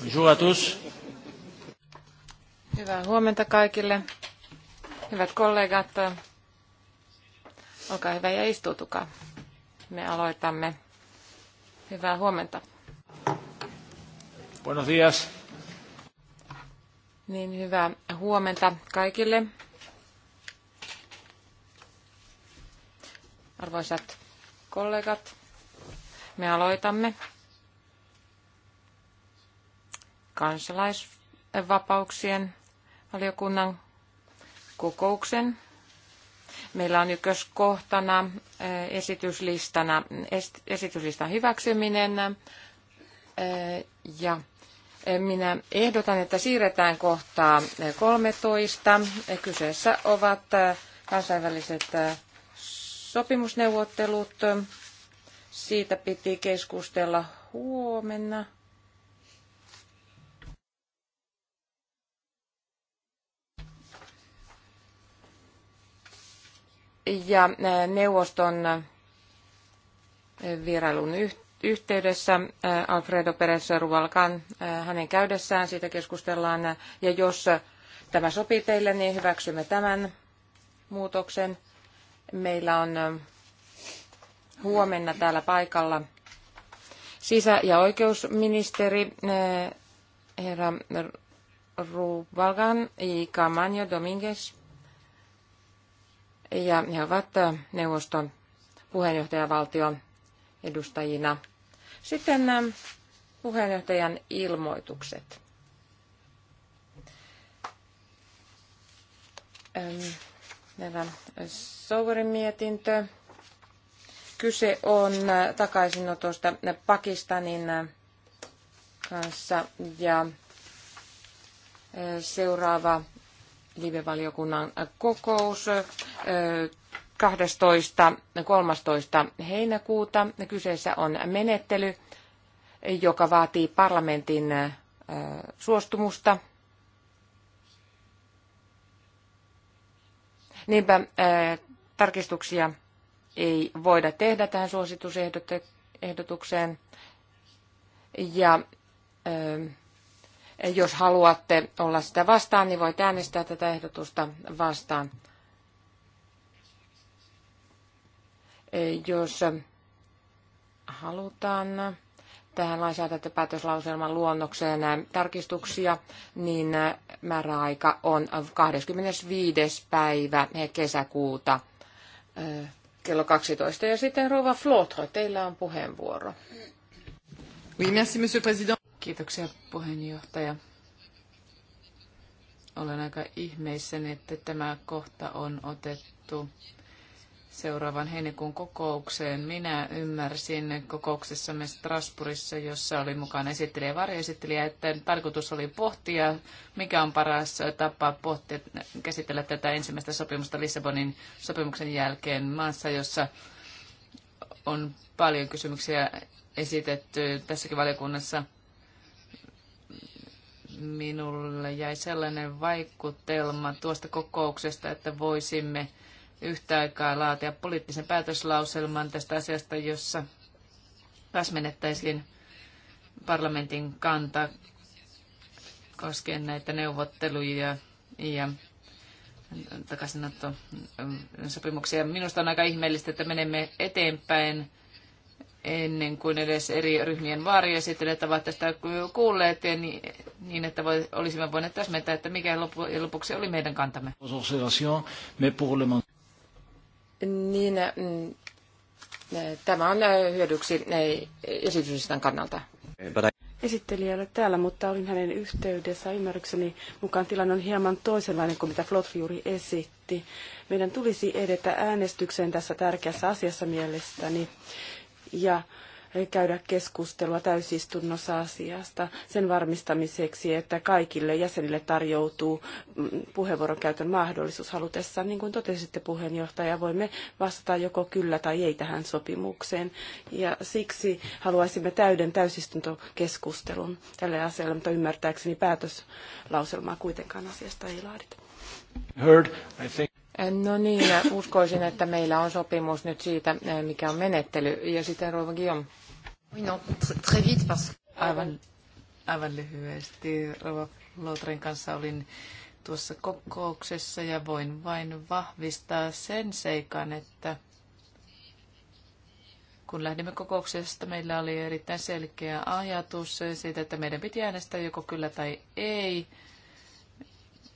Bonjour à tous. Hyvää huomenta kaikille. Hyvät kollegat, olkaa hyvä ja istuutukaa. Me aloitamme. Hyvää huomenta. Buenos días. Niin hyvää huomenta kaikille. Arvoisat kollegat, me aloitamme kansalaisvapauksien valiokunnan kokouksen. Meillä on ykköskohtana eh, esityslistana, esityslistan hyväksyminen eh, ja eh, minä ehdotan, että siirretään kohtaa 13. Kyseessä ovat kansainväliset sopimusneuvottelut. Siitä piti keskustella huomenna. ja neuvoston vierailun yhteydessä Alfredo Perez Ruvalkan hänen käydessään, siitä keskustellaan. Ja jos tämä sopii teille, niin hyväksymme tämän muutoksen. Meillä on huomenna täällä paikalla sisä- ja oikeusministeri herra Ruvalkan Camanio Dominguez ja he ovat neuvoston puheenjohtajavaltion edustajina. Sitten puheenjohtajan ilmoitukset. Meillä on Sourin mietintö. Kyse on takaisinotosta Pakistanin kanssa ja seuraava live-valiokunnan kokous 12.13. heinäkuuta. Kyseessä on menettely, joka vaatii parlamentin suostumusta. Niinpä tarkistuksia ei voida tehdä tähän suositusehdotukseen. Ja jos haluatte olla sitä vastaan, niin voit äänestää tätä ehdotusta vastaan. Jos halutaan tähän lainsäädäntöpäätöslauselman luonnokseen tarkistuksia, niin määräaika on 25. päivä kesäkuuta kello 12. Ja sitten Rova Flautre, teillä on puheenvuoro. Oui, merci, monsieur président. Kiitoksia puheenjohtaja. Olen aika ihmeissäni, että tämä kohta on otettu seuraavan heinäkuun kokoukseen. Minä ymmärsin kokouksessamme Strasbourgissa, jossa oli mukana esittelijä ja varjoesittelijä, että tarkoitus oli pohtia, mikä on paras tapa pohtia, käsitellä tätä ensimmäistä sopimusta Lissabonin sopimuksen jälkeen maassa, jossa on paljon kysymyksiä esitetty tässäkin valiokunnassa – minulle jäi sellainen vaikutelma tuosta kokouksesta, että voisimme yhtä aikaa laatia poliittisen päätöslauselman tästä asiasta, jossa täsmennettäisiin parlamentin kanta koskien näitä neuvotteluja ja takaisinotto sopimuksia. Minusta on aika ihmeellistä, että menemme eteenpäin ennen kuin edes eri ryhmien vaariesittelijät ovat tästä kuulleet, niin, niin että voi, olisimme voineet täsmentää, että mikä lopu, lopuksi oli meidän kantamme. Niin, mm, tämä on äh, hyödyksi äh, esitysistän kannalta. Esittelijä ei ole täällä, mutta olin hänen yhteydessä. Ymmärrykseni mukaan tilanne on hieman toisenlainen kuin mitä Flotri juuri esitti. Meidän tulisi edetä äänestykseen tässä tärkeässä asiassa mielestäni. Niin ja käydä keskustelua täysistunnossa asiasta sen varmistamiseksi, että kaikille jäsenille tarjoutuu mm, puheenvuoron käytön mahdollisuus halutessaan. Niin kuin totesitte puheenjohtaja, voimme vastata joko kyllä tai ei tähän sopimukseen. Ja siksi haluaisimme täyden täysistuntokeskustelun tälle asialle, mutta ymmärtääkseni päätöslauselmaa kuitenkaan asiasta ei laadita. Heard, I think. No niin, uskoisin, että meillä on sopimus nyt siitä, eh, mikä on menettely. Ja sitten Rouva Guillaume. No, très vite, parce... aivan, aivan lyhyesti. Rouva Lotren kanssa olin tuossa kokouksessa ja voin vain vahvistaa sen seikan, että kun lähdimme kokouksesta, meillä oli erittäin selkeä ajatus siitä, että meidän piti äänestää joko kyllä tai ei,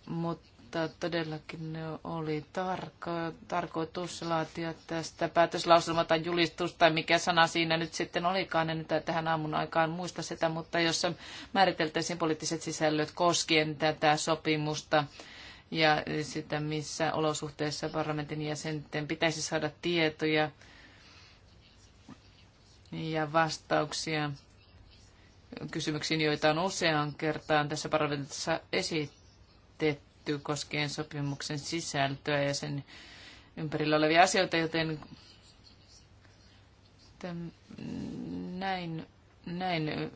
mutta mutta todellakin ne oli tarko, tarkoitus laatia tästä päätöslauselma tai julistus tai mikä sana siinä nyt sitten olikaan, en nyt tähän aamun aikaan muista sitä, mutta jos määriteltäisiin poliittiset sisällöt koskien tätä sopimusta ja sitä, missä olosuhteissa parlamentin jäsenten pitäisi saada tietoja ja vastauksia kysymyksiin, joita on useaan kertaan tässä parlamentissa esitetty liittyy koskien sopimuksen sisältöä ja sen ympärillä olevia asioita, joten näin, näin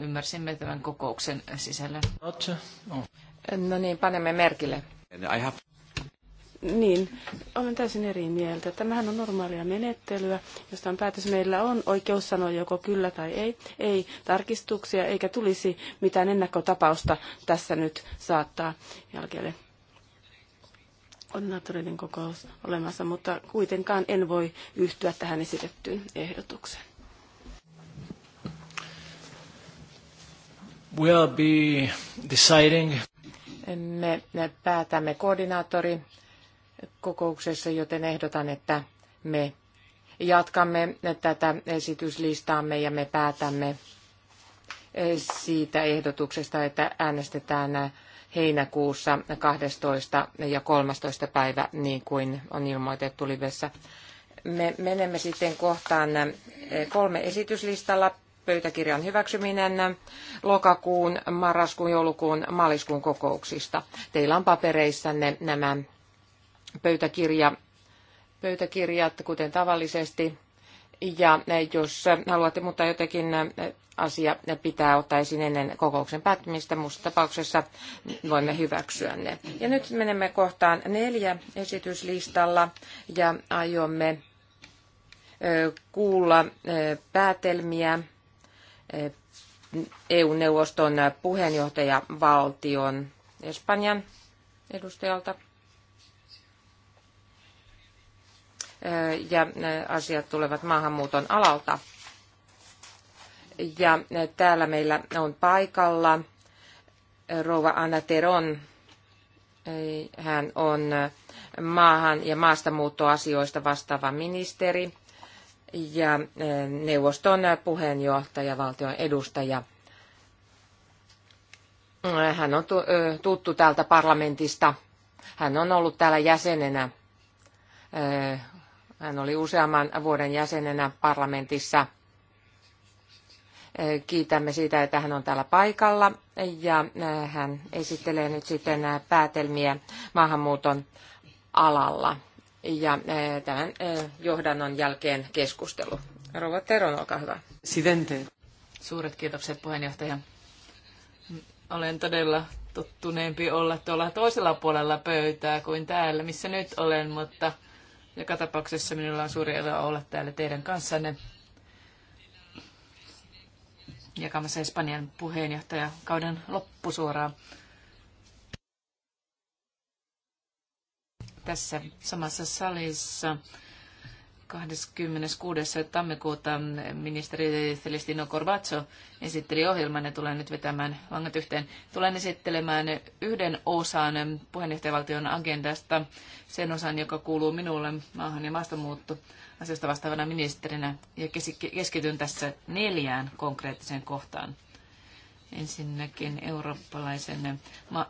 ymmärsimme tämän kokouksen sisällön. No niin, panemme merkille. Niin, olen täysin eri mieltä. Tämähän on normaalia menettelyä, josta on päätös. Meillä on oikeus sanoa joko kyllä tai ei. Ei tarkistuksia, eikä tulisi mitään ennakkotapausta tässä nyt saattaa jälkeen koordinaattoreiden kokous olemassa, mutta kuitenkaan en voi yhtyä tähän esitettyyn ehdotukseen. We'll be deciding. Me päätämme koordinaattori kokouksessa, joten ehdotan, että me jatkamme tätä esityslistaamme ja me päätämme siitä ehdotuksesta, että äänestetään heinäkuussa 12. ja 13. päivä, niin kuin on ilmoitettu livessä. Me menemme sitten kohtaan kolme esityslistalla. Pöytäkirjan hyväksyminen lokakuun, marraskuun, joulukuun, maaliskuun kokouksista. Teillä on papereissanne nämä pöytäkirja, pöytäkirjat, kuten tavallisesti. Ja jos haluatte, mutta jotenkin asia pitää ottaa esiin ennen kokouksen päättymistä, muussa tapauksessa voimme hyväksyä ne. Ja nyt menemme kohtaan neljä esityslistalla ja aiomme kuulla päätelmiä EU-neuvoston puheenjohtajavaltion Espanjan edustajalta. ja asiat tulevat maahanmuuton alalta. Ja täällä meillä on paikalla rouva Anna Teron. Hän on maahan- ja maastamuuttoasioista vastaava ministeri ja neuvoston puheenjohtaja, valtion edustaja. Hän on tuttu täältä parlamentista. Hän on ollut täällä jäsenenä hän oli useamman vuoden jäsenenä parlamentissa. Kiitämme siitä, että hän on täällä paikalla ja hän esittelee nyt sitten päätelmiä maahanmuuton alalla. Ja tämän johdannon jälkeen keskustelu. Rouva Teron, olkaa hyvä. Sidente. Suuret kiitokset puheenjohtaja. Olen todella tottuneempi olla tuolla toisella puolella pöytää kuin täällä, missä nyt olen, mutta joka tapauksessa minulla on suuri ilo olla täällä teidän kanssanne jakamassa Espanjan puheenjohtajakauden loppusuoraa. Tässä samassa salissa 26. tammikuuta ministeri Celestino Corvazzo esitteli ohjelman ja tulee nyt vetämään langat yhteen. Tulen esittelemään yhden osan puheenjohtajavaltion agendasta, sen osan, joka kuuluu minulle maahan ja maastonmuutto asiasta vastaavana ministerinä ja keskityn tässä neljään konkreettiseen kohtaan. Ensinnäkin eurooppalaisen ma-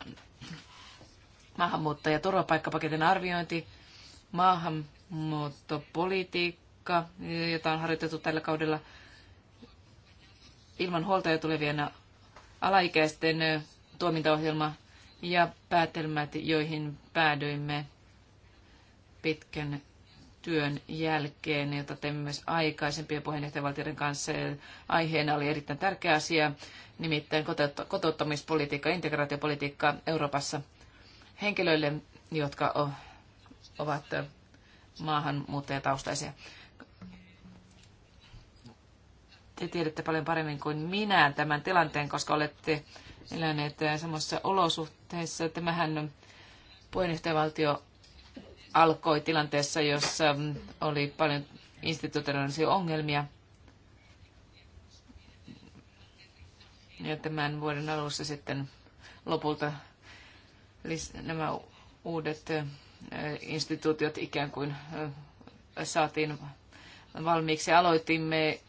maahanmuutto- ja turvapaikkapaketin arviointi, maahanmuuttopolitiikka, jota on harjoitettu tällä kaudella ilman huoltoja tulevien alaikäisten tuomintaohjelma ja päätelmät, joihin päädyimme pitkän työn jälkeen, jota teimme myös aikaisempien puheenjohtajavaltioiden kanssa. Aiheena oli erittäin tärkeä asia, nimittäin kotouttamispolitiikka, integraatiopolitiikka Euroopassa henkilöille, jotka ovat maahanmuuttajataustaisia. Te tiedätte paljon paremmin kuin minä tämän tilanteen, koska olette eläneet samassa olosuhteissa. Tämähän puheenjohtajavaltio alkoi tilanteessa, jossa oli paljon institutionaalisia ongelmia. Ja tämän vuoden alussa sitten lopulta nämä uudet instituutiot ikään kuin saatiin valmiiksi. Aloitimme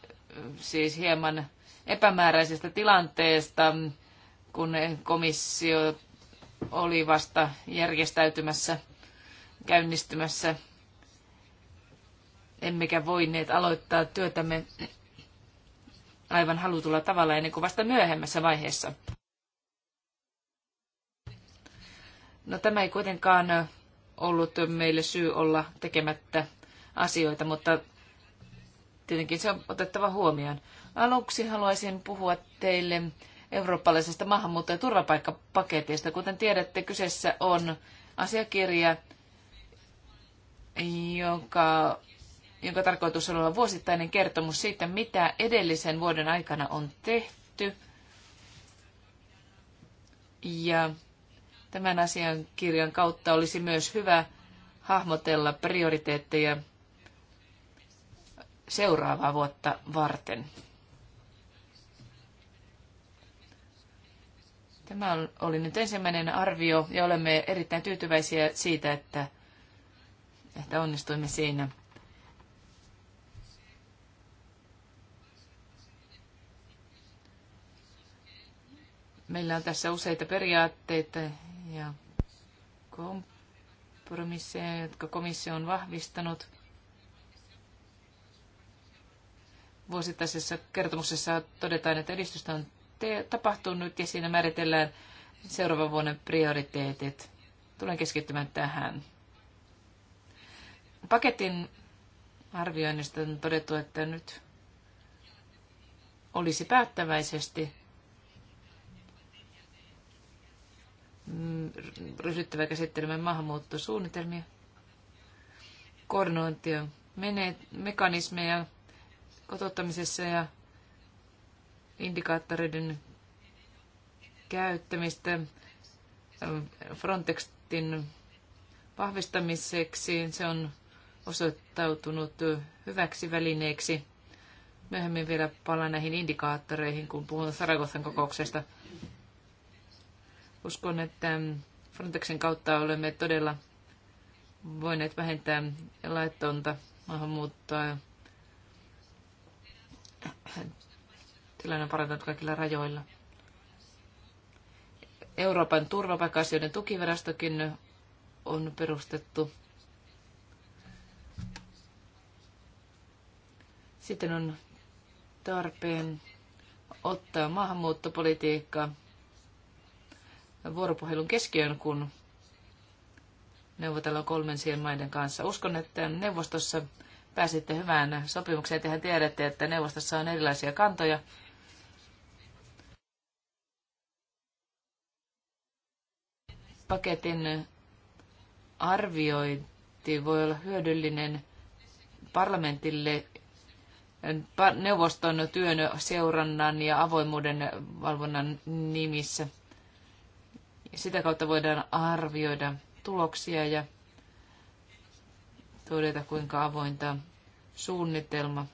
siis hieman epämääräisestä tilanteesta, kun komissio oli vasta järjestäytymässä, käynnistymässä. Emmekä voineet aloittaa työtämme aivan halutulla tavalla ennen kuin vasta myöhemmässä vaiheessa. No tämä ei kuitenkaan ollut meille syy olla tekemättä asioita, mutta tietenkin se on otettava huomioon. Aluksi haluaisin puhua teille eurooppalaisesta maahanmuutto- ja turvapaikkapaketista. Kuten tiedätte, kyseessä on asiakirja, joka, jonka tarkoitus on olla vuosittainen kertomus siitä, mitä edellisen vuoden aikana on tehty. Ja Tämän asian kirjan kautta olisi myös hyvä hahmotella prioriteetteja seuraavaa vuotta varten. Tämä oli nyt ensimmäinen arvio ja olemme erittäin tyytyväisiä siitä, että, että onnistuimme siinä. Meillä on tässä useita periaatteita, ja kompromisseja, jotka komissio on vahvistanut. Vuosittaisessa kertomuksessa todetaan, että edistystä on tapahtunut ja siinä määritellään seuraavan vuoden prioriteetit. Tulen keskittymään tähän. Paketin arvioinnista on todettu, että nyt olisi päättäväisesti ryhdyttävä käsittelemään maahanmuuttosuunnitelmia, koordinointia, mekanismeja kotouttamisessa ja indikaattoreiden käyttämistä Frontextin vahvistamiseksi. Se on osoittautunut hyväksi välineeksi. Myöhemmin vielä palaan näihin indikaattoreihin, kun puhun Saragossan kokouksesta. Uskon, että Frontexin kautta olemme todella voineet vähentää laittonta maahanmuuttoa. Tilanne on parantunut kaikilla rajoilla. Euroopan turvapaikka-asioiden tukivirastokin on perustettu. Sitten on tarpeen ottaa maahanmuuttopolitiikkaa vuoropuhelun keskiön, kun neuvotellaan sien maiden kanssa. Uskon, että neuvostossa pääsitte hyvään sopimukseen. Tehän tiedätte, että neuvostossa on erilaisia kantoja. Paketin arviointi voi olla hyödyllinen parlamentille neuvoston työn seurannan ja avoimuuden valvonnan nimissä – sitä kautta voidaan arvioida tuloksia ja todeta, kuinka avointa suunnitelma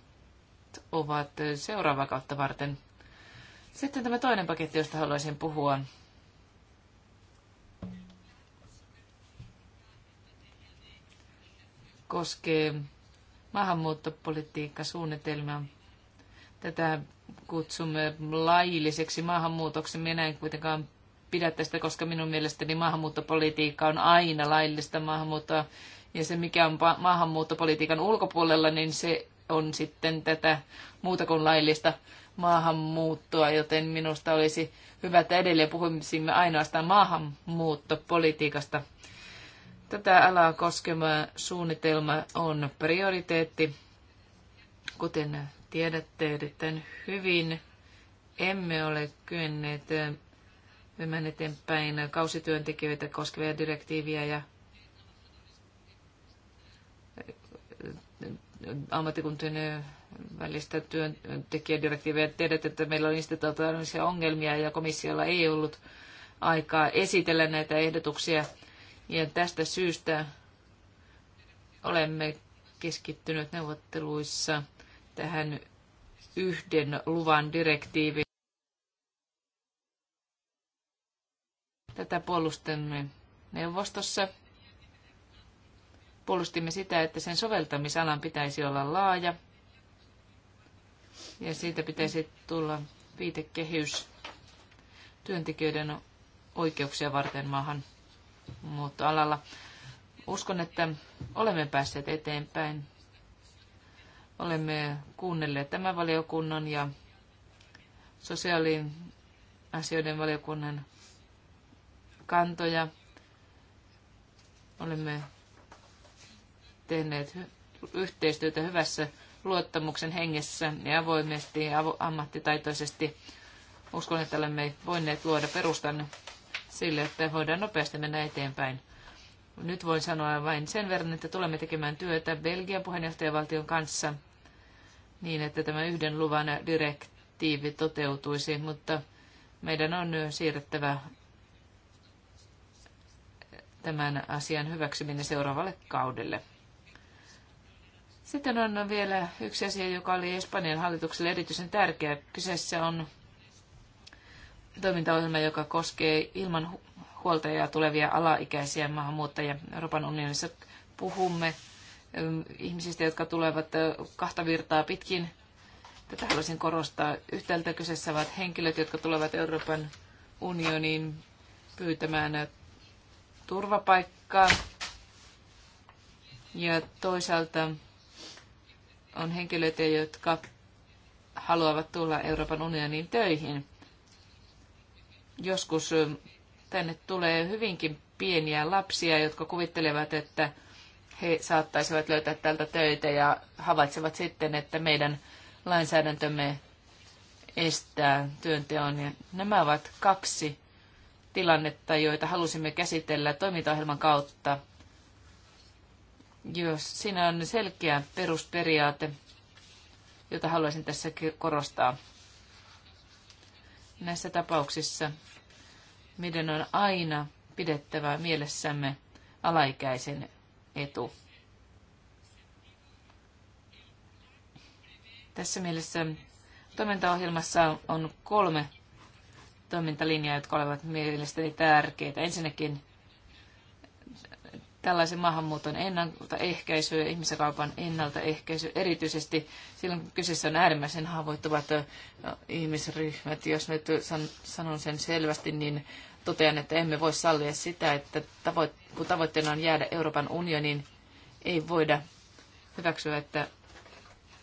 ovat seuraavaa kautta varten. Sitten tämä toinen paketti, josta haluaisin puhua. koskee maahanmuuttopolitiikkasuunnitelmaa. Tätä kutsumme lailliseksi maahanmuutoksi. Minä en kuitenkaan pidä tästä, koska minun mielestäni maahanmuuttopolitiikka on aina laillista maahanmuuttoa. Ja se, mikä on maahanmuuttopolitiikan ulkopuolella, niin se on sitten tätä muuta kuin laillista maahanmuuttoa, joten minusta olisi hyvä, että edelleen puhuisimme ainoastaan maahanmuuttopolitiikasta. Tätä alaa koskema suunnitelma on prioriteetti. Kuten tiedätte erittäin hyvin, emme ole kyenneet viemään eteenpäin kausityöntekijöitä koskevia direktiiviä ja äh, ammattikuntien äh, välistä työntekijädirektiiviä. Tiedät, että meillä on institutionaalisia ongelmia ja komissiolla ei ollut aikaa esitellä näitä ehdotuksia. Ja tästä syystä olemme keskittyneet neuvotteluissa tähän yhden luvan direktiiviin. Tätä puolustamme neuvostossa. Puolustimme sitä, että sen soveltamisalan pitäisi olla laaja ja siitä pitäisi tulla viitekehys työntekijöiden oikeuksia varten maahan muuttoalalla. Uskon, että olemme päässeet eteenpäin. Olemme kuunnelleet tämän valiokunnan ja sosiaaliasioiden valiokunnan kantoja. Olemme tehneet yhteistyötä hyvässä luottamuksen hengessä ja avoimesti ja ammattitaitoisesti. Uskon, että olemme voineet luoda perustan sille, että voidaan nopeasti mennä eteenpäin. Nyt voin sanoa vain sen verran, että tulemme tekemään työtä Belgian puheenjohtajavaltion kanssa niin, että tämä yhden luvan direktiivi toteutuisi, mutta meidän on siirrettävä tämän asian hyväksyminen seuraavalle kaudelle. Sitten on vielä yksi asia, joka oli Espanjan hallitukselle erityisen tärkeä. Kyseessä on toimintaohjelma, joka koskee ilman huoltajaa tulevia alaikäisiä maahanmuuttajia. Euroopan unionissa puhumme mm, ihmisistä, jotka tulevat kahta virtaa pitkin. Tätä haluaisin korostaa. Yhtäältä kyseessä ovat henkilöt, jotka tulevat Euroopan unioniin pyytämään turvapaikkaa. Ja toisaalta on henkilöitä, jotka haluavat tulla Euroopan unioniin töihin. Joskus tänne tulee hyvinkin pieniä lapsia, jotka kuvittelevat, että he saattaisivat löytää tältä töitä ja havaitsevat sitten, että meidän lainsäädäntömme estää työnteon. Ja nämä ovat kaksi tilannetta, joita halusimme käsitellä toimintaohjelman kautta. Jos siinä on selkeä perusperiaate, jota haluaisin tässä korostaa. Näissä tapauksissa meidän on aina pidettävä mielessämme alaikäisen etu. Tässä mielessä toimintaohjelmassa on kolme toimintalinjaa, jotka olivat mielestäni tärkeitä. Ensinnäkin tällaisen maahanmuuton ennaltaehkäisy ja ihmiskaupan ennaltaehkäisy erityisesti silloin, kun kyseessä on äärimmäisen haavoittuvat ihmisryhmät. Jos nyt sanon sen selvästi, niin totean, että emme voi sallia sitä, että tavoit- kun tavoitteena on jäädä Euroopan unioniin, ei voida hyväksyä, että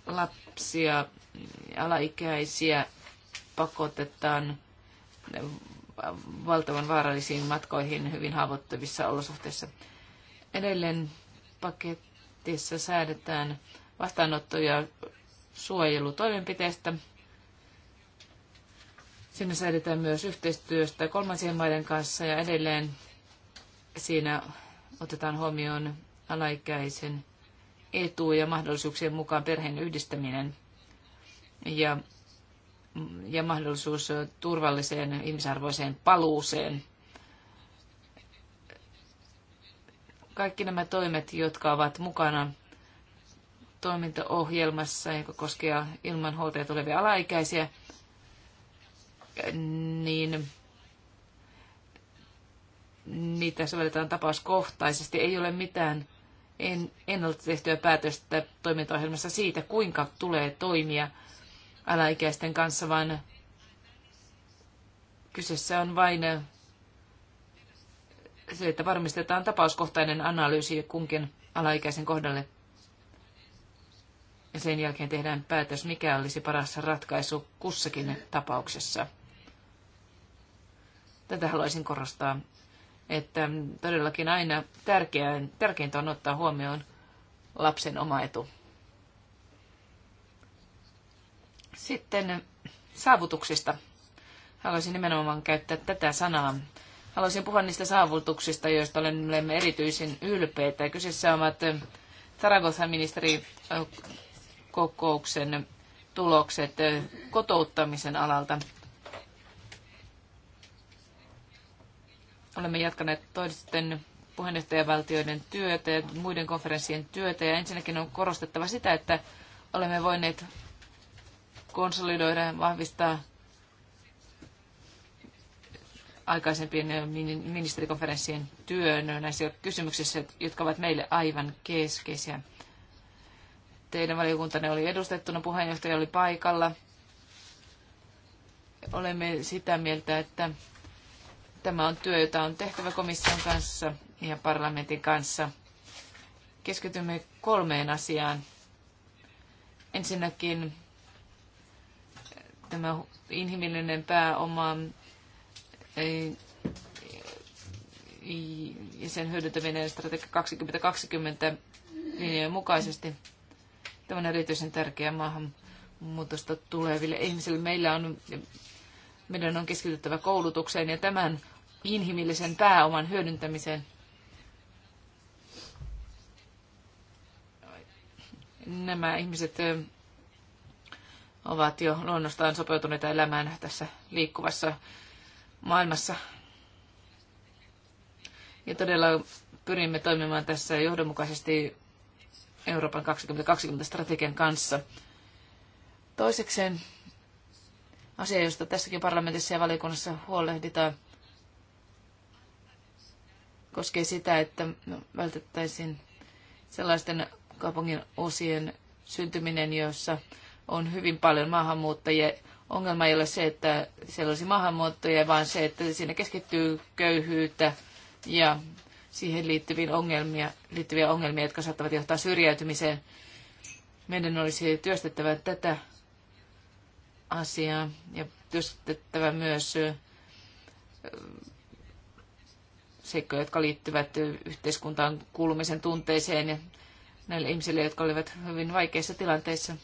lapsia, alaikäisiä pakotetaan valtavan vaarallisiin matkoihin hyvin haavoittuvissa olosuhteissa. Edelleen paketissa säädetään vastaanotto- ja suojelutoimenpiteistä. Siinä säädetään myös yhteistyöstä kolmansien maiden kanssa ja edelleen siinä otetaan huomioon alaikäisen etu ja mahdollisuuksien mukaan perheen yhdistäminen ja ja mahdollisuus turvalliseen ihmisarvoiseen paluuseen. Kaikki nämä toimet, jotka ovat mukana toimintaohjelmassa, joka koskee ilman huoltaja tulevia alaikäisiä, niin niitä sovelletaan tapauskohtaisesti. Ei ole mitään ennalta tehtyä päätöstä toimintaohjelmassa siitä, kuinka tulee toimia – alaikäisten kanssa, vaan kyseessä on vain se, että varmistetaan tapauskohtainen analyysi kunkin alaikäisen kohdalle. Ja sen jälkeen tehdään päätös, mikä olisi paras ratkaisu kussakin tapauksessa. Tätä haluaisin korostaa, että todellakin aina tärkeintä on ottaa huomioon lapsen oma etu. Sitten saavutuksista. Haluaisin nimenomaan käyttää tätä sanaa. Haluaisin puhua niistä saavutuksista, joista olemme erityisen ylpeitä. Kyseessä ovat Taragothan eh, ministerikokouksen eh, tulokset eh, kotouttamisen alalta. Olemme jatkaneet toisten puheenjohtajavaltioiden työtä ja muiden konferenssien työtä. Ja ensinnäkin on korostettava sitä, että olemme voineet konsolidoida ja vahvistaa aikaisempien eh, ministerikonferenssien työn näissä kysymyksissä, jotka ovat meille aivan keskeisiä. Teidän valiokuntanne oli edustettuna, puheenjohtaja oli paikalla. Olemme sitä mieltä, että tämä on työ, jota on tehtävä komission kanssa ja parlamentin kanssa. Keskitymme kolmeen asiaan. Ensinnäkin tämä inhimillinen pääoma ja sen hyödyntäminen strategia 2020 linjojen mukaisesti. Tämä on erityisen tärkeä maahanmuutosta tuleville ihmisille. Meillä on, meidän on keskityttävä koulutukseen ja tämän inhimillisen pääoman hyödyntämiseen. Nämä ihmiset ovat jo luonnostaan sopeutuneita elämään tässä liikkuvassa maailmassa. Ja todella pyrimme toimimaan tässä johdonmukaisesti Euroopan 2020-strategian kanssa. Toisekseen asia, josta tässäkin parlamentissa ja valiokunnassa huolehditaan, koskee sitä, että vältettäisiin sellaisten kaupungin osien syntyminen, joissa on hyvin paljon maahanmuuttajia. Ongelma ei ole se, että siellä olisi maahanmuuttajia, vaan se, että siinä keskittyy köyhyyttä ja siihen liittyviä ongelmia, liittyviä ongelmia, jotka saattavat johtaa syrjäytymiseen. Meidän olisi työstettävä tätä asiaa ja työstettävä myös seikkoja, jotka liittyvät yhteiskuntaan kuulumisen tunteeseen ja näille ihmisille, jotka olivat hyvin vaikeissa tilanteissa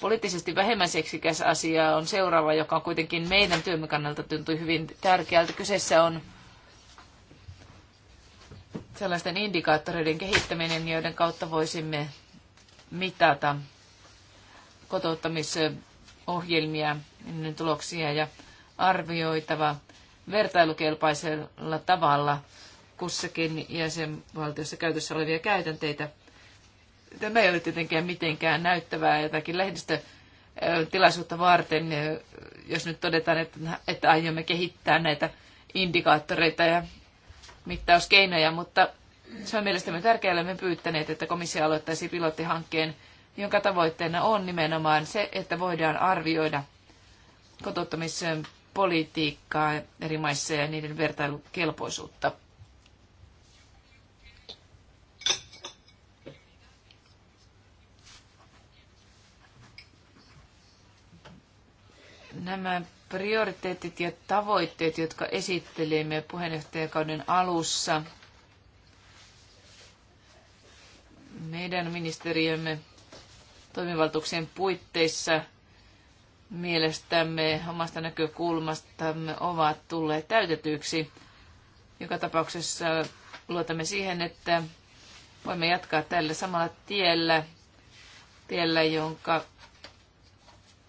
poliittisesti vähemmän seksikäs asia on seuraava, joka on kuitenkin meidän työmme kannalta tuntui hyvin tärkeältä. Kyseessä on sellaisten indikaattoreiden kehittäminen, joiden kautta voisimme mitata kotouttamisohjelmia, tuloksia ja arvioitava vertailukelpaisella tavalla kussakin jäsenvaltiossa käytössä olevia käytänteitä – tämä ei ole tietenkään mitenkään näyttävää jotakin lehdistö tilaisuutta varten, jos nyt todetaan, että, että aiomme kehittää näitä indikaattoreita ja mittauskeinoja, mutta se on mielestäni tärkeää, me pyytäneet, että komissio aloittaisi pilottihankkeen, jonka tavoitteena on nimenomaan se, että voidaan arvioida kotouttamisen politiikkaa eri maissa ja niiden vertailukelpoisuutta. Nämä prioriteetit ja tavoitteet, jotka esittelimme puheenjohtajakauden alussa, meidän ministeriömme toimivaltuuksien puitteissa mielestämme omasta näkökulmastamme ovat tulleet täytetyiksi. Joka tapauksessa luotamme siihen, että voimme jatkaa tällä samalla tiellä, tiellä jonka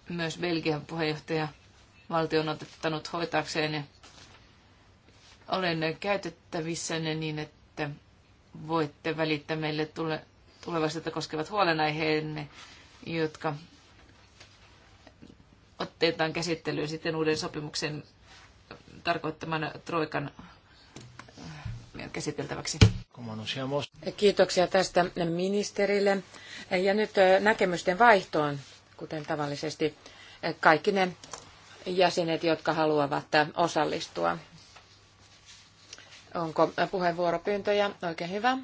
myös Belgian puheenjohtaja valtio on ottanut hoitaakseen. Olen ne niin, että voitte välittää meille tule, tulevaisuutta koskevat huolenaiheenne, jotka otetaan käsittelyyn sitten uuden sopimuksen tarkoittaman Troikan äh, käsiteltäväksi. Kiitoksia tästä ministerille. Ja nyt äh, näkemysten vaihtoon kuten tavallisesti kaikki ne jäsenet, jotka haluavat osallistua. Onko puheenvuoropyyntöjä? Oikein hyvä.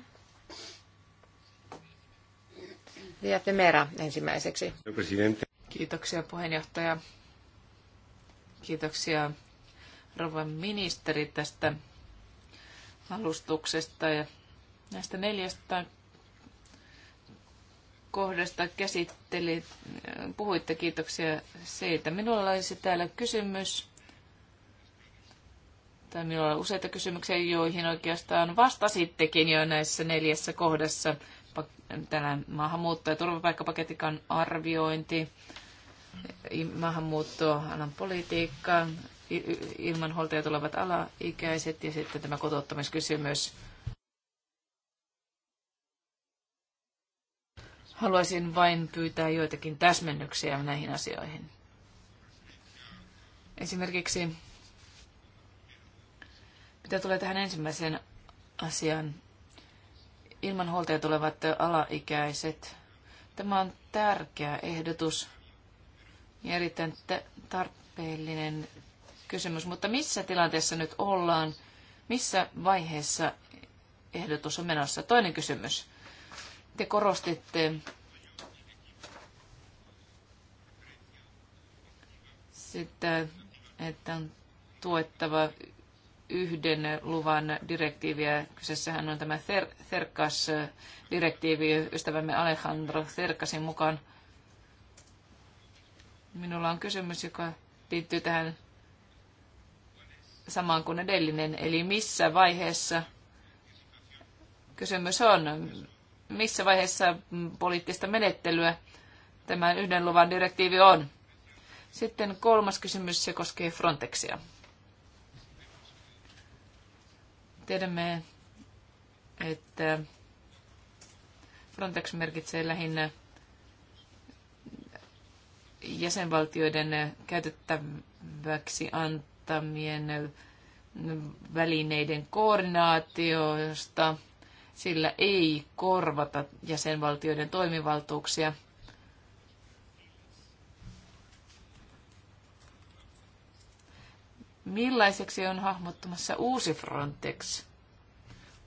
Liette Mera ensimmäiseksi. Kiitoksia puheenjohtaja. Kiitoksia rouva ministeri tästä alustuksesta ja näistä neljästä kohdasta käsitteli, äh, puhuitte, kiitoksia siitä. Minulla olisi täällä kysymys, tai minulla on useita kysymyksiä, joihin oikeastaan vastasittekin jo näissä neljässä kohdassa. Tänään maahanmuutto- ja turvapaikkapaketikan arviointi, maahanmuuttoalan alan politiikka, ilman holteja tulevat alaikäiset ja sitten tämä kotouttamiskysymys Haluaisin vain pyytää joitakin täsmennyksiä näihin asioihin. Esimerkiksi mitä tulee tähän ensimmäiseen asiaan, ilman huoltaja tulevat alaikäiset. Tämä on tärkeä ehdotus ja erittäin tarpeellinen kysymys, mutta missä tilanteessa nyt ollaan? Missä vaiheessa ehdotus on menossa? Toinen kysymys. Te korostitte sitä, että on tuettava yhden luvan direktiiviä. Kyseessähän on tämä Therkas-direktiivi ystävämme Alejandro Therkasin mukaan. Minulla on kysymys, joka liittyy tähän samaan kuin edellinen, eli missä vaiheessa kysymys on, missä vaiheessa poliittista menettelyä tämä yhden luvan direktiivi on. Sitten kolmas kysymys, se koskee Frontexia. Tiedämme, että Frontex merkitsee lähinnä jäsenvaltioiden käytettäväksi antamien välineiden koordinaatiosta – sillä ei korvata jäsenvaltioiden toimivaltuuksia. Millaiseksi on hahmottumassa uusi Frontex,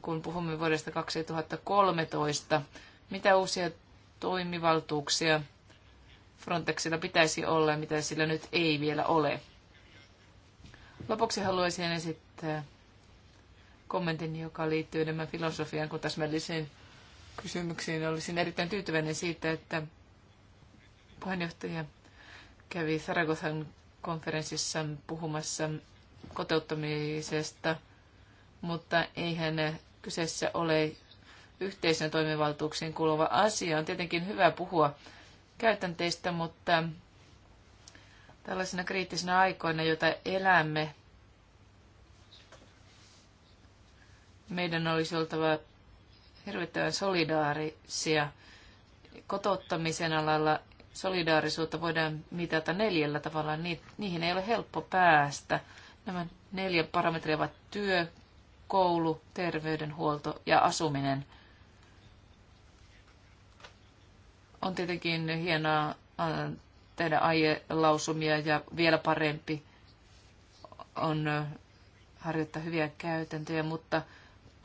kun puhumme vuodesta 2013? Mitä uusia toimivaltuuksia Frontexilla pitäisi olla ja mitä sillä nyt ei vielä ole? Lopuksi haluaisin esittää kommentin, joka liittyy enemmän filosofiaan kuin täsmällisiin kysymyksiin. Olisin erittäin tyytyväinen siitä, että puheenjohtaja kävi Saragossan konferenssissa puhumassa kotouttamisesta, mutta eihän kyseessä ole yhteisön toimivaltuuksiin kuuluva asia. On tietenkin hyvä puhua käytänteistä, mutta tällaisina kriittisenä aikoina, joita elämme, Meidän olisi oltava hirvittävän solidaarisia. Kotouttamisen alalla solidaarisuutta voidaan mitata neljällä tavalla. Niihin ei ole helppo päästä. Nämä neljä parametria ovat työ, koulu, terveydenhuolto ja asuminen. On tietenkin hienoa äh, tehdä aielausumia ja vielä parempi on äh, harjoittaa hyviä käytäntöjä, mutta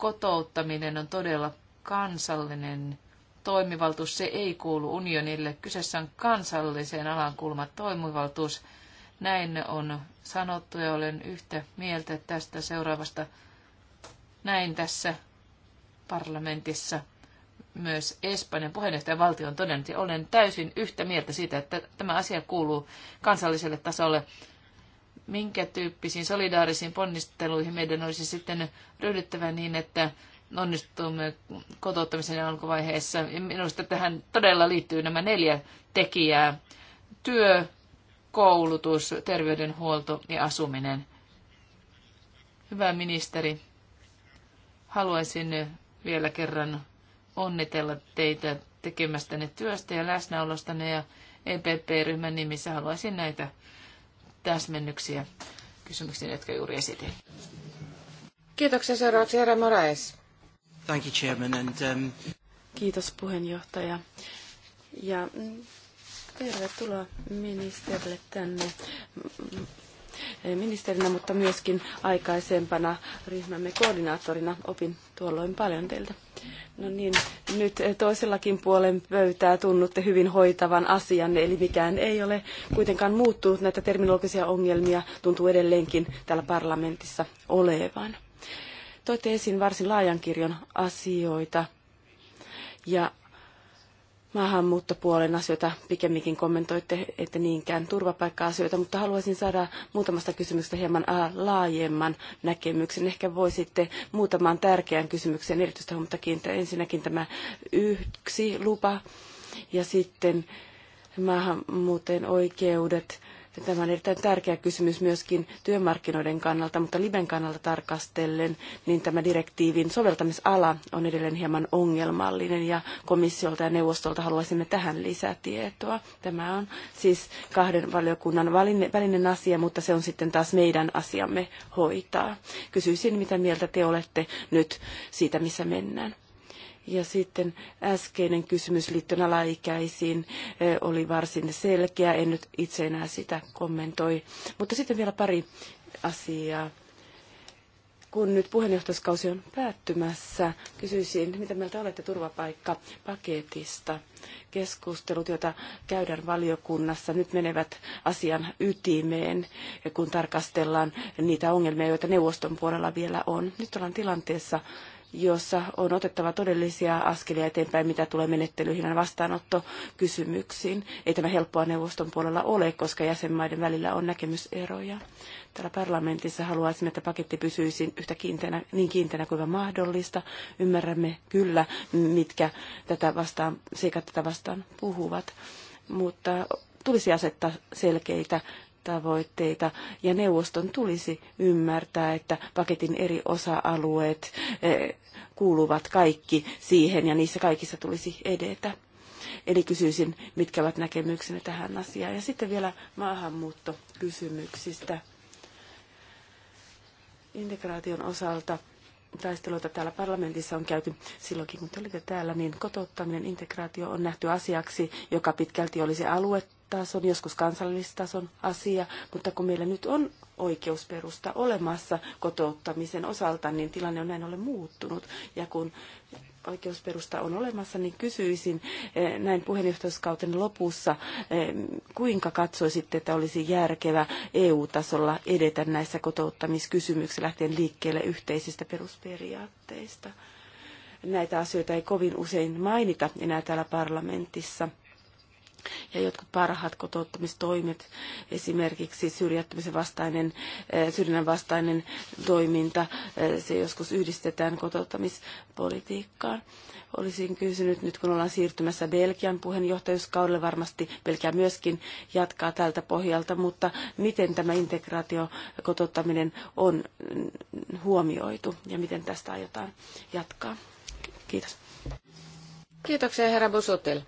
kotouttaminen on todella kansallinen toimivaltuus. Se ei kuulu unionille. Kyseessä on kansalliseen alan kulma toimivaltuus. Näin on sanottu ja olen yhtä mieltä tästä seuraavasta. Näin tässä parlamentissa myös Espanjan valtio on todennut ja olen täysin yhtä mieltä siitä, että tämä asia kuuluu kansalliselle tasolle minkä tyyppisiin solidaarisiin ponnisteluihin meidän olisi sitten ryhdyttävä niin, että onnistumme kotouttamisen alkuvaiheessa. Ja minusta tähän todella liittyy nämä neljä tekijää. Työ, koulutus, terveydenhuolto ja asuminen. Hyvä ministeri, haluaisin vielä kerran onnitella teitä tekemästänne työstä ja läsnäolostanne ja EPP-ryhmän nimissä haluaisin näitä täsmennyksiä kysymyksiin, jotka juuri esitin. Kiitoksia seuraavaksi herra Moraes. Thank you, Chairman, and, um... Kiitos puheenjohtaja. Ja mm, tervetuloa ministerille tänne ministerinä, mutta myöskin aikaisempana ryhmämme koordinaattorina opin tuolloin paljon teiltä. No niin, nyt toisellakin puolen pöytää tunnutte hyvin hoitavan asianne, eli mikään ei ole kuitenkaan muuttunut. Näitä terminologisia ongelmia tuntuu edelleenkin täällä parlamentissa olevan. Toitte esiin varsin laajan kirjon asioita, ja maahanmuuttopuolen asioita pikemminkin kommentoitte, että niinkään turvapaikka-asioita, mutta haluaisin saada muutamasta kysymyksestä hieman laajemman näkemyksen. Ehkä voisitte muutamaan tärkeään kysymykseen erityistä huomiota kiinnittää. Ensinnäkin tämä yksi lupa ja sitten maahanmuuttajien oikeudet Tämä on erittäin tärkeä kysymys myöskin työmarkkinoiden kannalta, mutta Liben kannalta tarkastellen, niin tämä direktiivin soveltamisala on edelleen hieman ongelmallinen ja komissiolta ja neuvostolta haluaisimme tähän lisätietoa. Tämä on siis kahden valiokunnan välinen asia, mutta se on sitten taas meidän asiamme hoitaa. Kysyisin, mitä mieltä te olette nyt siitä, missä mennään. Ja sitten äskeinen kysymys liittyen alaikäisiin oli varsin selkeä, en nyt itse enää sitä kommentoi. Mutta sitten vielä pari asiaa. Kun nyt puheenjohtajuuskausi on päättymässä, kysyisin, mitä mieltä olette turvapaikkapaketista? Keskustelut, joita käydään valiokunnassa, nyt menevät asian ytimeen, kun tarkastellaan niitä ongelmia, joita neuvoston puolella vielä on. Nyt ollaan tilanteessa, jossa on otettava todellisia askelia eteenpäin, mitä tulee menettelyihin ja vastaanottokysymyksiin. Ei tämä helppoa neuvoston puolella ole, koska jäsenmaiden välillä on näkemyseroja. Täällä parlamentissa haluaisimme, että paketti pysyisi yhtä kiinteänä, niin kiinteänä kuin mahdollista. Ymmärrämme kyllä, mitkä tätä vastaan, seikat tätä vastaan puhuvat, mutta tulisi asettaa selkeitä tavoitteita ja neuvoston tulisi ymmärtää, että paketin eri osa-alueet eh, kuuluvat kaikki siihen ja niissä kaikissa tulisi edetä. Eli kysyisin, mitkä ovat näkemyksenne tähän asiaan. Ja sitten vielä maahanmuuttokysymyksistä. Integraation osalta taisteluita täällä parlamentissa on käyty silloinkin, kun te olitte täällä, niin kotouttaminen, integraatio on nähty asiaksi, joka pitkälti olisi aluetta tason, joskus kansallistason asia, mutta kun meillä nyt on oikeusperusta olemassa kotouttamisen osalta, niin tilanne on näin ollen muuttunut. Ja kun oikeusperusta on olemassa, niin kysyisin eh, näin puheenjohtajuuskauten lopussa, eh, kuinka katsoisitte, että olisi järkevä EU-tasolla edetä näissä kotouttamiskysymyksissä lähtien liikkeelle yhteisistä perusperiaatteista? Näitä asioita ei kovin usein mainita enää täällä parlamentissa – ja jotkut parhaat kotouttamistoimet, esimerkiksi syrjäyttämisen vastainen, eh, syrjinnän vastainen toiminta, eh, se joskus yhdistetään kotouttamispolitiikkaan. Olisin kysynyt, nyt kun ollaan siirtymässä Belgian puheenjohtajuuskaudelle, varmasti Belgia myöskin jatkaa tältä pohjalta, mutta miten tämä integraatio kotouttaminen on huomioitu ja miten tästä aiotaan jatkaa? Kiitos. Kiitoksia herra Busutil.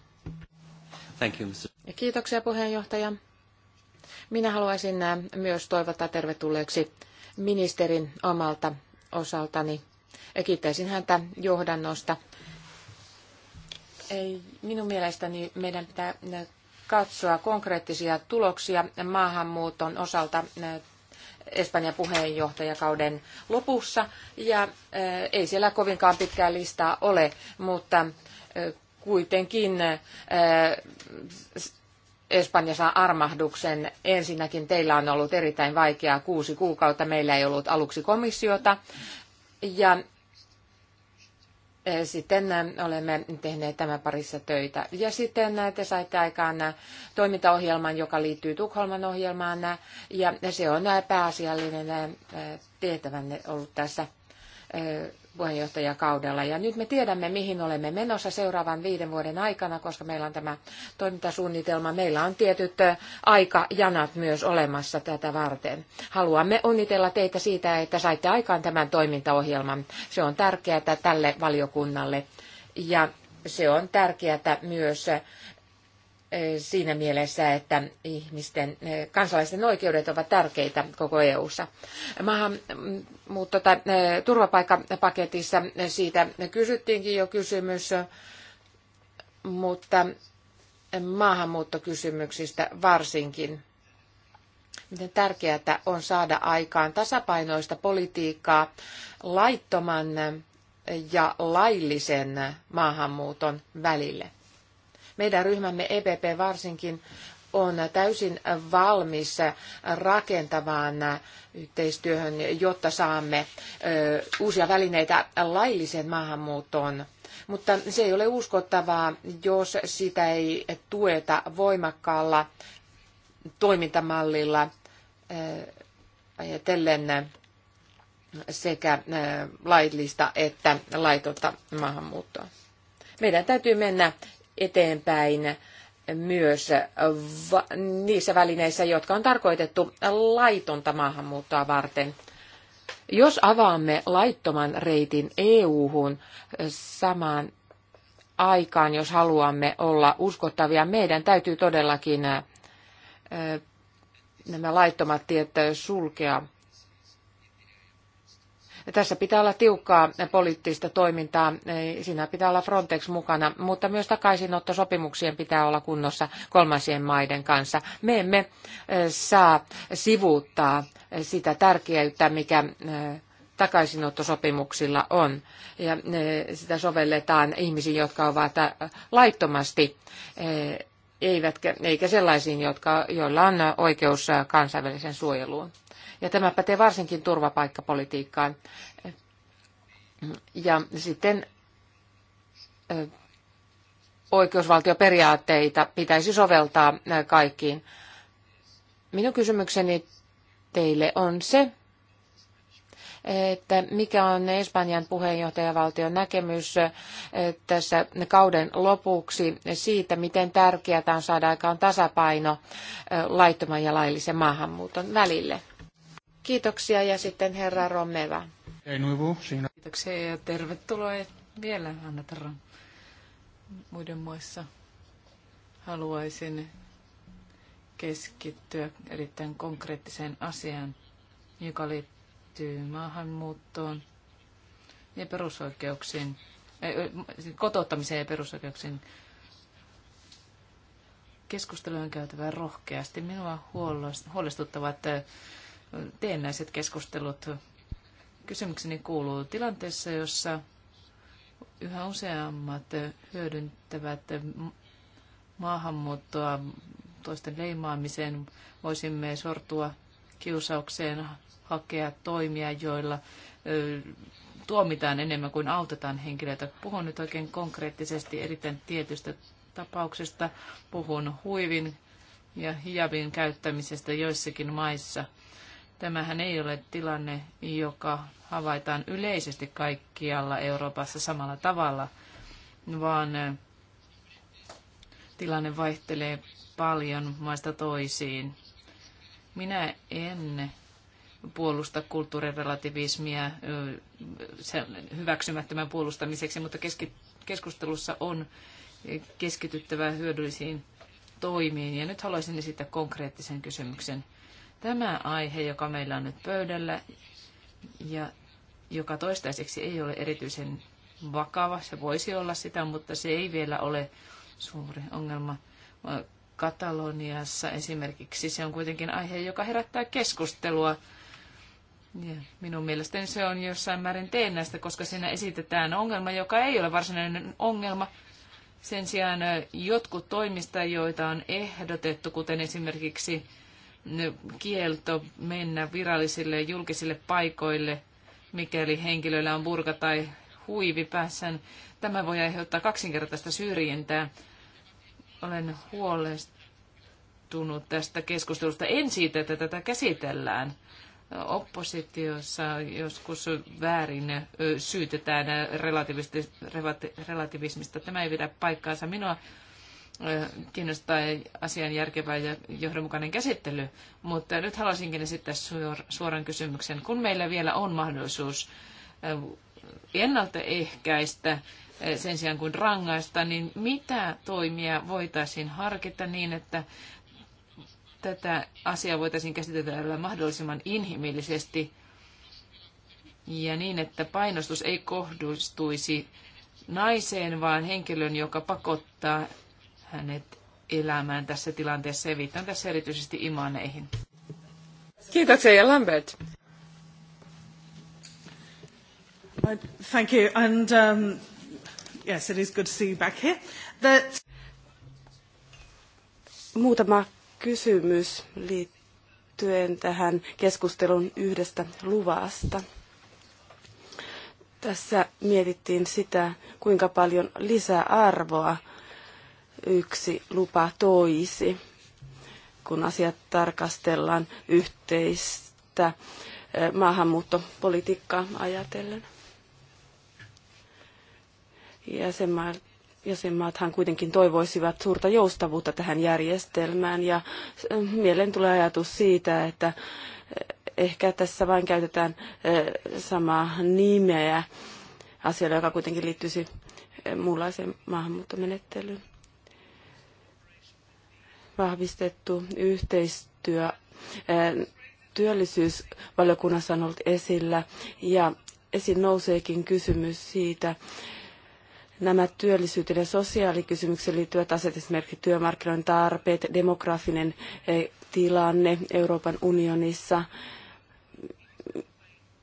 Thank you, Mr. Kiitoksia puheenjohtaja. Minä haluaisin äh, myös toivottaa tervetulleeksi ministerin omalta osaltani. Kiittäisin häntä johdannosta. Ei, minun mielestäni meidän pitää äh, katsoa konkreettisia tuloksia maahanmuuton osalta äh, Espanjan puheenjohtajakauden lopussa. Ja ei siellä kovinkaan pitkää listaa ole, mutta kuitenkin Espanja saa armahduksen. Ensinnäkin teillä on ollut erittäin vaikeaa kuusi kuukautta. Meillä ei ollut aluksi komissiota. Ja sitten olemme tehneet tämän parissa töitä. Ja sitten te saitte aikaan toimintaohjelman, joka liittyy Tukholman ohjelmaan. Ja se on pääasiallinen tehtävänne ollut tässä puheenjohtajakaudella. Ja nyt me tiedämme, mihin olemme menossa seuraavan viiden vuoden aikana, koska meillä on tämä toimintasuunnitelma. Meillä on tietyt aikajanat myös olemassa tätä varten. Haluamme onnitella teitä siitä, että saitte aikaan tämän toimintaohjelman. Se on tärkeää tälle valiokunnalle ja se on tärkeää myös siinä mielessä, että ihmisten, kansalaisten oikeudet ovat tärkeitä koko EU-ssa. Maahanmuutto- tai turvapaikkapaketissa siitä kysyttiinkin jo kysymys, mutta maahanmuuttokysymyksistä varsinkin. Miten tärkeää on saada aikaan tasapainoista politiikkaa laittoman ja laillisen maahanmuuton välille. Meidän ryhmämme EPP varsinkin on täysin valmis rakentavaan yhteistyöhön, jotta saamme uusia välineitä lailliseen maahanmuuttoon. Mutta se ei ole uskottavaa, jos sitä ei tueta voimakkaalla toimintamallilla ajatellen sekä laillista että laitonta maahanmuuttoa. Meidän täytyy mennä eteenpäin myös niissä välineissä, jotka on tarkoitettu laitonta maahanmuuttoa varten. Jos avaamme laittoman reitin EU-hun samaan aikaan, jos haluamme olla uskottavia, meidän täytyy todellakin nämä laittomat tiet sulkea. Tässä pitää olla tiukkaa poliittista toimintaa, siinä pitää olla Frontex mukana, mutta myös takaisinottosopimuksien pitää olla kunnossa kolmansien maiden kanssa. Me emme eh, saa sivuuttaa sitä tärkeyttä, mikä eh, takaisinottosopimuksilla on. Ja eh, sitä sovelletaan ihmisiin, jotka ovat laittomasti eivätkä, eikä sellaisiin, jotka, joilla on oikeus kansainväliseen suojeluun. Ja tämä pätee varsinkin turvapaikkapolitiikkaan. Ja sitten oikeusvaltioperiaatteita pitäisi soveltaa kaikkiin. Minun kysymykseni teille on se, että mikä on Espanjan puheenjohtajavaltion näkemys tässä kauden lopuksi siitä, miten tärkeää on saada aikaan tasapaino laittoman ja laillisen maahanmuuton välille. Kiitoksia ja sitten herra Romeva. Kiitoksia ja tervetuloa vielä Anna Tarra. Muiden muissa. haluaisin keskittyä erittäin konkreettiseen asiaan, joka liittyy maahanmuuttoon ja perusoikeuksiin, siis kotouttamiseen ja perusoikeuksiin. Keskustelu on käytävä rohkeasti. Minua huolestuttavat teennäiset keskustelut. Kysymykseni kuuluu tilanteessa, jossa yhä useammat hyödyntävät maahanmuuttoa toisten leimaamiseen, voisimme sortua kiusaukseen hakea toimia, joilla tuomitaan enemmän kuin autetaan henkilöitä. Puhun nyt oikein konkreettisesti erittäin tietystä tapauksesta. Puhun huivin ja hijabin käyttämisestä joissakin maissa – Tämähän ei ole tilanne, joka havaitaan yleisesti kaikkialla Euroopassa samalla tavalla, vaan tilanne vaihtelee paljon maista toisiin. Minä en puolusta kulttuurirelativismia hyväksymättömän puolustamiseksi, mutta keskustelussa on keskityttävä hyödyllisiin toimiin. Ja nyt haluaisin esittää konkreettisen kysymyksen. Tämä aihe, joka meillä on nyt pöydällä ja joka toistaiseksi ei ole erityisen vakava, se voisi olla sitä, mutta se ei vielä ole suuri ongelma. Kataloniassa esimerkiksi se on kuitenkin aihe, joka herättää keskustelua. Ja minun mielestäni se on jossain määrin teennäistä, koska siinä esitetään ongelma, joka ei ole varsinainen ongelma. Sen sijaan jotkut toimista, joita on ehdotettu, kuten esimerkiksi kielto mennä virallisille julkisille paikoille, mikäli henkilöllä on burka tai huivi päässään. Tämä voi aiheuttaa kaksinkertaista syrjintää. Olen huolestunut tästä keskustelusta. En siitä, että tätä käsitellään. Oppositiossa joskus väärin syytetään relativismista. Tämä ei pidä paikkaansa. Minua kiinnostaa asian järkevä ja johdonmukainen käsittely, mutta nyt haluaisinkin esittää suoran kysymyksen. Kun meillä vielä on mahdollisuus ennaltaehkäistä sen sijaan kuin rangaista, niin mitä toimia voitaisiin harkita niin, että tätä asiaa voitaisiin käsitellä mahdollisimman inhimillisesti ja niin, että painostus ei kohdistuisi naiseen, vaan henkilön, joka pakottaa hänet elämään tässä tilanteessa ja viittaan tässä erityisesti imaneihin. Kiitoksia ja Lambert. Thank you and um, yes it is good to see you back here. That... Muutama kysymys liittyen tähän keskustelun yhdestä luvasta. Tässä mietittiin sitä, kuinka paljon lisäarvoa arvoa yksi lupa toisi, kun asiat tarkastellaan yhteistä maahanmuuttopolitiikkaa ajatellen. Jäsenmaat, jäsenmaathan kuitenkin toivoisivat suurta joustavuutta tähän järjestelmään ja mielen tulee ajatus siitä, että ehkä tässä vain käytetään samaa nimeä asialle, joka kuitenkin liittyisi muunlaiseen maahanmuuttomenettelyyn vahvistettu yhteistyö työllisyysvaliokunnassa on ollut esillä ja esiin nouseekin kysymys siitä, nämä työllisyyteen ja sosiaalikysymyksiin liittyvät asiat, esimerkiksi työmarkkinoiden tarpeet, demografinen tilanne Euroopan unionissa,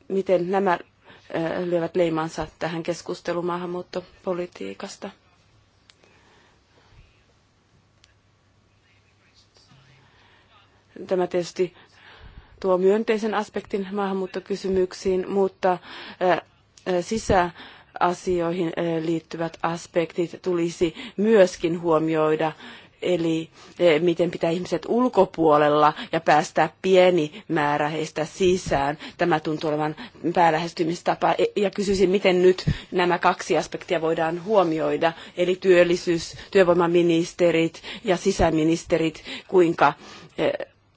miten nämä lyövät leimansa tähän keskusteluun maahanmuuttopolitiikasta. Tämä tietysti tuo myönteisen aspektin maahanmuuttokysymyksiin, mutta sisäasioihin liittyvät aspektit tulisi myöskin huomioida eli miten pitää ihmiset ulkopuolella ja päästää pieni määrä heistä sisään. Tämä tuntuu olevan päälähestymistapa. E, ja kysyisin, miten nyt nämä kaksi aspektia voidaan huomioida, eli työllisyys, työvoimaministerit ja sisäministerit, kuinka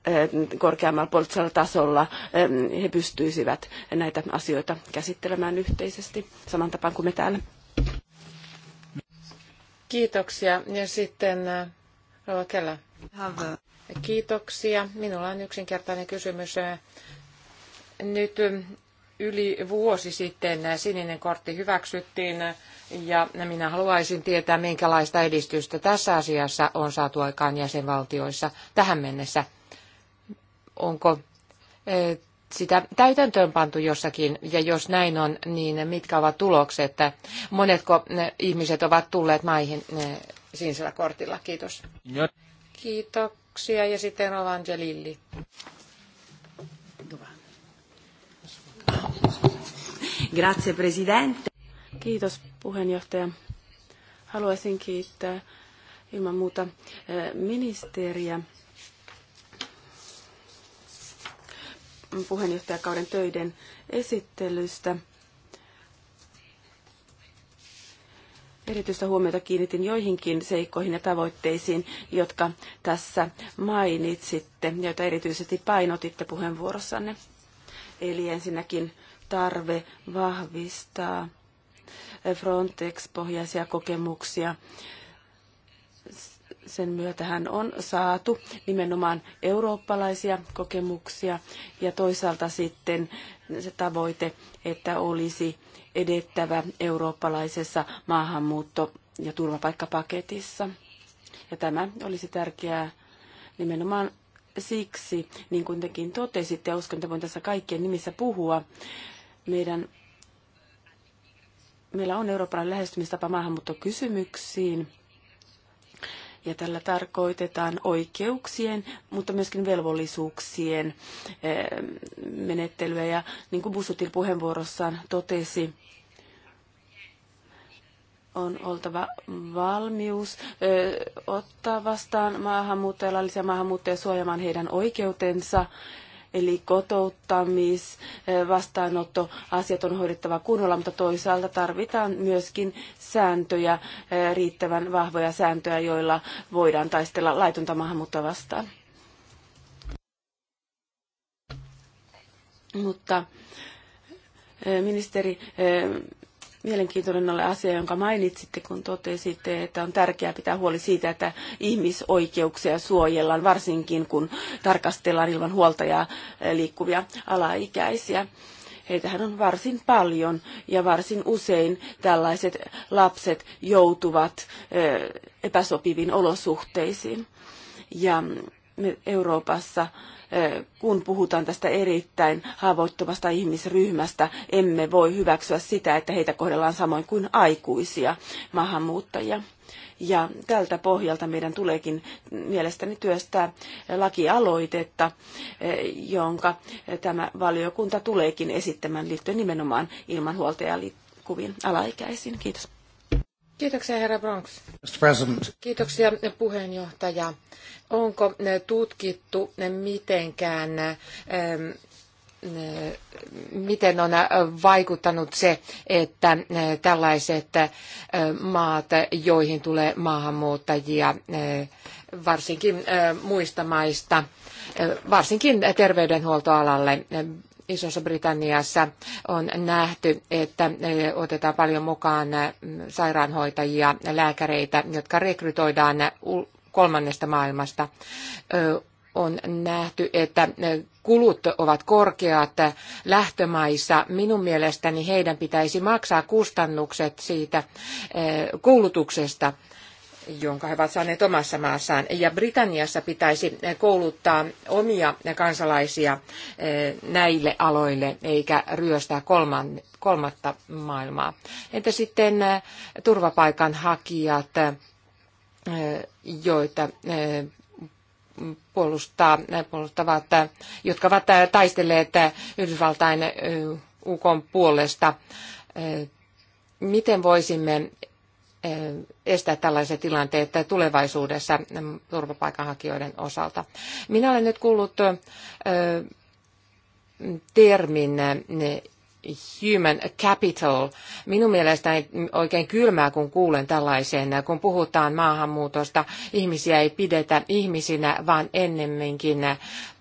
Eh, korkeammalla poliittisella tasolla eh, he pystyisivät näitä asioita käsittelemään yhteisesti saman tapaan kuin me täällä. Kiitoksia. Ja sitten eh, Rova Kela. Kiitoksia. Minulla on yksinkertainen kysymys. Nyt yli vuosi sitten sininen kortti hyväksyttiin ja minä haluaisin tietää, minkälaista edistystä tässä asiassa on saatu aikaan jäsenvaltioissa tähän mennessä onko eh, sitä täytäntöön pantu jossakin, ja jos näin on, niin mitkä ovat tulokset, että monetko eh, ihmiset ovat tulleet maihin eh, sinisellä kortilla. Kiitos. Kiitoksia, ja sitten Ovangelilli. Grazie, presidente. Kiitos, puheenjohtaja. Haluaisin kiittää ilman muuta ministeriä puheenjohtajakauden töiden esittelystä. Erityistä huomiota kiinnitin joihinkin seikkoihin ja tavoitteisiin, jotka tässä mainitsitte, joita erityisesti painotitte puheenvuorossanne. Eli ensinnäkin tarve vahvistaa Frontex-pohjaisia kokemuksia sen myötähän on saatu nimenomaan eurooppalaisia kokemuksia ja toisaalta sitten se tavoite, että olisi edettävä eurooppalaisessa maahanmuutto- ja turvapaikkapaketissa. Ja tämä olisi tärkeää nimenomaan siksi, niin kuin tekin totesitte, ja uskon, että voin tässä kaikkien nimissä puhua, meidän, meillä on eurooppalainen lähestymistapa maahanmuuttokysymyksiin – ja tällä tarkoitetaan oikeuksien, mutta myöskin velvollisuuksien eh, menettelyä. Ja niin kuin Busutil puheenvuorossaan totesi, on oltava valmius ö, eh, ottaa vastaan maahanmuuttajia, laillisia maahanmuuttajia suojamaan heidän oikeutensa Eli kotouttamis, eh, vastaanotto, asiat on hoidettava kunnolla, mutta toisaalta tarvitaan myöskin sääntöjä, eh, riittävän vahvoja sääntöjä, joilla voidaan taistella laitonta maahanmuuttoa vastaan. Mutta eh, ministeri, mielenkiintoinen ole asia, jonka mainitsitte, kun totesitte, että on tärkeää pitää huoli siitä, että ihmisoikeuksia suojellaan, varsinkin kun tarkastellaan ilman huoltajaa eh, liikkuvia alaikäisiä. Heitähän on varsin paljon ja varsin usein tällaiset lapset joutuvat eh, epäsopiviin olosuhteisiin. Ja mm, Euroopassa, eh, kun puhutaan tästä erittäin haavoittuvasta ihmisryhmästä, emme voi hyväksyä sitä, että heitä kohdellaan samoin kuin aikuisia maahanmuuttajia. Ja tältä pohjalta meidän tuleekin mielestäni työstää lakialoitetta, eh, jonka tämä valiokunta tuleekin esittämään liittyen nimenomaan ilman huoltajalikuvien alaikäisiin. Kiitos. Kiitoksia herra Bronx. Kiitoksia puheenjohtaja. Onko eh, tutkittu eh, mitenkään, eh, miten on vaikuttanut se, että tällaiset maat, joihin tulee maahanmuuttajia, varsinkin muista maista, varsinkin terveydenhuoltoalalle, Isossa Britanniassa on nähty, että e, otetaan paljon mukaan e, sairaanhoitajia, lääkäreitä, jotka rekrytoidaan kolmannesta maailmasta. E, on nähty, että kulut ovat korkeat lähtömaissa. Minun mielestäni heidän pitäisi maksaa kustannukset siitä koulutuksesta jonka he ovat saaneet omassa maassaan. Ja Britanniassa pitäisi kouluttaa omia kansalaisia eh, näille aloille, eikä ryöstää kolman, kolmatta maailmaa. Entä sitten eh, turvapaikanhakijat, eh, joita puolustaa, puolustavat, jotka ovat taistelleet Yhdysvaltain UK puolesta. Miten voisimme Eh, estää tällaiset tilanteet tulevaisuudessa mm, turvapaikanhakijoiden osalta. Minä olen nyt kuullut eh, mm, termin eh, human capital. Minun mielestäni oikein kylmää, kun kuulen tällaisen, kun puhutaan maahanmuutosta, ihmisiä ei pidetä ihmisinä, vaan ennemminkin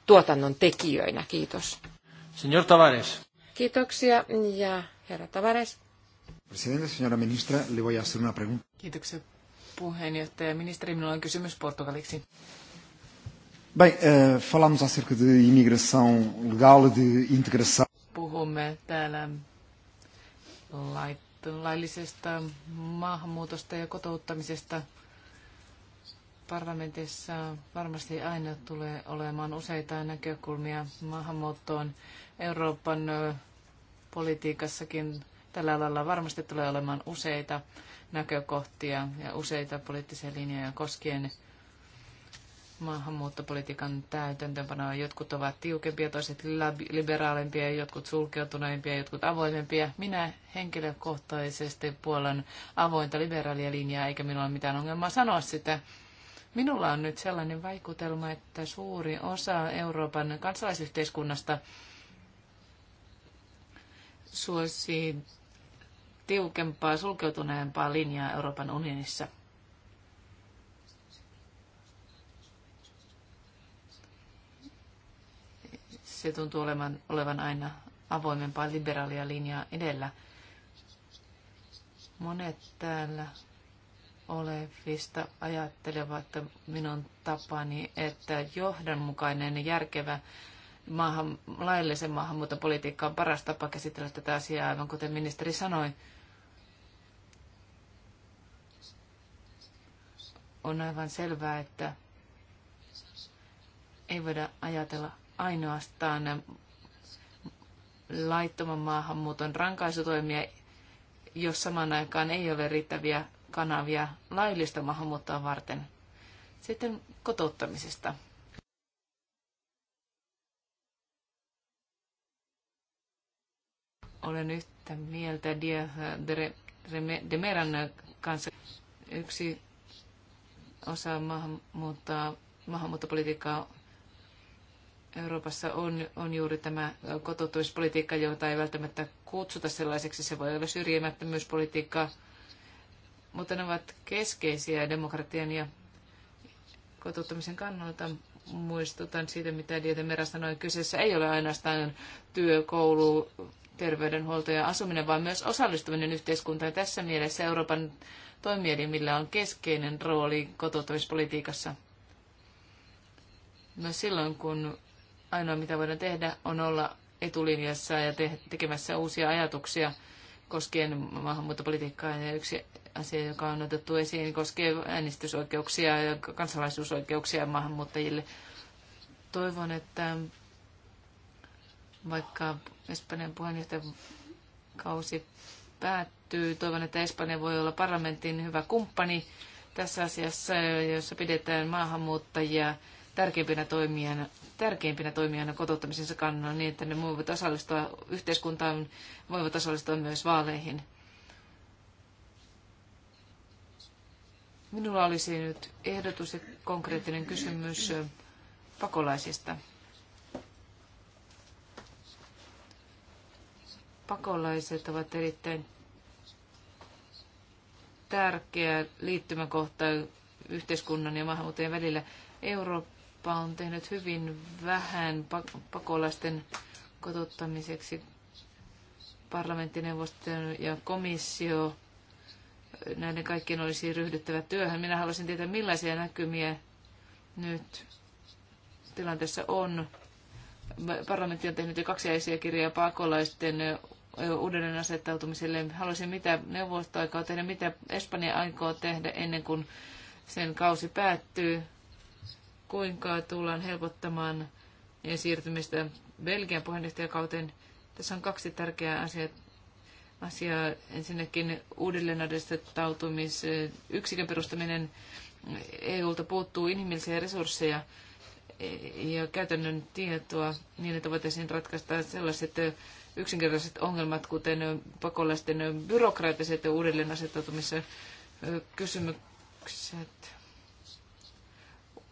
tuotannon tekijöinä. Kiitos. Señor Tavares. Kiitoksia ja herra Tavares. Presidente, señora ministra, le voy a hacer una pregunta. Kiitoksia puheenjohtaja. Ministeri, minulla on kysymys portugaliksi. Bem, uh, falamos acerca de imigração legal, de integração. Puhumme täällä laillisesta maahanmuutosta ja kotouttamisesta. Parlamentissa varmasti aina tulee olemaan useita näkökulmia maahanmuuttoon. Euroopan eh, politiikassakin Tällä alalla varmasti tulee olemaan useita näkökohtia ja useita poliittisia linjoja koskien maahanmuuttopolitiikan täytäntöönpanoa. Jotkut ovat tiukempia, toiset liberaalimpia, jotkut sulkeutuneimpia, jotkut avoimempia. Minä henkilökohtaisesti puolen avointa liberaalia linjaa, eikä minulla ole mitään ongelmaa sanoa sitä. Minulla on nyt sellainen vaikutelma, että suuri osa Euroopan kansalaisyhteiskunnasta suosii tiukempaa, sulkeutuneempaa linjaa Euroopan unionissa. Se tuntuu olevan, olevan aina avoimempaa liberaalia linjaa edellä. Monet täällä olevista ajattelevat minun tapani, että johdonmukainen ja järkevä maahan, laillisen maahanmuuttopolitiikka on paras tapa käsitellä tätä asiaa, aivan kuten ministeri sanoi. on aivan selvää, että ei voida ajatella ainoastaan laittoman maahanmuuton rankaisutoimia, jos samaan aikaan ei ole riittäviä kanavia laillista maahanmuuttoa varten. Sitten kotouttamisesta. Olen yhtä mieltä Dia de Meran kanssa. Yksi osa maahanmuuttaa, maahanmuuttopolitiikkaa Euroopassa on, on juuri tämä kotoutumispolitiikka, jota ei välttämättä kutsuta sellaiseksi. Se voi olla syrjimättömyyspolitiikkaa, mutta ne ovat keskeisiä demokratian ja kotouttamisen kannalta. Muistutan siitä, mitä Dieta Mera sanoi. Kyseessä ei ole ainoastaan työ, koulu, terveydenhuolto ja asuminen, vaan myös osallistuminen yhteiskuntaan. Tässä mielessä Euroopan toimielimillä on keskeinen rooli kotoutumispolitiikassa. Myös no silloin, kun ainoa mitä voidaan tehdä on olla etulinjassa ja te- tekemässä uusia ajatuksia koskien maahanmuuttopolitiikkaa. Ja yksi asia, joka on otettu esiin, koskee äänestysoikeuksia ja kansalaisuusoikeuksia maahanmuuttajille. Toivon, että vaikka Espanjan puheenjohtajakausi päättyy, kehittyy. Toivon, että Espanja voi olla parlamentin hyvä kumppani tässä asiassa, jossa pidetään maahanmuuttajia tärkeimpinä toimijana, tärkeimpinä toimijana kotouttamisensa kannalla niin, että ne voivat osallistua yhteiskuntaan, voivat osallistua myös vaaleihin. Minulla olisi nyt ehdotus ja konkreettinen kysymys pakolaisista. Pakolaiset ovat erittäin tärkeä liittymäkohta yhteiskunnan ja maahanmuuttajien välillä. Eurooppa on tehnyt hyvin vähän pakolaisten kotottamiseksi. Parlamenttineuvosto ja komissio, näiden kaikkien olisi ryhdyttävä työhön. Minä haluaisin tietää, millaisia näkymiä nyt tilanteessa on. Parlamentti on tehnyt jo kaksi kirjaa pakolaisten uudelleen asettautumiselle. Haluaisin mitä neuvosto tehdä, mitä Espanja aikoo tehdä ennen kuin sen kausi päättyy, kuinka tullaan helpottamaan siirtymistä Belgian puheenjohtajakauteen. Tässä on kaksi tärkeää asiaa. Asia, Ensinnäkin uudelleen yksikön perustaminen EUlta puuttuu inhimillisiä resursseja ja käytännön tietoa niin, että voitaisiin ratkaista sellaiset yksinkertaiset ongelmat, kuten pakolaisten byrokraattiset ja uudelleen asettautumisen kysymykset.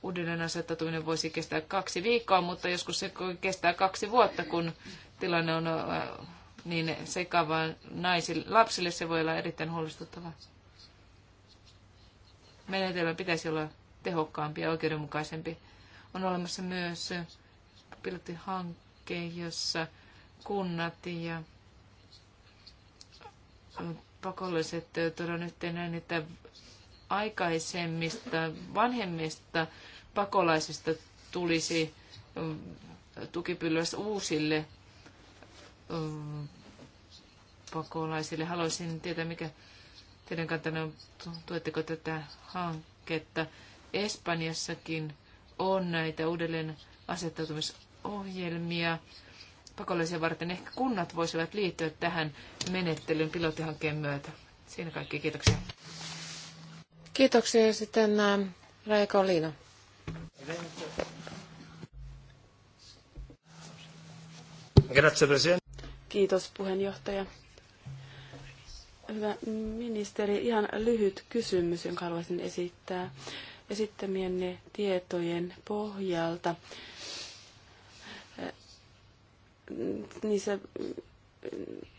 Uudelleen asettautuminen voisi kestää kaksi viikkoa, mutta joskus se kestää kaksi vuotta, kun tilanne on niin sekava naisille, lapsille se voi olla erittäin huolestuttavaa. Menetelmä pitäisi olla tehokkaampi ja oikeudenmukaisempi. On olemassa myös pilottihanke, jossa kunnat ja pakolliset todennäköisesti nyt aikaisemmista, vanhemmista pakolaisista tulisi mm, tukipylväs uusille mm, pakolaisille. Haluaisin tietää, mikä teidän kantanne on, tuetteko tätä hanketta. Espanjassakin on näitä uudelleen asettautumisohjelmia pakolaisia varten. Ehkä kunnat voisivat liittyä tähän menettelyyn pilottihankkeen myötä. Siinä kaikki, kiitoksia. Kiitoksia sitten äh, Raija Kolina. Kiitos puheenjohtaja. Hyvä ministeri, ihan lyhyt kysymys, jonka haluaisin esittää esittämienne tietojen pohjalta niissä mm,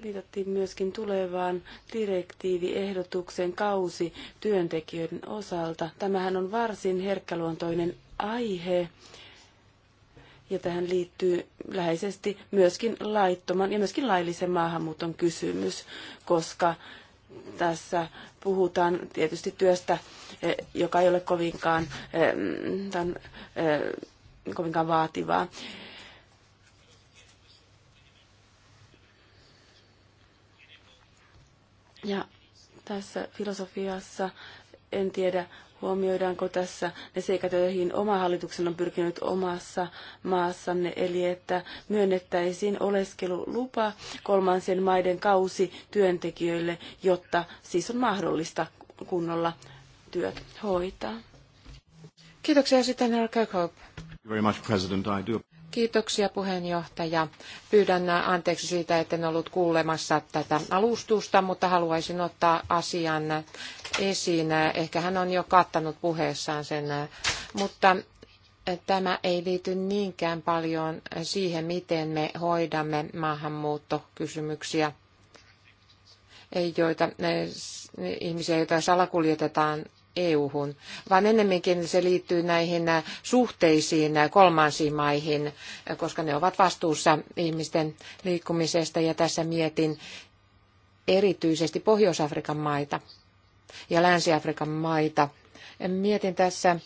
viitattiin myöskin tulevaan direktiiviehdotuksen kausi työntekijöiden osalta. Tämähän on varsin herkkäluontoinen aihe ja tähän liittyy läheisesti myöskin laittoman ja myöskin laillisen maahanmuuton kysymys, koska tässä puhutaan tietysti työstä, e, joka ei ole kovinkaan, e, mm, e, kovinkaan vaativaa. Ja tässä filosofiassa en tiedä, huomioidaanko tässä ne seikat, joihin oma hallituksen on pyrkinyt omassa maassanne, eli että myönnettäisiin oleskelulupa kolmansien maiden kausi työntekijöille, jotta siis on mahdollista kunnolla työt hoitaa. Kiitoksia sitten, Thank you Very much, President. I do. Kiitoksia puheenjohtaja. Pyydän anteeksi siitä, että en ollut kuulemassa tätä alustusta, mutta haluaisin ottaa asian esiin. Ehkä hän on jo kattanut puheessaan sen, mutta tämä ei liity niinkään paljon siihen, miten me hoidamme maahanmuuttokysymyksiä, joita, eh, ihmisiä, joita salakuljetetaan EU-hun, vaan ennemminkin se liittyy näihin suhteisiin kolmansiin maihin, koska ne ovat vastuussa ihmisten liikkumisesta ja tässä mietin erityisesti Pohjois-Afrikan maita ja Länsi-Afrikan maita. Mietin tässä,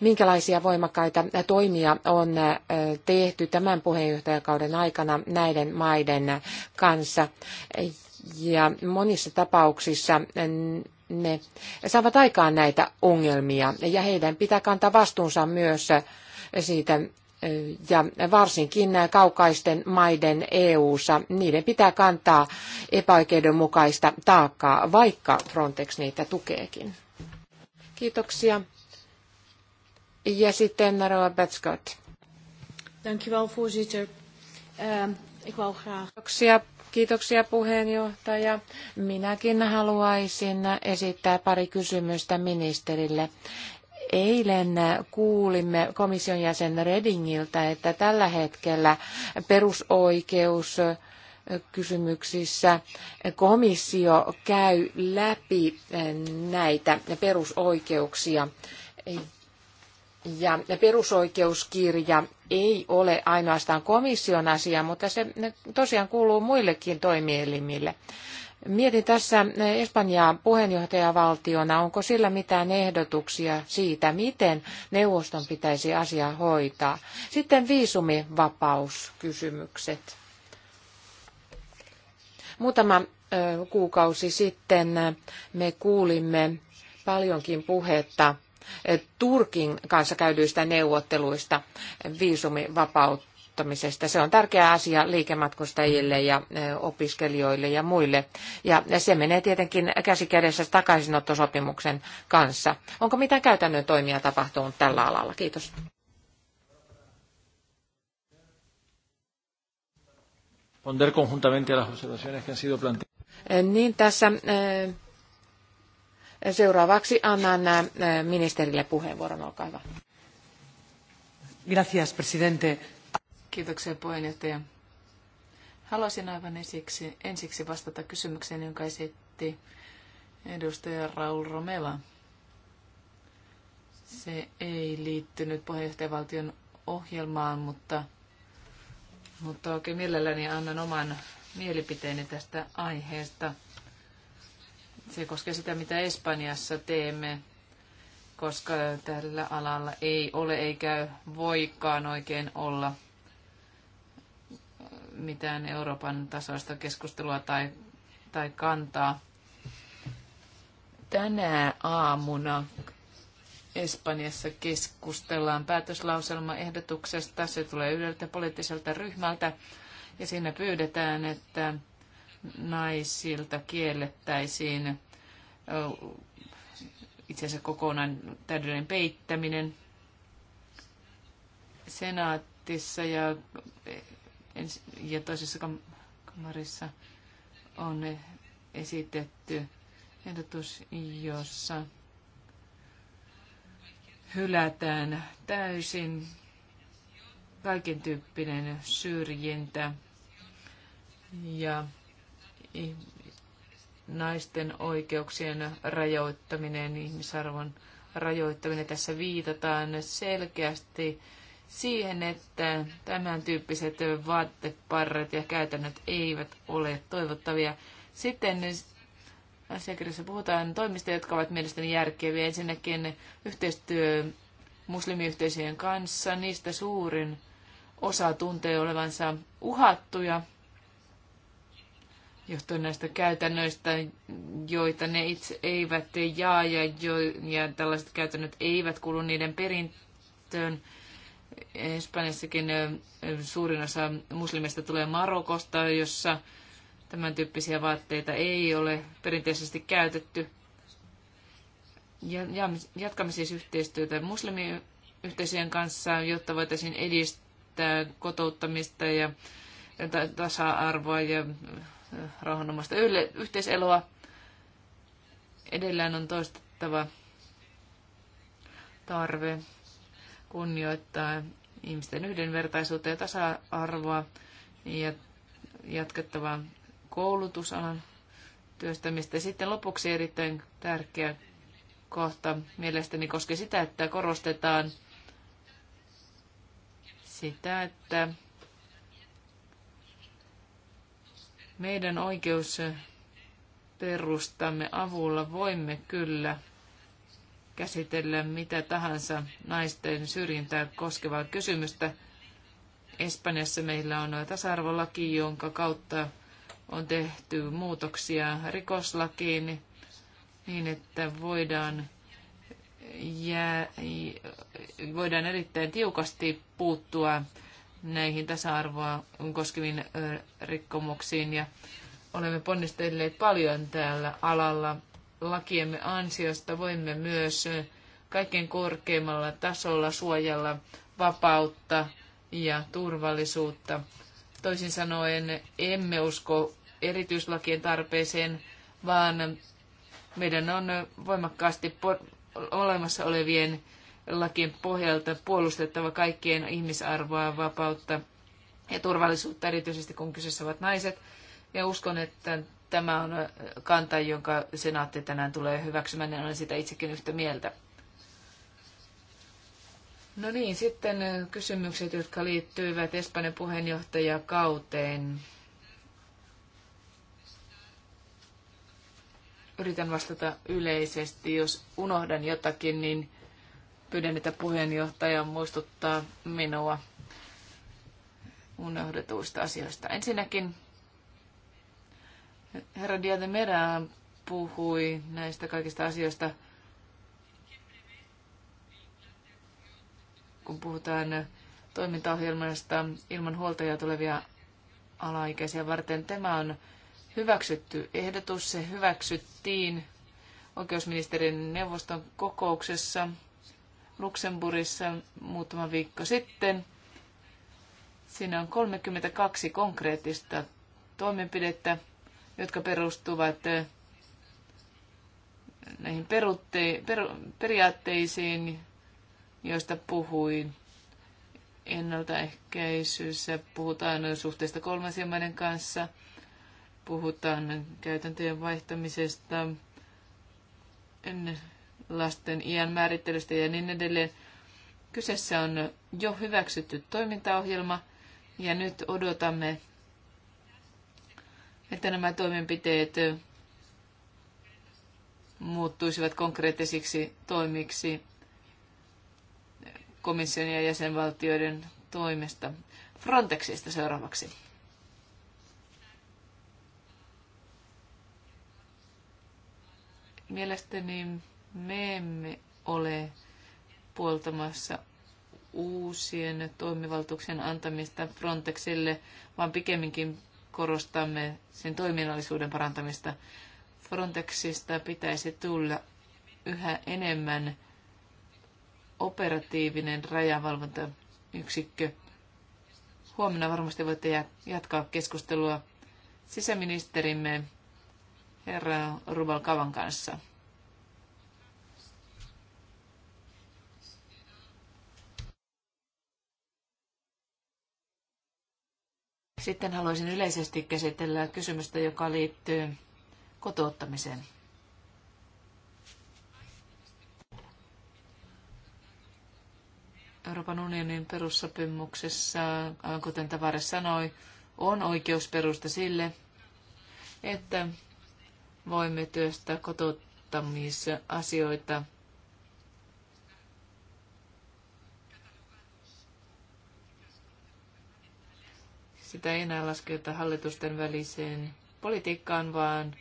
minkälaisia voimakkaita toimia on tehty tämän puheenjohtajakauden aikana näiden maiden kanssa. Ja monissa tapauksissa ne saavat aikaan näitä ongelmia ja heidän pitää kantaa vastuunsa myös siitä ja varsinkin kaukaisten maiden EU-ssa, niiden pitää kantaa epäoikeudenmukaista taakkaa, vaikka Frontex niitä tukeekin. Kiitoksia. Ja sitten Naroa Betskot. Dankjewel, voorzitter. Uh, ik wou graag... Kiitoksia, Kiitoksia puheenjohtaja. Minäkin haluaisin esittää pari kysymystä ministerille. Eilen kuulimme komission jäsen Redingiltä, että tällä hetkellä perusoikeus kysymyksissä komissio käy läpi näitä perusoikeuksia ja perusoikeuskirja ei ole ainoastaan komission asia, mutta se tosiaan kuuluu muillekin toimielimille. Mietin tässä Espanjaa puheenjohtajavaltiona, onko sillä mitään ehdotuksia siitä, miten neuvoston pitäisi asiaa hoitaa. Sitten viisumivapauskysymykset. Muutama kuukausi sitten me kuulimme paljonkin puhetta Eh, Turkin kanssa käydyistä neuvotteluista viisumivapauttamisesta. Se on tärkeä asia liikematkustajille ja eh, opiskelijoille ja muille. Ja se menee tietenkin käsi kädessä takaisinottosopimuksen kanssa. Onko mitään käytännön toimia tapahtunut tällä alalla? Kiitos. Ponder conjuntamente a las observaciones que han sido planteadas. Eh, niin tässä Seuraavaksi annan ministerille puheenvuoron. Olkaa hyvä. Gracias, presidente. Kiitoksia puheenjohtaja. Haluaisin aivan esiksi, ensiksi vastata kysymykseen, jonka esitti edustaja Raul Romeva. Se ei liittynyt puheenjohtajavaltion ohjelmaan, mutta, mutta oikein mielelläni annan oman mielipiteeni tästä aiheesta – se koskee sitä, mitä Espanjassa teemme, koska tällä alalla ei ole eikä voikaan oikein olla mitään Euroopan tasoista keskustelua tai, tai kantaa. Tänä aamuna Espanjassa keskustellaan päätöslauselmaehdotuksesta. Se tulee yhdeltä poliittiselta ryhmältä ja siinä pyydetään, että naisilta kiellettäisiin itse asiassa kokonaan täydellinen peittäminen senaatissa ja, ja toisessa kamarissa on esitetty ehdotus, jossa hylätään täysin kaiken tyyppinen syrjintä ja naisten oikeuksien rajoittaminen, ihmisarvon rajoittaminen. Tässä viitataan selkeästi siihen, että tämän tyyppiset vaatteparret ja käytännöt eivät ole toivottavia. Sitten asiakirjassa puhutaan toimista, jotka ovat mielestäni järkeviä. Ensinnäkin yhteistyö muslimiyhteisöjen kanssa, niistä suurin osa tuntee olevansa uhattuja johtuen näistä käytännöistä, joita ne itse eivät jaa ja, jo, ja tällaiset käytännöt eivät kuulu niiden perintöön. Espanjassakin suurin osa muslimista tulee Marokosta, jossa tämän tyyppisiä vaatteita ei ole perinteisesti käytetty. Ja, ja, jatkamme siis yhteistyötä muslimiyhteisöjen kanssa, jotta voitaisiin edistää kotouttamista ja tasa-arvoa ja rauhanomaista yle- yhteiseloa. Edellään on toistettava tarve kunnioittaa ihmisten yhdenvertaisuutta ja tasa-arvoa ja jatkettava koulutusalan työstämistä. Sitten lopuksi erittäin tärkeä kohta mielestäni koskee sitä, että korostetaan sitä, että Meidän oikeusperustamme avulla voimme kyllä käsitellä mitä tahansa naisten syrjintää koskevaa kysymystä. Espanjassa meillä on tasa-arvolaki, jonka kautta on tehty muutoksia rikoslakiin niin, että voidaan, jää, voidaan erittäin tiukasti puuttua näihin tasa-arvoa koskeviin rikkomuksiin ja olemme ponnistelleet paljon täällä alalla. Lakiemme ansiosta voimme myös kaiken korkeimmalla tasolla suojella vapautta ja turvallisuutta. Toisin sanoen emme usko erityislakien tarpeeseen, vaan meidän on voimakkaasti olemassa olevien lakien pohjalta puolustettava kaikkien ihmisarvoa, vapautta ja turvallisuutta, erityisesti kun kyseessä ovat naiset. Ja uskon, että tämä on kanta, jonka senaatti tänään tulee hyväksymään, ja niin olen sitä itsekin yhtä mieltä. No niin, sitten kysymykset, jotka liittyivät Espanjan puheenjohtajakauteen. Yritän vastata yleisesti. Jos unohdan jotakin, niin Pyydän, että puheenjohtaja muistuttaa minua unohdetuista asioista. Ensinnäkin herra Diate Merä puhui näistä kaikista asioista, kun puhutaan toimintaohjelmasta ilman huoltajaa tulevia alaikäisiä varten. Tämä on hyväksytty ehdotus. Se hyväksyttiin oikeusministerin neuvoston kokouksessa Luxemburgissa muutama viikko sitten. Siinä on 32 konkreettista toimenpidettä, jotka perustuvat näihin perutte- per- periaatteisiin, joista puhuin. Ennaltaehkäisyssä puhutaan suhteesta kolmansien kanssa, puhutaan käytäntöjen vaihtamisesta, lasten iän määrittelystä ja niin edelleen. Kyseessä on jo hyväksytty toimintaohjelma ja nyt odotamme, että nämä toimenpiteet muuttuisivat konkreettisiksi toimiksi komission ja jäsenvaltioiden toimesta. Frontexista seuraavaksi. Mielestäni me emme ole puoltamassa uusien toimivaltuuksien antamista Frontexille, vaan pikemminkin korostamme sen toiminnallisuuden parantamista. Frontexista pitäisi tulla yhä enemmän operatiivinen rajavalvontayksikkö. Huomenna varmasti voitte jatkaa keskustelua sisäministerimme herra Rubalkavan kanssa. Sitten haluaisin yleisesti käsitellä kysymystä, joka liittyy kotouttamiseen. Euroopan unionin perussopimuksessa, äh, kuten Tavare sanoi, on oikeusperusta sille, että voimme työstää kotouttamisasioita – sitä ei enää lasketa hallitusten väliseen politiikkaan, vaan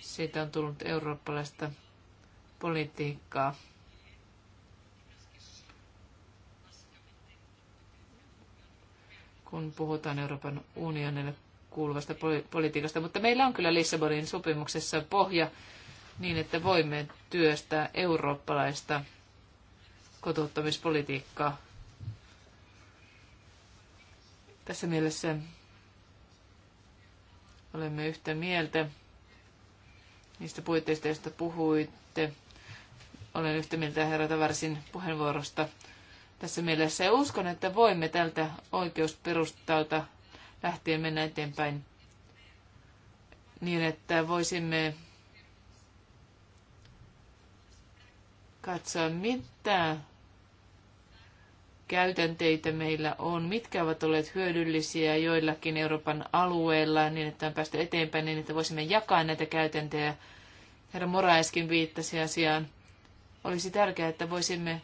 siitä on tullut eurooppalaista politiikkaa. kun puhutaan Euroopan unionille kuuluvasta politiikasta. Mutta meillä on kyllä Lissabonin sopimuksessa pohja niin, että voimme työstää eurooppalaista kotouttamispolitiikkaa. Tässä mielessä olemme yhtä mieltä niistä puitteista, joista puhuitte. Olen yhtä mieltä herra Tavarsin puheenvuorosta tässä mielessä. Ja uskon, että voimme tältä oikeusperustalta lähtien mennä eteenpäin niin, että voisimme katsoa, mitä käytänteitä meillä on, mitkä ovat olleet hyödyllisiä joillakin Euroopan alueilla, niin että on päästy eteenpäin, niin että voisimme jakaa näitä käytäntöjä. Herra Moraeskin viittasi asiaan. Olisi tärkeää, että voisimme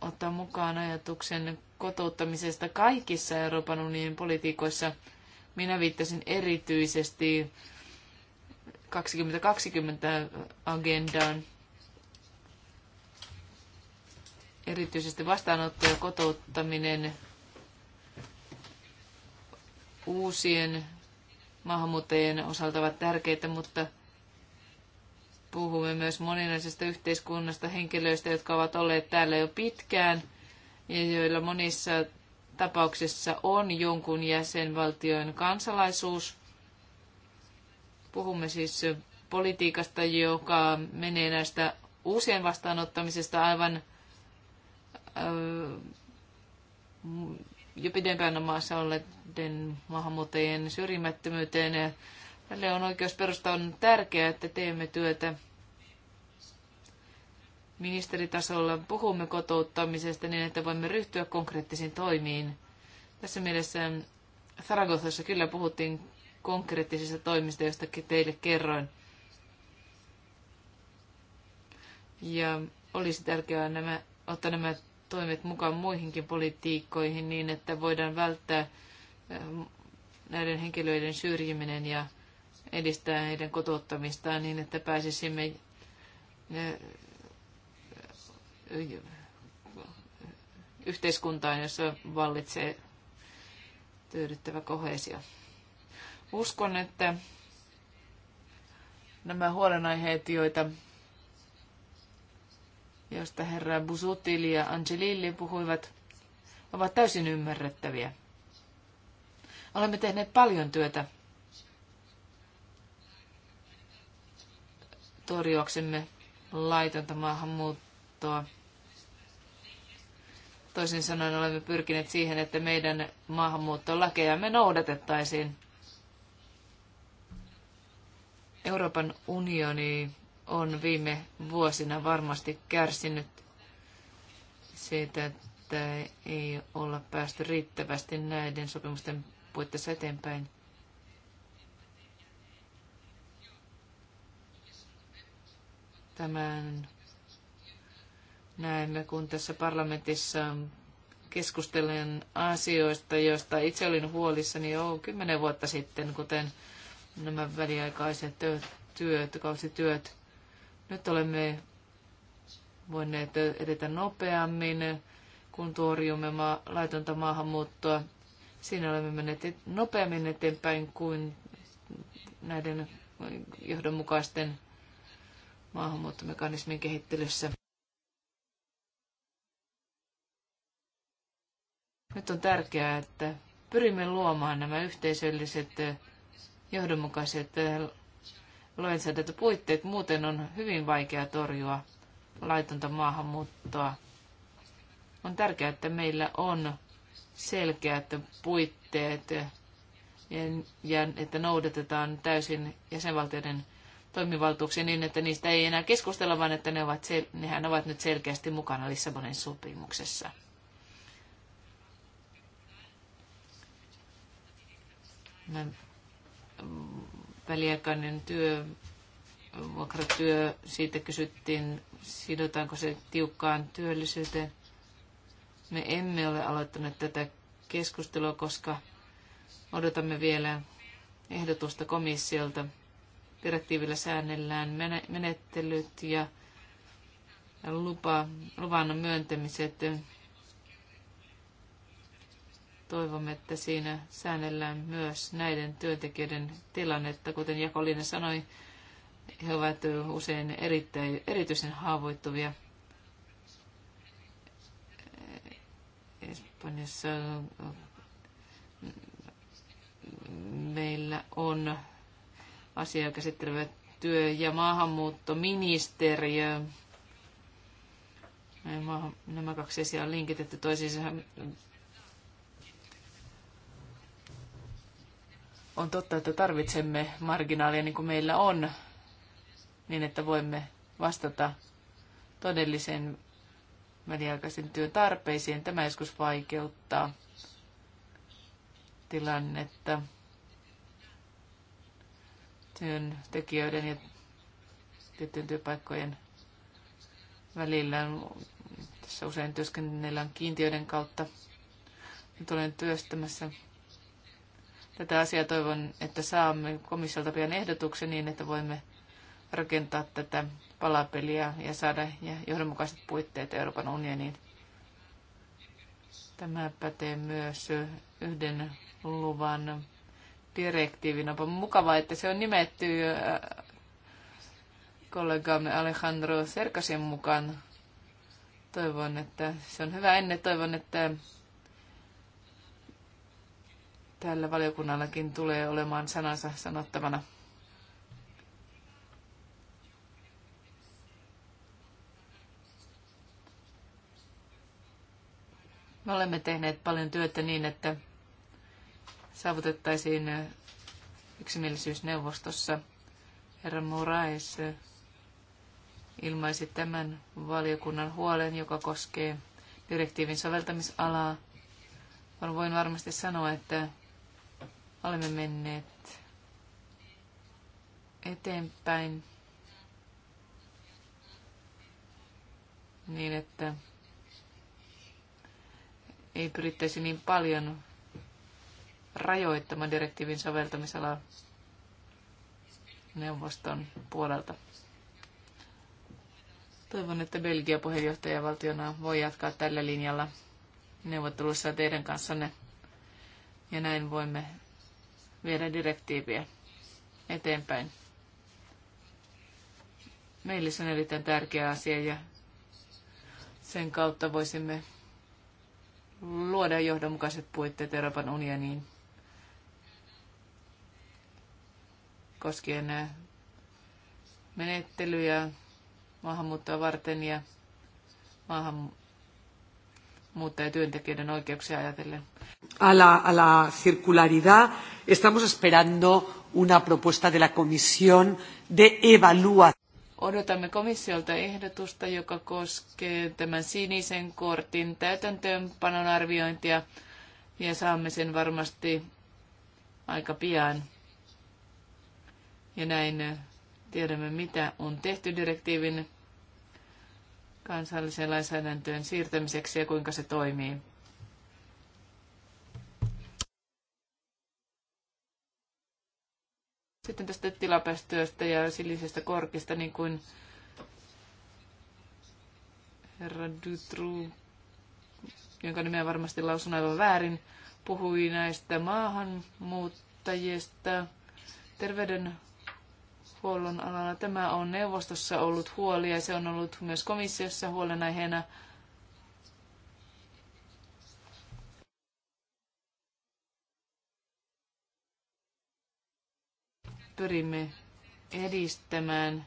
ottaa mukaan ajatuksen kotouttamisesta kaikissa Euroopan unionin politiikoissa. Minä viittasin erityisesti 2020 agendaan erityisesti vastaanotto ja kotouttaminen uusien maahanmuuttajien osalta ovat tärkeitä, mutta puhumme myös moninaisesta yhteiskunnasta, henkilöistä, jotka ovat olleet täällä jo pitkään ja joilla monissa tapauksissa on jonkun jäsenvaltion kansalaisuus. Puhumme siis politiikasta, joka menee näistä uusien vastaanottamisesta aivan jo pidempään maassa olleiden maahanmuuttajien syrjimättömyyteen. Tälle on oikeus perusta. On tärkeää, että teemme työtä ministeritasolla. Puhumme kotouttamisesta niin, että voimme ryhtyä konkreettisiin toimiin. Tässä mielessä Saragossa kyllä puhuttiin konkreettisista toimista, joista teille kerroin. Ja olisi tärkeää nämä, ottaa nämä toimet mukaan muihinkin politiikkoihin niin, että voidaan välttää eh, näiden henkilöiden syrjiminen ja edistää heidän kotouttamistaan niin, että pääsisimme eh, yhteiskuntaan, jossa vallitsee tyydyttävä kohesio. Uskon, että nämä huolenaiheet, joita Joista herra Busuttil ja Angelilli puhuivat, ovat täysin ymmärrettäviä. Olemme tehneet paljon työtä torjuaksemme laitonta maahanmuuttoa. Toisin sanoen olemme pyrkineet siihen, että meidän maahanmuuttolakejamme noudatettaisiin. Euroopan unioni on viime vuosina varmasti kärsinyt siitä, että ei olla päästy riittävästi näiden sopimusten puitteissa eteenpäin. Tämän näemme, kun tässä parlamentissa keskustelen asioista, joista itse olin huolissani jo kymmenen vuotta sitten, kuten nämä väliaikaiset työt, työt kausityöt. Nyt olemme voineet edetä nopeammin, kun torjumme ma- laitonta maahanmuuttoa. Siinä olemme menneet nopeammin eteenpäin kuin näiden johdonmukaisten maahanmuuttomekanismin kehittelyssä. Nyt on tärkeää, että pyrimme luomaan nämä yhteisölliset johdonmukaiset lainsäädäntöpuitteet. Muuten on hyvin vaikea torjua laitonta maahanmuuttoa. On tärkeää, että meillä on selkeät puitteet ja, ja että noudatetaan täysin jäsenvaltioiden toimivaltuuksia niin, että niistä ei enää keskustella, vaan että ne ovat nehän ovat nyt selkeästi mukana Lissabonin sopimuksessa. Mä väliaikainen työ, vuokratyö, siitä kysyttiin, sidotaanko se tiukkaan työllisyyteen. Me emme ole aloittaneet tätä keskustelua, koska odotamme vielä ehdotusta komissiolta. Direktiivillä säännellään menettelyt ja lupa, luvan myöntämiset Toivomme, että siinä säännellään myös näiden työntekijöiden tilannetta. Kuten Jakolina sanoi, he ovat usein erittäin, erityisen haavoittuvia. Espanjassa meillä on asiaa käsittelevä työ- ja maahanmuuttoministeriö. Nämä kaksi asiaa on linkitetty toisiinsa. On totta, että tarvitsemme marginaalia niin kuin meillä on, niin että voimme vastata todellisen väliaikaisen työn tarpeisiin. Tämä joskus vaikeuttaa tilannetta työntekijöiden ja tiettyjen työpaikkojen välillä. Tässä usein työskennellään kiintiöiden kautta. Nyt olen työstämässä tätä asiaa toivon, että saamme komissiolta pian ehdotuksen niin, että voimme rakentaa tätä palapeliä ja saada johdonmukaiset puitteet Euroopan unioniin. Tämä pätee myös yhden luvan direktiivin. Onpa mukavaa, että se on nimetty äh, kollegamme Alejandro Serkasin mukaan. Toivon, että se on hyvä ennen. Toivon, että tällä valiokunnallakin tulee olemaan sanansa sanottavana. Me olemme tehneet paljon työtä niin, että saavutettaisiin yksimielisyysneuvostossa. Herra Moraes ilmaisi tämän valiokunnan huolen, joka koskee direktiivin soveltamisalaa. voin varmasti sanoa, että Olemme menneet eteenpäin niin, että ei pyrittäisi niin paljon rajoittamaan direktiivin soveltamisalaa neuvoston puolelta. Toivon, että Belgia puheenjohtajavaltiona voi jatkaa tällä linjalla neuvottelussa teidän kanssanne. Ja näin voimme viedä direktiiviä eteenpäin. Meille se on erittäin tärkeä asia ja sen kautta voisimme luoda johdonmukaiset puitteet Euroopan unioniin koskien äh, menettelyjä maahanmuuttoa varten ja maahan muutta ja työntekijöiden oikeuksia ajatellen. A la, a la circularidad estamos esperando una propuesta de la comisión de evaluación. Odotamme komissiolta ehdotusta, joka koskee tämän sinisen kortin täytäntöönpanon arviointia ja saamme sen varmasti aika pian. Ja näin eh, tiedämme, mitä on tehty direktiivin kansalliseen lainsäädäntöön siirtämiseksi ja kuinka se toimii. Sitten tästä tilapäistyöstä ja silisestä korkista, niin kuin herra Dutru, jonka nimeä varmasti lausun aivan väärin, puhui näistä maahanmuuttajista, terveyden huollon alalla. Tämä on neuvostossa ollut huoli ja se on ollut myös komissiossa huolenaiheena. Pyrimme edistämään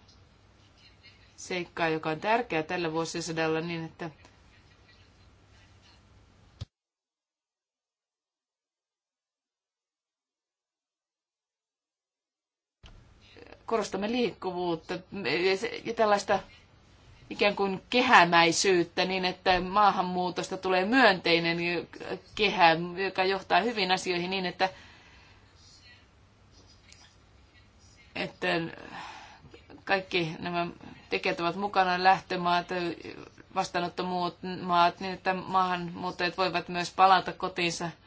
seikkaa, joka on tärkeää tällä vuosisadalla niin, että korostamme liikkuvuutta ja tällaista ikään kuin kehämäisyyttä niin, että maahanmuutosta tulee myönteinen kehä, joka johtaa hyvin asioihin niin, että, että kaikki nämä tekijät ovat mukana, lähtömaat, vastaanottomuut maat, niin että maahanmuuttajat voivat myös palata kotiinsa –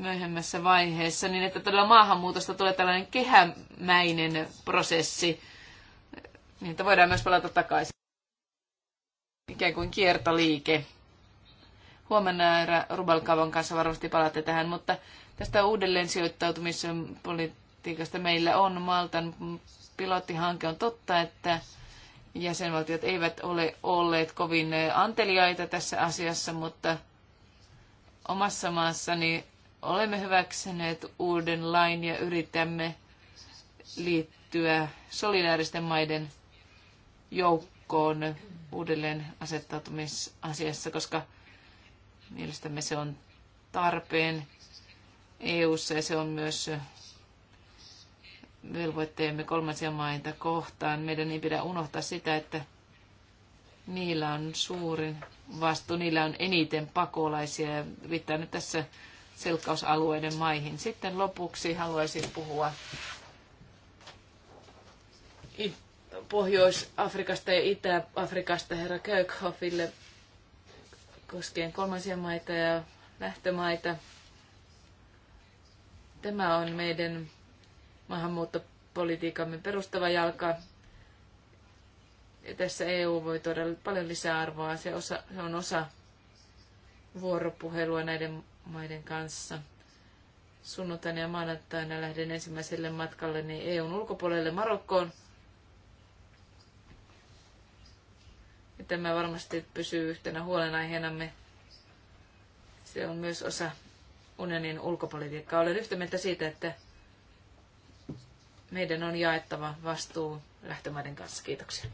myöhemmässä vaiheessa, niin että todella maahanmuutosta tulee tällainen kehämäinen prosessi, niin että voidaan myös palata takaisin. Ikään kuin kiertoliike. Huomenna Rubalkavan kanssa varmasti palaatte tähän, mutta tästä uudelleen politiikasta meillä on Maltan pilottihanke. On totta, että jäsenvaltiot eivät ole olleet kovin anteliaita tässä asiassa, mutta omassa maassani Olemme hyväksyneet uuden lain ja yritämme liittyä solidaaristen maiden joukkoon uudelleen asettautumisasiassa, koska mielestämme se on tarpeen EU:ssa ja se on myös velvoitteemme kolmansia maita kohtaan. Meidän ei pidä unohtaa sitä, että niillä on suurin vastuu, niillä on eniten pakolaisia. Viittaan nyt tässä selkkausalueiden maihin. Sitten lopuksi haluaisin puhua Pohjois-Afrikasta ja Itä-Afrikasta herra Köykhoffille koskien kolmansia maita ja lähtömaita. Tämä on meidän maahanmuuttopolitiikamme perustava jalka. Ja tässä EU voi tuoda paljon lisäarvoa. Se, osa, se on osa vuoropuhelua näiden maiden kanssa. Sunnuntaina ja maanantaina lähden ensimmäiselle matkalle niin EUn ulkopuolelle Marokkoon. Ja tämä varmasti pysyy yhtenä huolenaiheenamme. Se on myös osa unionin ulkopolitiikkaa. Olen yhtä mieltä siitä, että meidän on jaettava vastuu lähtömaiden kanssa. Kiitoksia.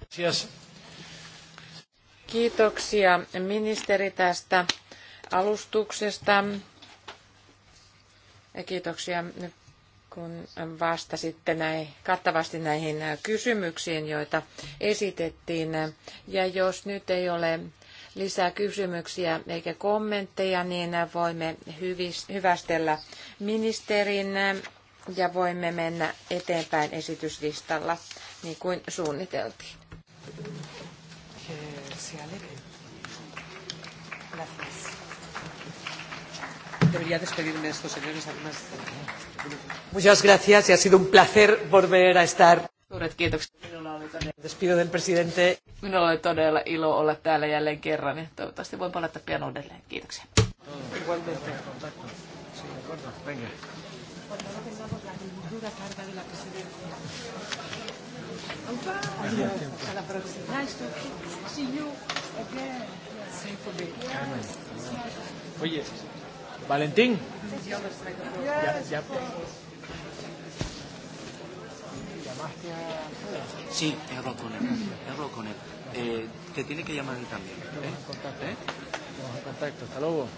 Kiitoksia ministeri tästä alustuksesta. Kiitoksia, kun vastasitte näin, kattavasti näihin kysymyksiin, joita esitettiin. Ja jos nyt ei ole lisää kysymyksiä eikä kommentteja, niin voimme hyvästellä ministerin ja voimme mennä eteenpäin esityslistalla, niin kuin suunniteltiin. debería despedirme de estos señores. Además. Muchas gracias y ha sido un placer volver a estar. Suuret kiitokset. Minulla oli todella, Despido del presidente. Minulla oli todella ilo olla täällä jälleen kerran ja toivottavasti voin palata pian uudelleen. Kiitoksia. Oye. Valentín. Ya, ya. Sí, he hablado con él. He hablado con él. Eh, te tiene que llamar él también. ¿eh? Contacto. ¿Eh? Estamos en contacto. Hasta luego.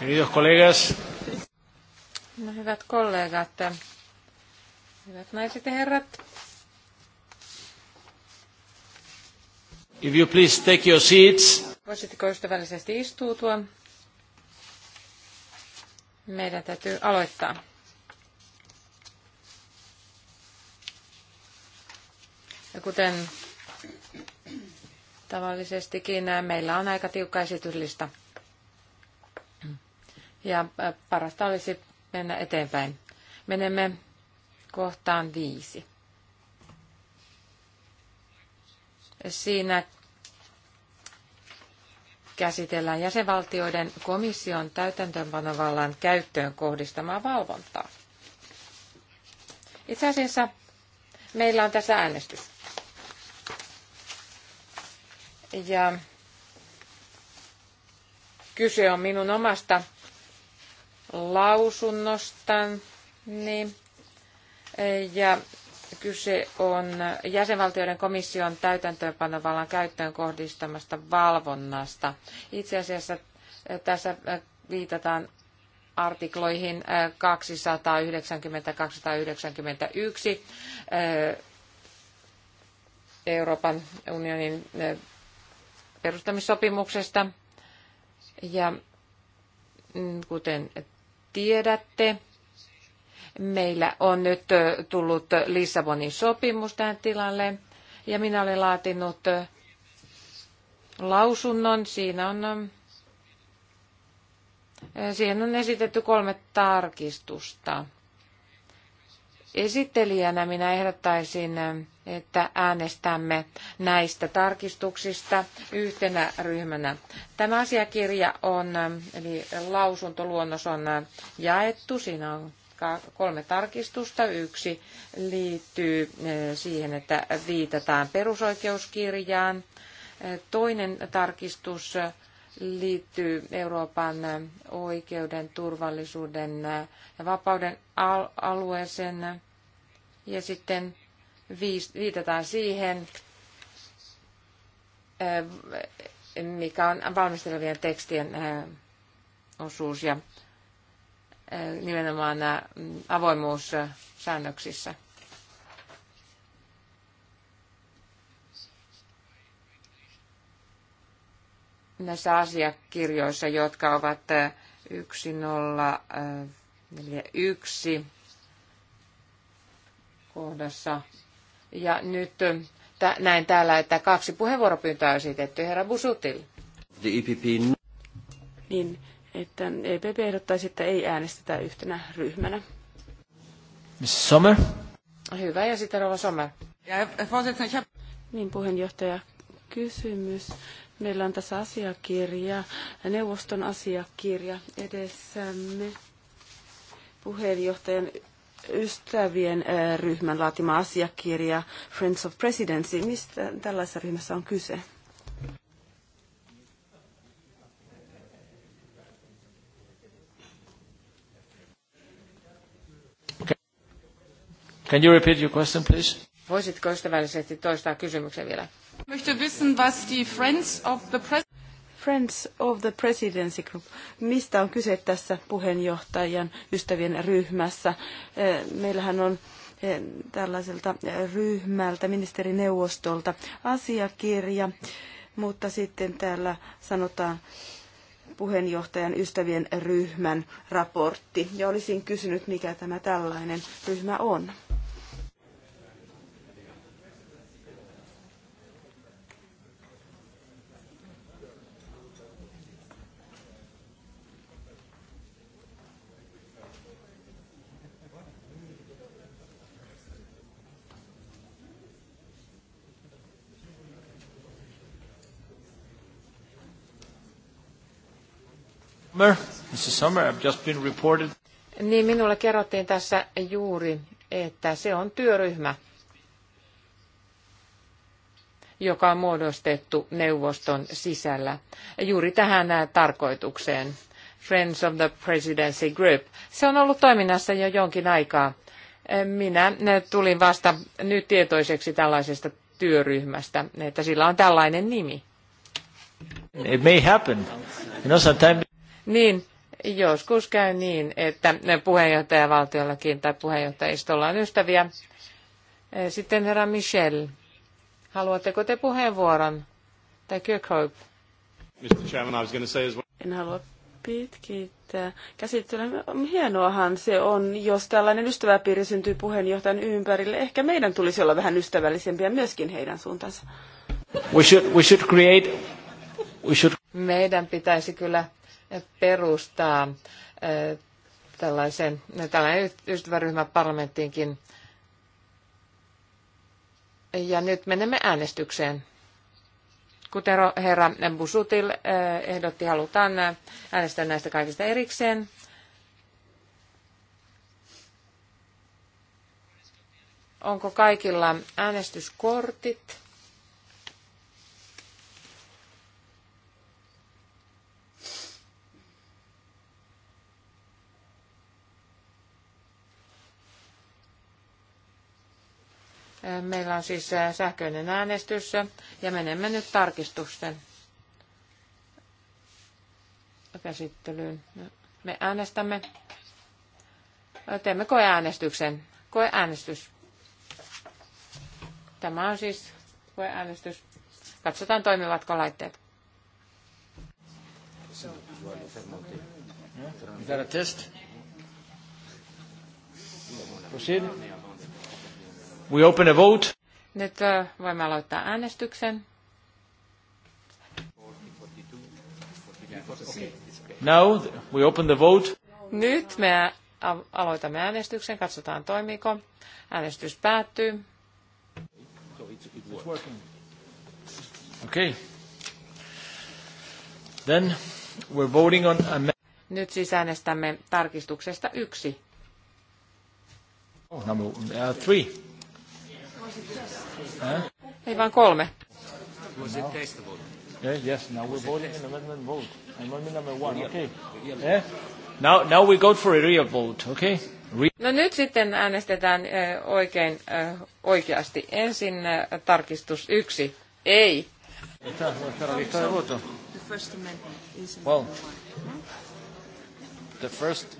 Queridos colegas, No hyvät kollegat, hyvät naiset ja herrat. If you please take your seats. Voisitteko ystävällisesti istuutua? Meidän täytyy aloittaa. Ja kuten tavallisestikin, äh, meillä on aika tiukka esityslista. Ja äh, parasta olisi mennä eteenpäin. Menemme kohtaan viisi. Siinä käsitellään jäsenvaltioiden komission täytäntöönpanovallan käyttöön kohdistamaa valvontaa. Itse asiassa meillä on tässä äänestys. Ja kyse on minun omasta niin Ja kyse on jäsenvaltioiden komission täytäntöönpanovallan käyttöön kohdistamasta valvonnasta. Itse asiassa tässä viitataan artikloihin 290-291 Euroopan unionin perustamissopimuksesta. Ja mm, kuten tiedätte, meillä on nyt tullut Lissabonin sopimus tähän tilalle ja minä olen laatinut lausunnon. Siinä on, siihen on esitetty kolme tarkistusta. Esittelijänä minä ehdottaisin, että äänestämme näistä tarkistuksista yhtenä ryhmänä. Tämä asiakirja on, eli lausuntoluonnos on jaettu. Siinä on kolme tarkistusta. Yksi liittyy eh, siihen, että viitataan perusoikeuskirjaan. Eh, toinen tarkistus liittyy Euroopan oikeuden, turvallisuuden ja vapauden alueeseen. Ja sitten viitataan siihen, eh, mikä on valmistelevien tekstien eh, osuus ja eh, nimenomaan avoimuussäännöksissä. näissä asiakirjoissa, jotka ovat 1041 kohdassa. Ja nyt näin täällä, että kaksi puheenvuoropyyntöä on esitetty herra Busutil. E niin, että EPP ehdottaisi, että ei äänestetä yhtenä ryhmänä. Miss Sommer. Hyvä, ja sitten rouva Sommer. Äh, niin, puheenjohtaja, kysymys Meillä on tässä asiakirja, neuvoston asiakirja edessämme puheenjohtajan ystävien äh, ryhmän laatima asiakirja Friends of Presidency. Mistä tällaisessa ryhmässä on kyse? Can you repeat your question, please? Voisitko ystävällisesti toistaa kysymyksen vielä? Friends of the Presidency Group. Mistä on kyse tässä puheenjohtajan ystävien ryhmässä? Eh, meillähän on eh, tällaiselta ryhmältä, ministerineuvostolta asiakirja, mutta sitten täällä sanotaan puheenjohtajan ystävien ryhmän raportti. Ja olisin kysynyt, mikä tämä tällainen ryhmä on. Sommer, Mr. Sommer, I've just been reported. Niin minulle kerrottiin tässä juuri, että se on työryhmä, joka on muodostettu neuvoston sisällä juuri tähän äh, tarkoitukseen. Friends of the Presidency Group. Se on ollut toiminnassa jo jonkin aikaa. Äh, minä äh, tulin vasta nyt tietoiseksi tällaisesta työryhmästä, että sillä on tällainen nimi. It may happen. You know, sometimes niin joskus käy niin, että puheenjohtajavaltiollakin tai puheenjohtajistolla on ystäviä. Eh, sitten herra Michel, haluatteko te puheenvuoron? Tai Kirkhope? Mr. Chairman, I was going to say as well. En halua pitkittää. käsittelyä. hienoahan se on, jos tällainen ystäväpiiri syntyy puheenjohtajan ympärille. Ehkä meidän tulisi olla vähän ystävällisempiä myöskin heidän suuntaansa. We should, we should create, we should... Meidän pitäisi kyllä perustaa eh, tällaisen, tällainen ystäväryhmä parlamenttiinkin. Ja nyt menemme äänestykseen. Kuten herra Busutil eh, ehdotti, halutaan äänestää näistä kaikista erikseen. Onko kaikilla äänestyskortit? Meillä on siis sähköinen äänestys ja menemme nyt tarkistusten käsittelyyn. Me äänestämme. Teemme koeäänestyksen. Koeäänestys. Tämä on siis koeäänestys. Katsotaan toimivatko laitteet. Is that a test? Proceed. We open a vote. Nyt voimme aloittaa äänestyksen. Now we open the vote. Nyt me aloitamme äänestyksen, katsotaan toimiiko. Äänestys päättyy. Okay. Then we're voting on a... Nyt siis äänestämme tarkistuksesta yksi. Oh, number uh, three. Huh? Ei vaan kolme. Was it testable? Yeah, yes, now we're voting an amendment vote. Amendment number one, okay. Yeah. Now, now we go for a real vote, okay? No nyt sitten äänestetään oikein oikeasti. Ensin tarkistus yksi. Ei. Well, the first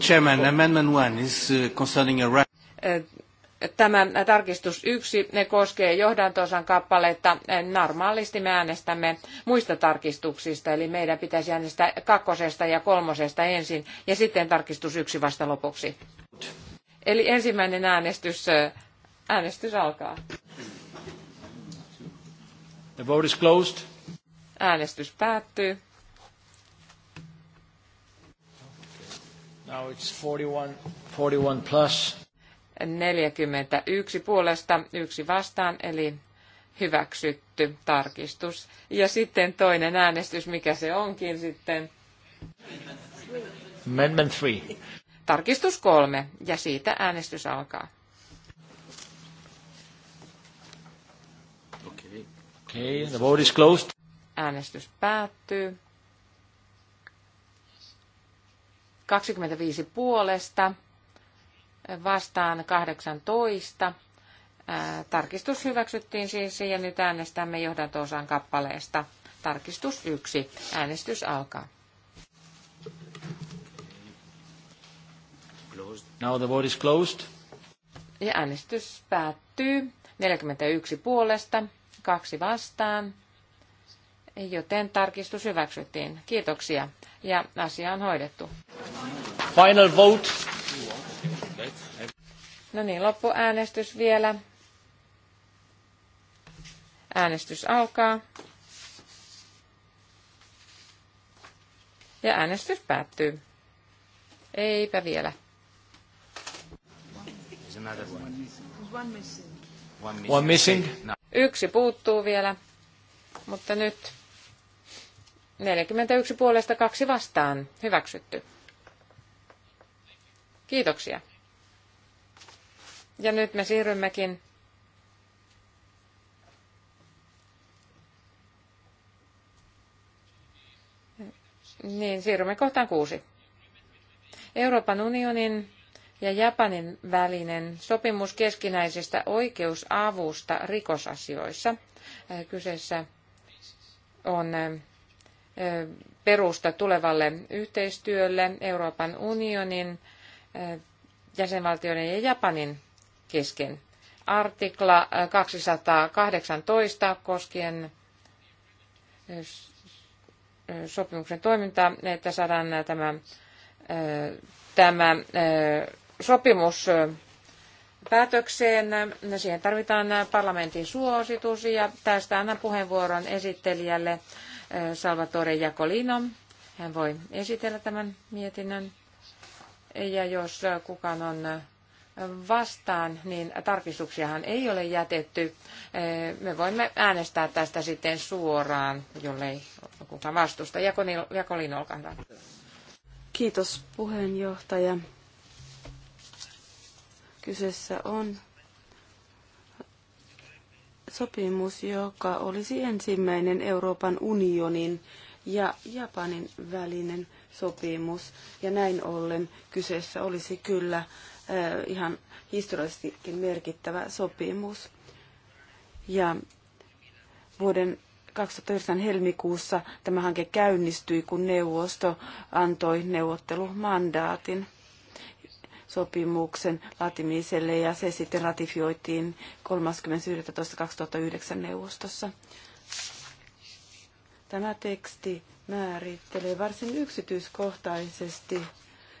Chairman, amendment one is uh, concerning a right. Tämä tarkistus yksi ne koskee johdantosan kappaletta. Normaalisti me äänestämme muista tarkistuksista, eli meidän pitäisi äänestää kakkosesta ja kolmosesta ensin ja sitten tarkistus yksi vasta lopuksi. Eli ensimmäinen äänestys, äänestys alkaa. The vote is closed. Äänestys päättyy. Now it's 41, 41 plus. 41 puolesta, yksi vastaan, eli hyväksytty tarkistus. Ja sitten toinen äänestys, mikä se onkin sitten? Amendment 3. Tarkistus kolme, ja siitä äänestys alkaa. Okay. Okay, the vote is closed. Äänestys päättyy. 25 puolesta, vastaan 18. Tarkistus hyväksyttiin siis ja nyt äänestämme johdantoosan kappaleesta. Tarkistus 1. Äänestys alkaa. Now the vote is closed. Ja äänestys päättyy 41 puolesta, kaksi vastaan, joten tarkistus hyväksyttiin. Kiitoksia ja asia on hoidettu. Final vote. No niin, loppuäänestys vielä. Äänestys alkaa. Ja äänestys päättyy. Eipä vielä. One missing. No. Yksi puuttuu vielä, mutta nyt 41 puolesta kaksi vastaan. Hyväksytty. Kiitoksia. Ja nyt me siirrymmekin Niin, siirrymme kohtaan kuusi. Euroopan unionin ja Japanin välinen sopimus keskinäisestä oikeusavusta rikosasioissa. Äh, kyseessä on äh, perusta tulevalle yhteistyölle Euroopan unionin, äh, jäsenvaltioiden ja Japanin kesken. Artikla 218 äh, koskien äh, äh, sopimuksen toimintaa, että saadaan tämä, tämä sopimus päätökseen. Siihen tarvitaan parlamentin suositus ja tästä annan puheenvuoron esittelijälle Salvatore Jacolino. Hän voi esitellä tämän mietinnön. Ja jos kukaan on vastaan, niin tarkistuksiahan ei ole jätetty. Eh, me voimme äänestää tästä sitten suoraan, jollei kukaan vastusta. Jakolin, olkaa hyvä. Kiitos puheenjohtaja. Kyseessä on sopimus, joka olisi ensimmäinen Euroopan unionin ja Japanin välinen sopimus. Ja näin ollen kyseessä olisi kyllä ihan historiallisestikin merkittävä sopimus. Ja vuoden 2009 helmikuussa tämä hanke käynnistyi, kun neuvosto antoi neuvottelumandaatin sopimuksen laatimiselle ja se sitten ratifioitiin 30.11.2009 neuvostossa. Tämä teksti määrittelee varsin yksityiskohtaisesti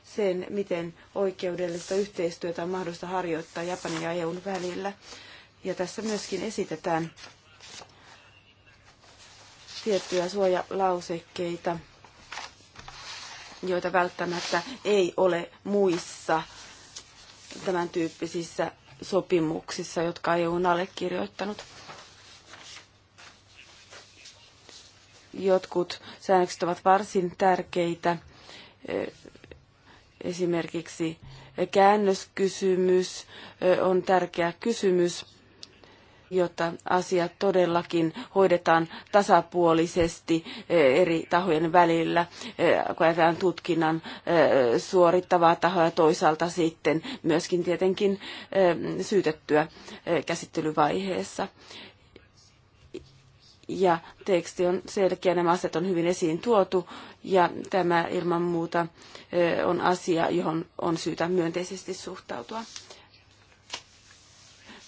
sen, miten oikeudellista yhteistyötä on mahdollista harjoittaa Japanin ja EUn välillä. Ja tässä myöskin esitetään tiettyjä suojalausekkeita, joita välttämättä ei ole muissa tämän tyyppisissä sopimuksissa, jotka EU on allekirjoittanut. Jotkut säännökset ovat varsin tärkeitä Esimerkiksi käännöskysymys on tärkeä kysymys, jotta asiat todellakin hoidetaan tasapuolisesti eri tahojen välillä, kun ajatellaan tutkinnan suorittavaa tahoa ja toisaalta sitten myöskin tietenkin syytettyä käsittelyvaiheessa ja teksti on selkeä, nämä asiat on hyvin esiin tuotu ja tämä ilman muuta on asia, johon on syytä myönteisesti suhtautua.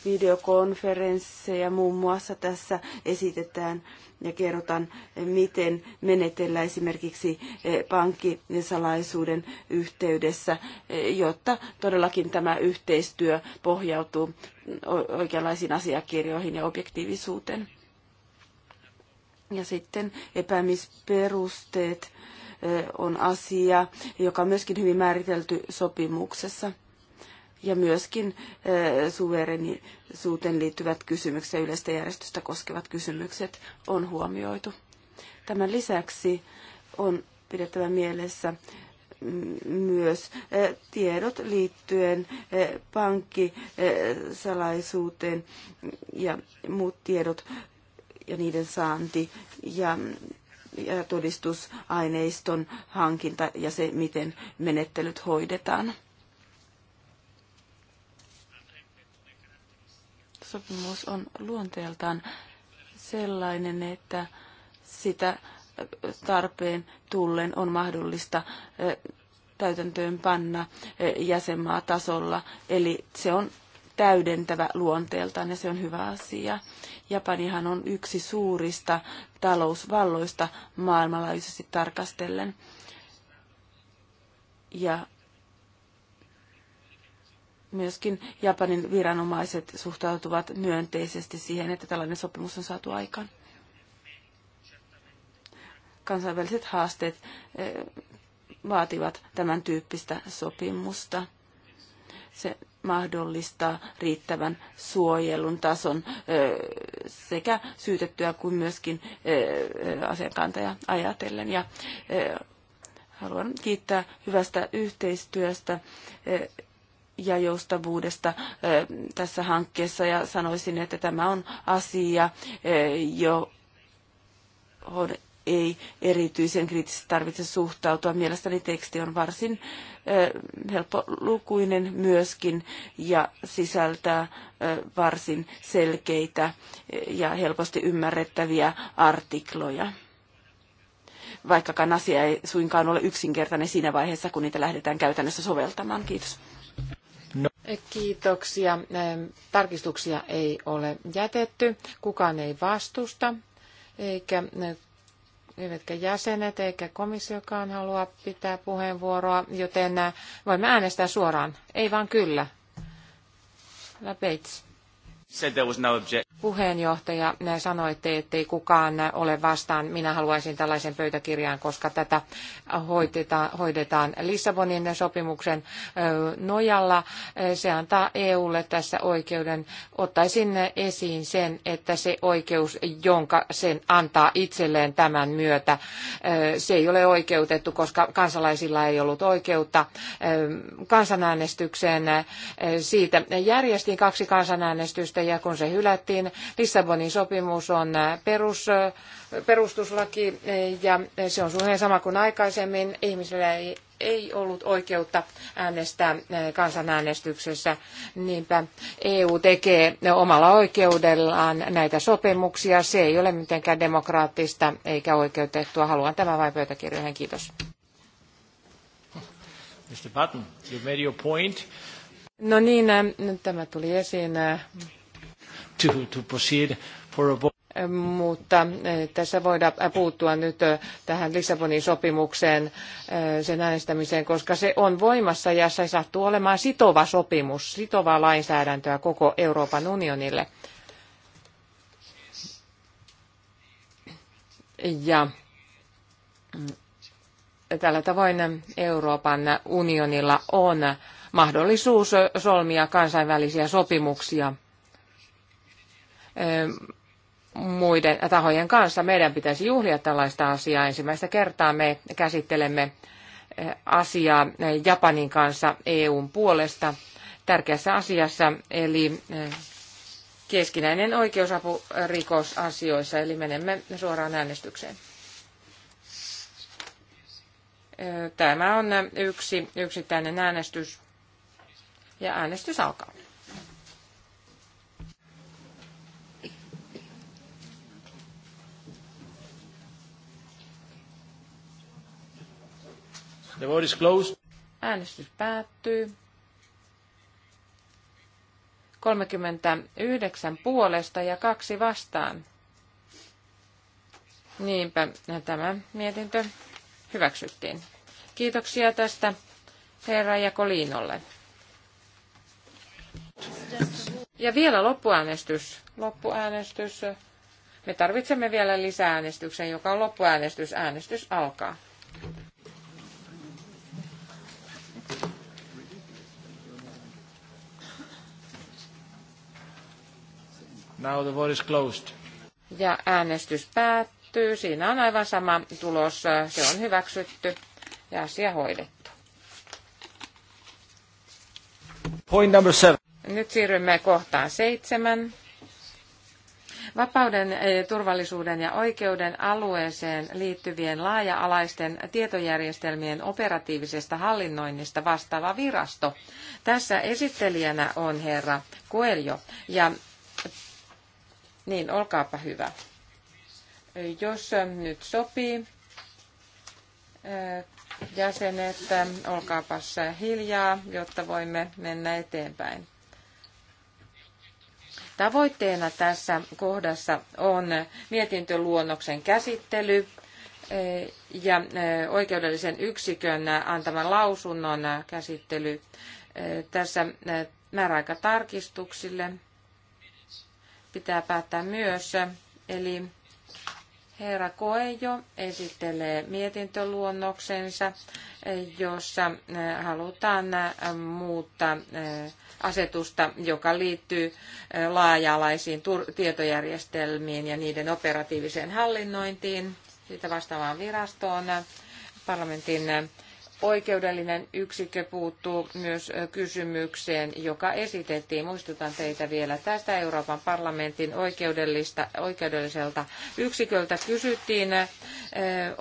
Videokonferensseja muun muassa tässä esitetään ja kerrotaan, miten menetellä esimerkiksi pankkisalaisuuden yhteydessä, jotta todellakin tämä yhteistyö pohjautuu oikeanlaisiin asiakirjoihin ja objektiivisuuteen ja sitten epäämisperusteet on asia, joka on myöskin hyvin määritelty sopimuksessa. Ja myöskin suverenisuuteen liittyvät kysymykset ja yleistä järjestystä koskevat kysymykset on huomioitu. Tämän lisäksi on pidettävä mielessä myös tiedot liittyen pankkisalaisuuteen ja muut tiedot ja niiden saanti ja ja todistusaineiston hankinta ja se, miten menettelyt hoidetaan. Sopimus on luonteeltaan sellainen, että sitä tarpeen tullen on mahdollista täytäntöön panna jäsenmaatasolla. Eli se on täydentävä luonteeltaan ja se on hyvä asia. Japanihan on yksi suurista talousvalloista maailmanlaajuisesti tarkastellen. Ja myöskin Japanin viranomaiset suhtautuvat myönteisesti siihen, että tällainen sopimus on saatu aikaan. Kansainväliset haasteet eh, vaativat tämän tyyppistä sopimusta. Se mahdollistaa riittävän suojelun tason sekä syytettyä kuin myöskin asiankantaja ajatellen. Ja haluan kiittää hyvästä yhteistyöstä ja joustavuudesta tässä hankkeessa ja sanoisin, että tämä on asia, johon ei erityisen kriittisesti tarvitse suhtautua. Mielestäni teksti on varsin helppolukuinen myöskin ja sisältää varsin selkeitä ja helposti ymmärrettäviä artikloja. Vaikkakaan asia ei suinkaan ole yksinkertainen siinä vaiheessa, kun niitä lähdetään käytännössä soveltamaan. Kiitos. No. Kiitoksia. Tarkistuksia ei ole jätetty. Kukaan ei vastusta eikä eivätkä jäsenet eikä komissiokaan halua pitää puheenvuoroa, joten äh, voimme äänestää suoraan. Ei vaan kyllä. Lapeits. Said there was no puheenjohtaja, sanoitte, ettei kukaan ole vastaan. Minä haluaisin tällaisen pöytäkirjan, koska tätä hoitetaan, hoidetaan Lissabonin sopimuksen nojalla. Se antaa EUlle tässä oikeuden. Ottaisin esiin sen, että se oikeus, jonka sen antaa itselleen tämän myötä, se ei ole oikeutettu, koska kansalaisilla ei ollut oikeutta kansanäänestykseen. Siitä järjestiin kaksi kansanäänestystä ja kun se hylättiin, sitten Lissabonin sopimus on äh, perus, äh, perustuslaki äh, ja se on suunnilleen sama kuin aikaisemmin. Ihmisillä ei, ei ollut oikeutta äänestää kansanäänestyksessä, niinpä EU tekee omalla oikeudellaan näitä sopimuksia. Se ei ole mitenkään demokraattista eikä oikeutettua. Haluan tämän vain pöytäkirjoihin. Kiitos. Mr. Button, you made your point. No niin, tämä tuli esiin to, proceed for a vote mutta eh, tässä voidaan puuttua nyt eh, tähän Lissabonin sopimukseen, eh, sen äänestämiseen, koska se on voimassa ja se sattuu olemaan sitova sopimus, sitovaa lainsäädäntöä koko Euroopan unionille. Ja mm, tällä tavoin Euroopan unionilla on mahdollisuus solmia kansainvälisiä sopimuksia – muiden tahojen kanssa. Meidän pitäisi juhlia tällaista asiaa. Ensimmäistä kertaa me käsittelemme asiaa Japanin kanssa EUn puolesta tärkeässä asiassa, eli keskinäinen oikeusapu rikosasioissa, eli menemme suoraan äänestykseen. Tämä on yksi yksittäinen äänestys ja äänestys alkaa. The vote is closed. Äänestys päättyy. 39 puolesta ja kaksi vastaan. Niinpä tämä mietintö hyväksyttiin. Kiitoksia tästä herra Jakoliinolle. Ja vielä loppuäänestys. Loppuäänestys. Me tarvitsemme vielä lisääänestyksen, joka on loppuäänestys. Äänestys alkaa. Now the vote is closed. Ja äänestys päättyy. Siinä on aivan sama tulos. Se on hyväksytty ja asia hoidettu. Point number seven. Nyt siirrymme kohtaan seitsemän. Vapauden, eh, turvallisuuden ja oikeuden alueeseen liittyvien laaja-alaisten tietojärjestelmien operatiivisesta hallinnoinnista vastaava virasto. Tässä esittelijänä on herra Coelho ja niin, olkaapa hyvä. Jos nyt sopii, eh, jäsenet, olkaapa hiljaa, jotta voimme mennä eteenpäin. Tavoitteena tässä kohdassa on mietintöluonnoksen käsittely eh, ja eh, oikeudellisen yksikön antaman lausunnon käsittely tässä määräaikatarkistuksille pitää päättää myös. Eli Herra Koejo esittelee mietintöluonnoksensa, jossa äh, halutaan äh, muuttaa äh, asetusta, joka liittyy laaja-alaisiin tietojärjestelmiin ja niiden operatiiviseen hallinnointiin, siitä vastaavaan virastoon. Parlamentin Oikeudellinen yksikkö puuttuu myös kysymykseen, joka esitettiin. Muistutan teitä vielä tästä Euroopan parlamentin oikeudellista, oikeudelliselta yksiköltä. Kysyttiin,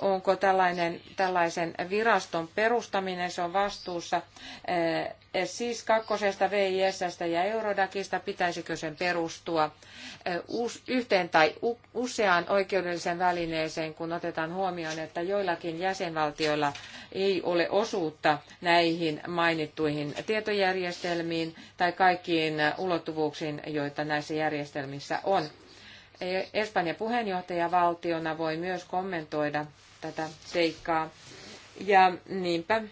onko tällainen, tällaisen viraston perustaminen, se on vastuussa siis kakkosesta VISstä ja Eurodakista, pitäisikö sen perustua yhteen tai useaan oikeudelliseen välineeseen, kun otetaan huomioon, että joillakin jäsenvaltioilla ei ole osuutta näihin mainittuihin tietojärjestelmiin tai kaikkiin ulottuvuuksiin, joita näissä järjestelmissä on. E, Espanja puheenjohtajavaltiona voi myös kommentoida tätä seikkaa. Ja niinpä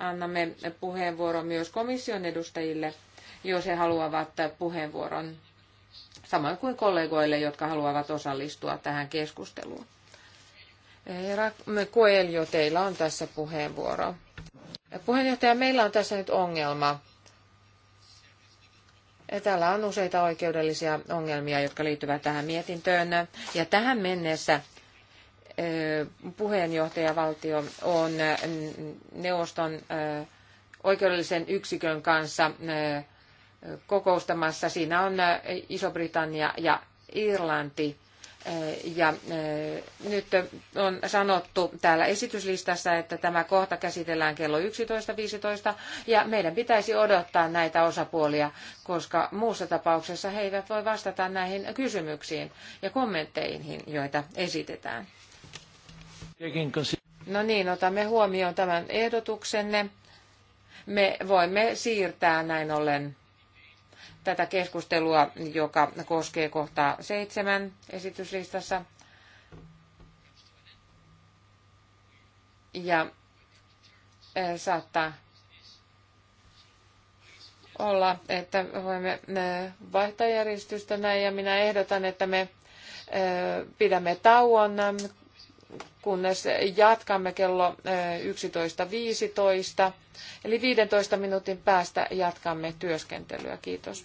annamme puheenvuoron myös komission edustajille, jos he haluavat puheenvuoron, samoin kuin kollegoille, jotka haluavat osallistua tähän keskusteluun. Herra Koeljo, teillä on tässä puheenvuoro. Puheenjohtaja, meillä on tässä nyt ongelma. Täällä on useita oikeudellisia ongelmia, jotka liittyvät tähän mietintöön. Ja tähän mennessä puheenjohtajavaltio on neuvoston oikeudellisen yksikön kanssa kokoustamassa. Siinä on Iso-Britannia ja Irlanti. Ja nyt on sanottu täällä esityslistassa, että tämä kohta käsitellään kello 11.15 ja meidän pitäisi odottaa näitä osapuolia, koska muussa tapauksessa he eivät voi vastata näihin kysymyksiin ja kommentteihin, joita esitetään. No niin, otamme huomioon tämän ehdotuksenne. Me voimme siirtää näin ollen tätä keskustelua, joka koskee kohtaa seitsemän esityslistassa. Ja eh, saattaa olla, että voimme eh, vaihtaa järjestystä näin ja minä ehdotan, että me eh, pidämme tauon kunnes jatkamme kello 11.15. Eh, Eli 15 minuutin päästä jatkamme työskentelyä. Kiitos.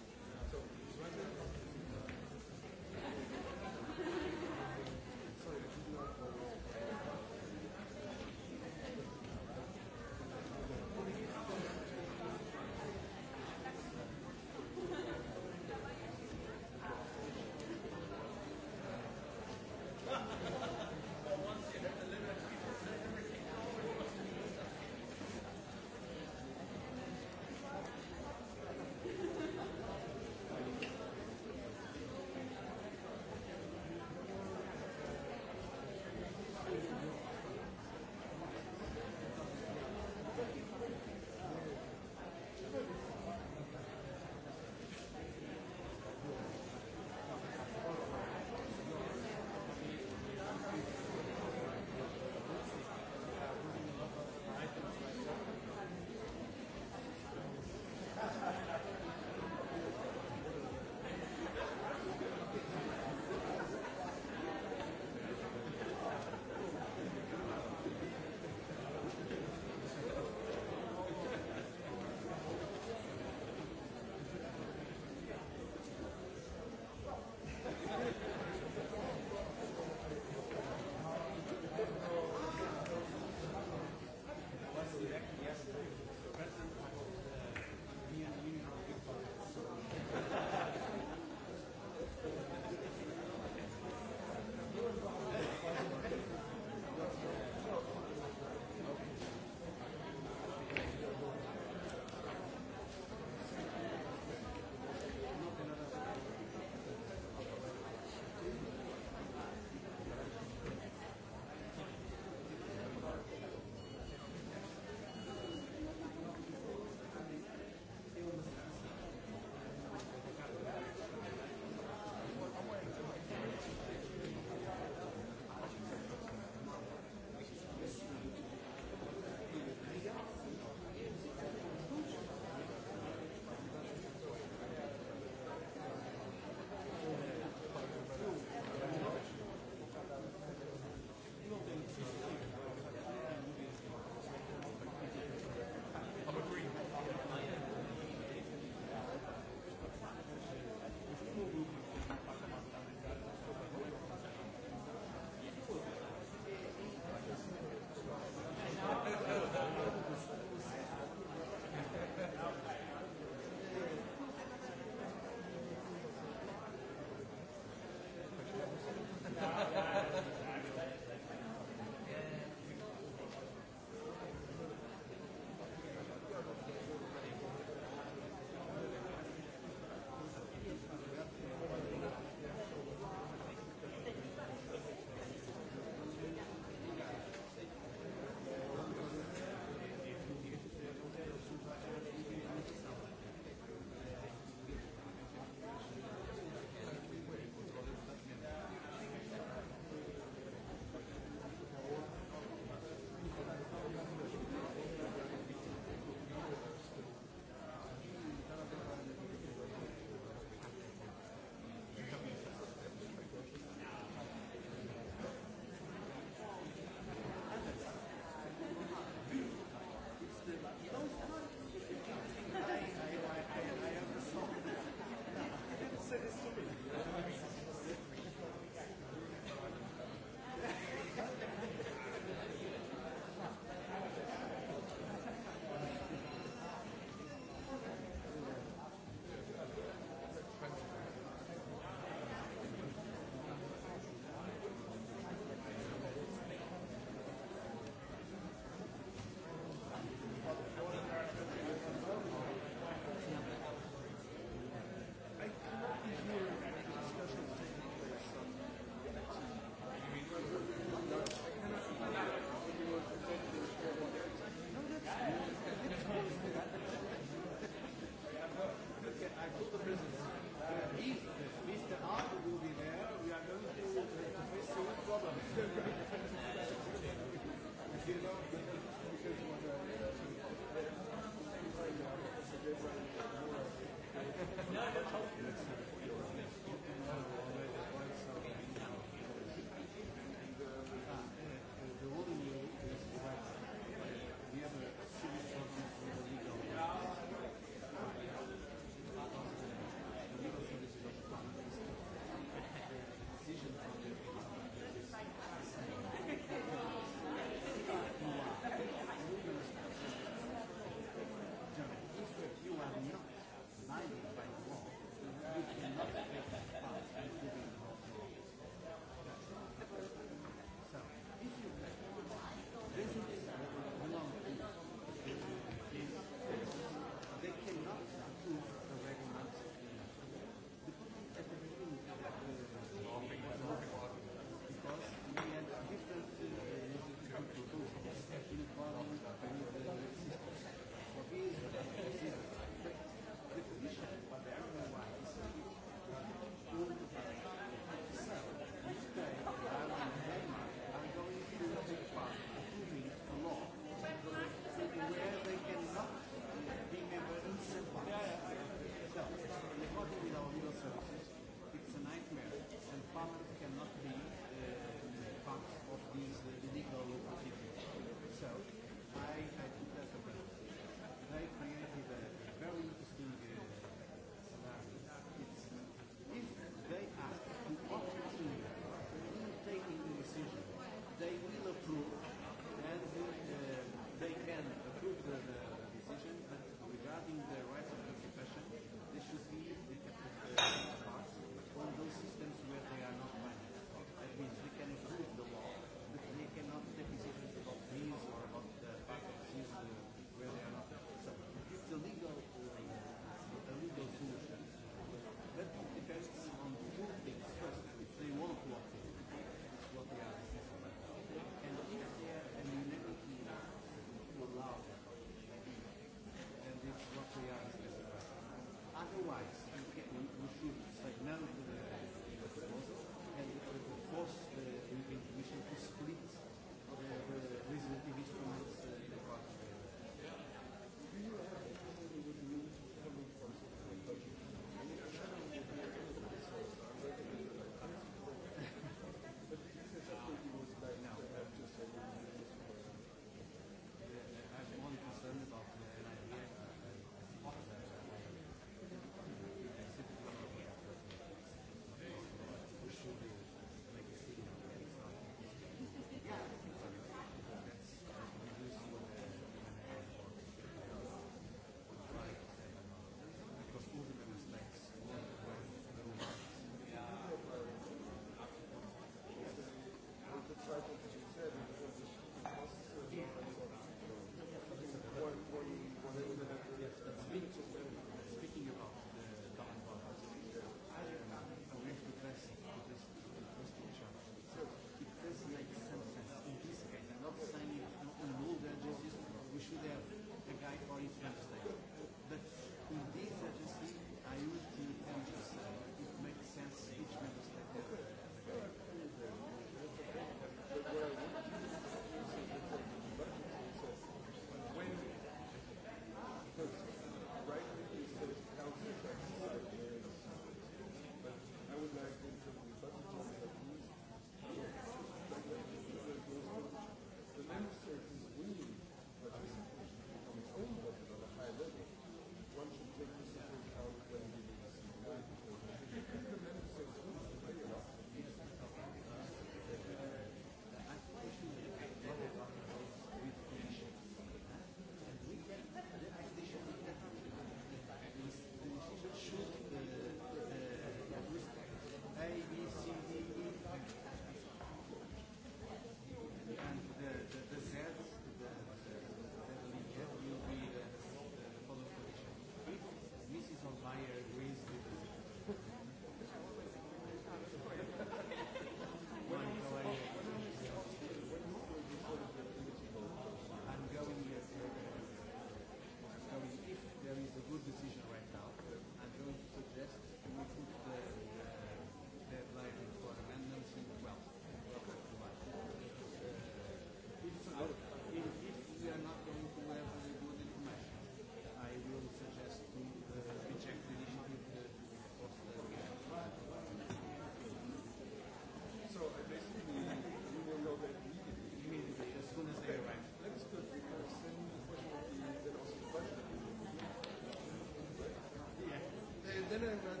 عندنا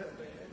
Amen.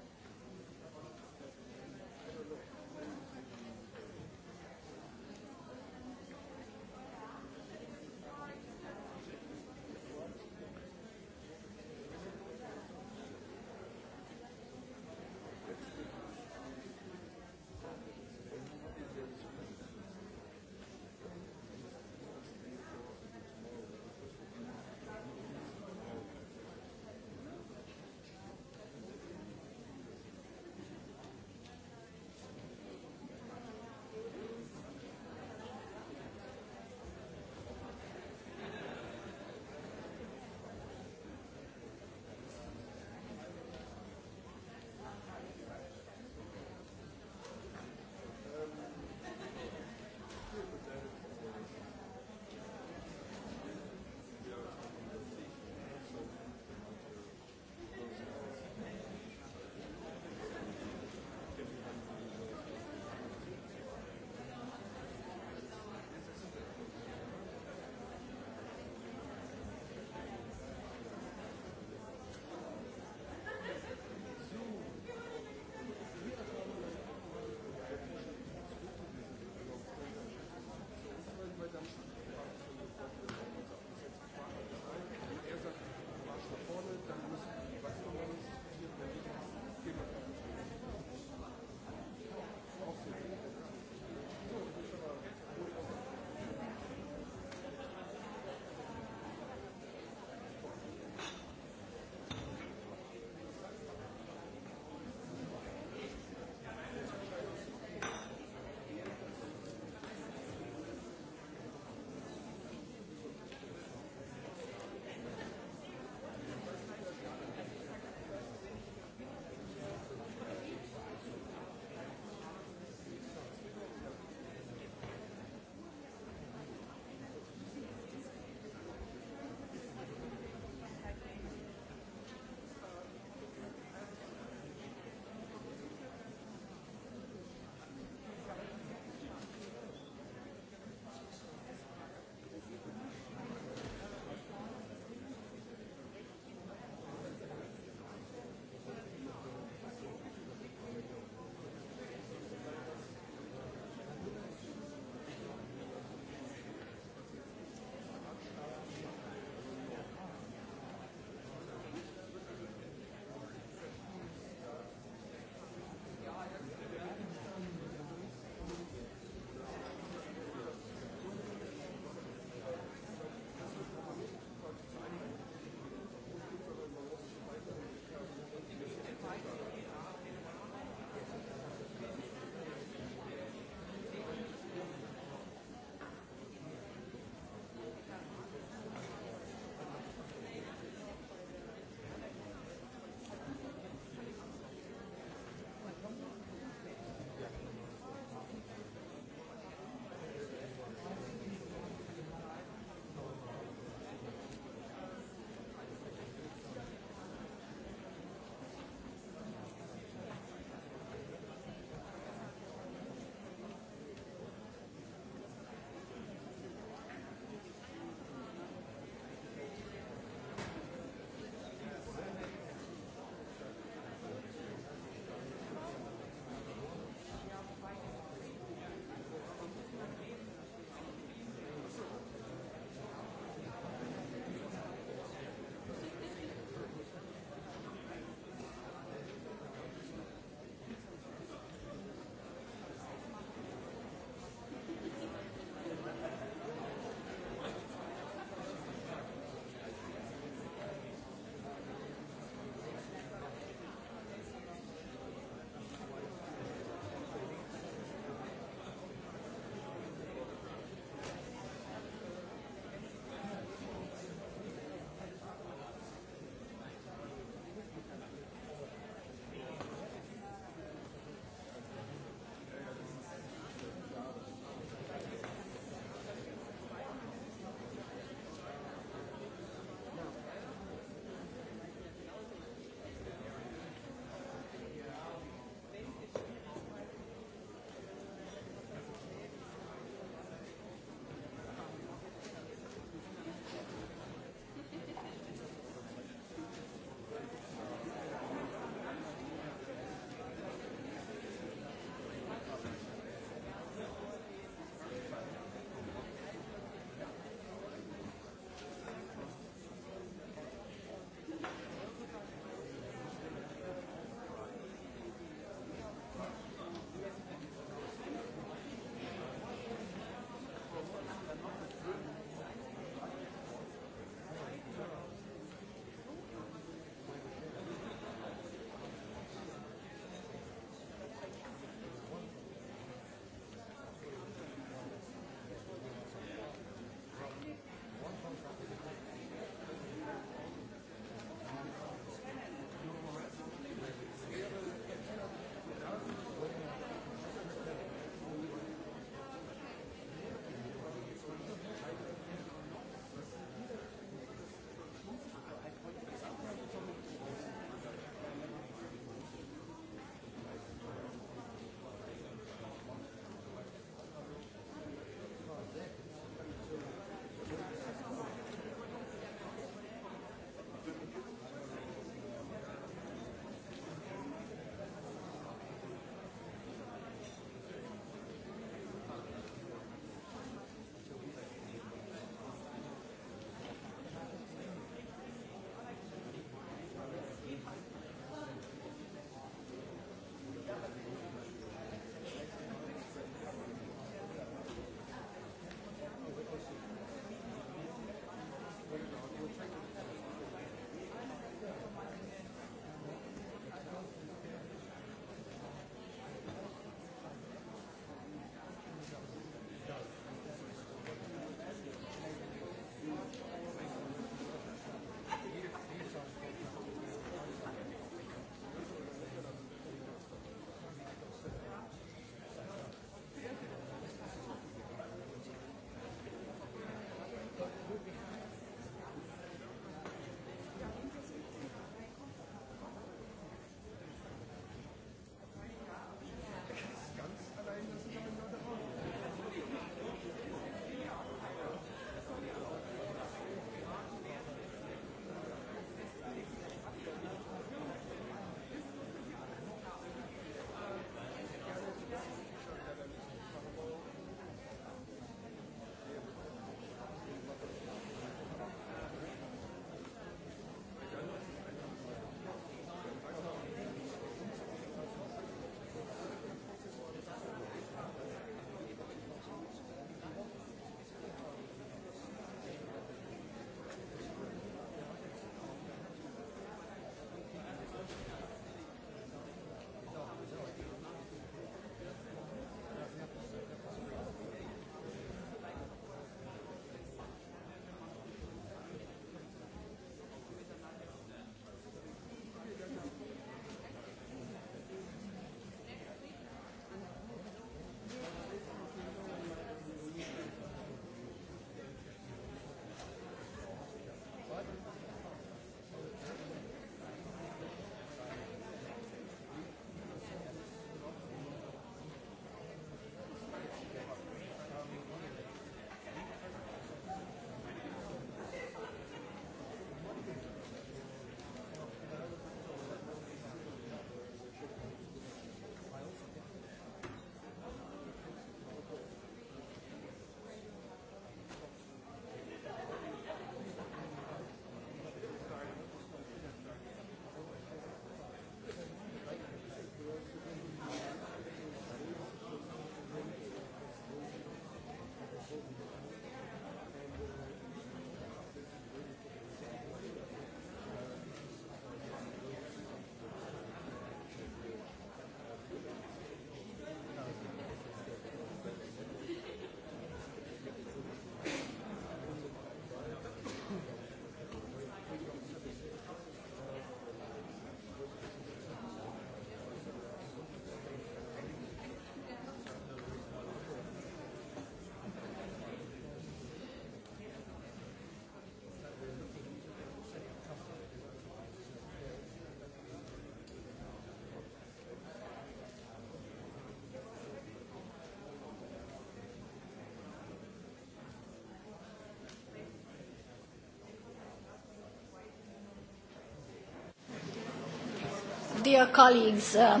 dear colleagues, uh,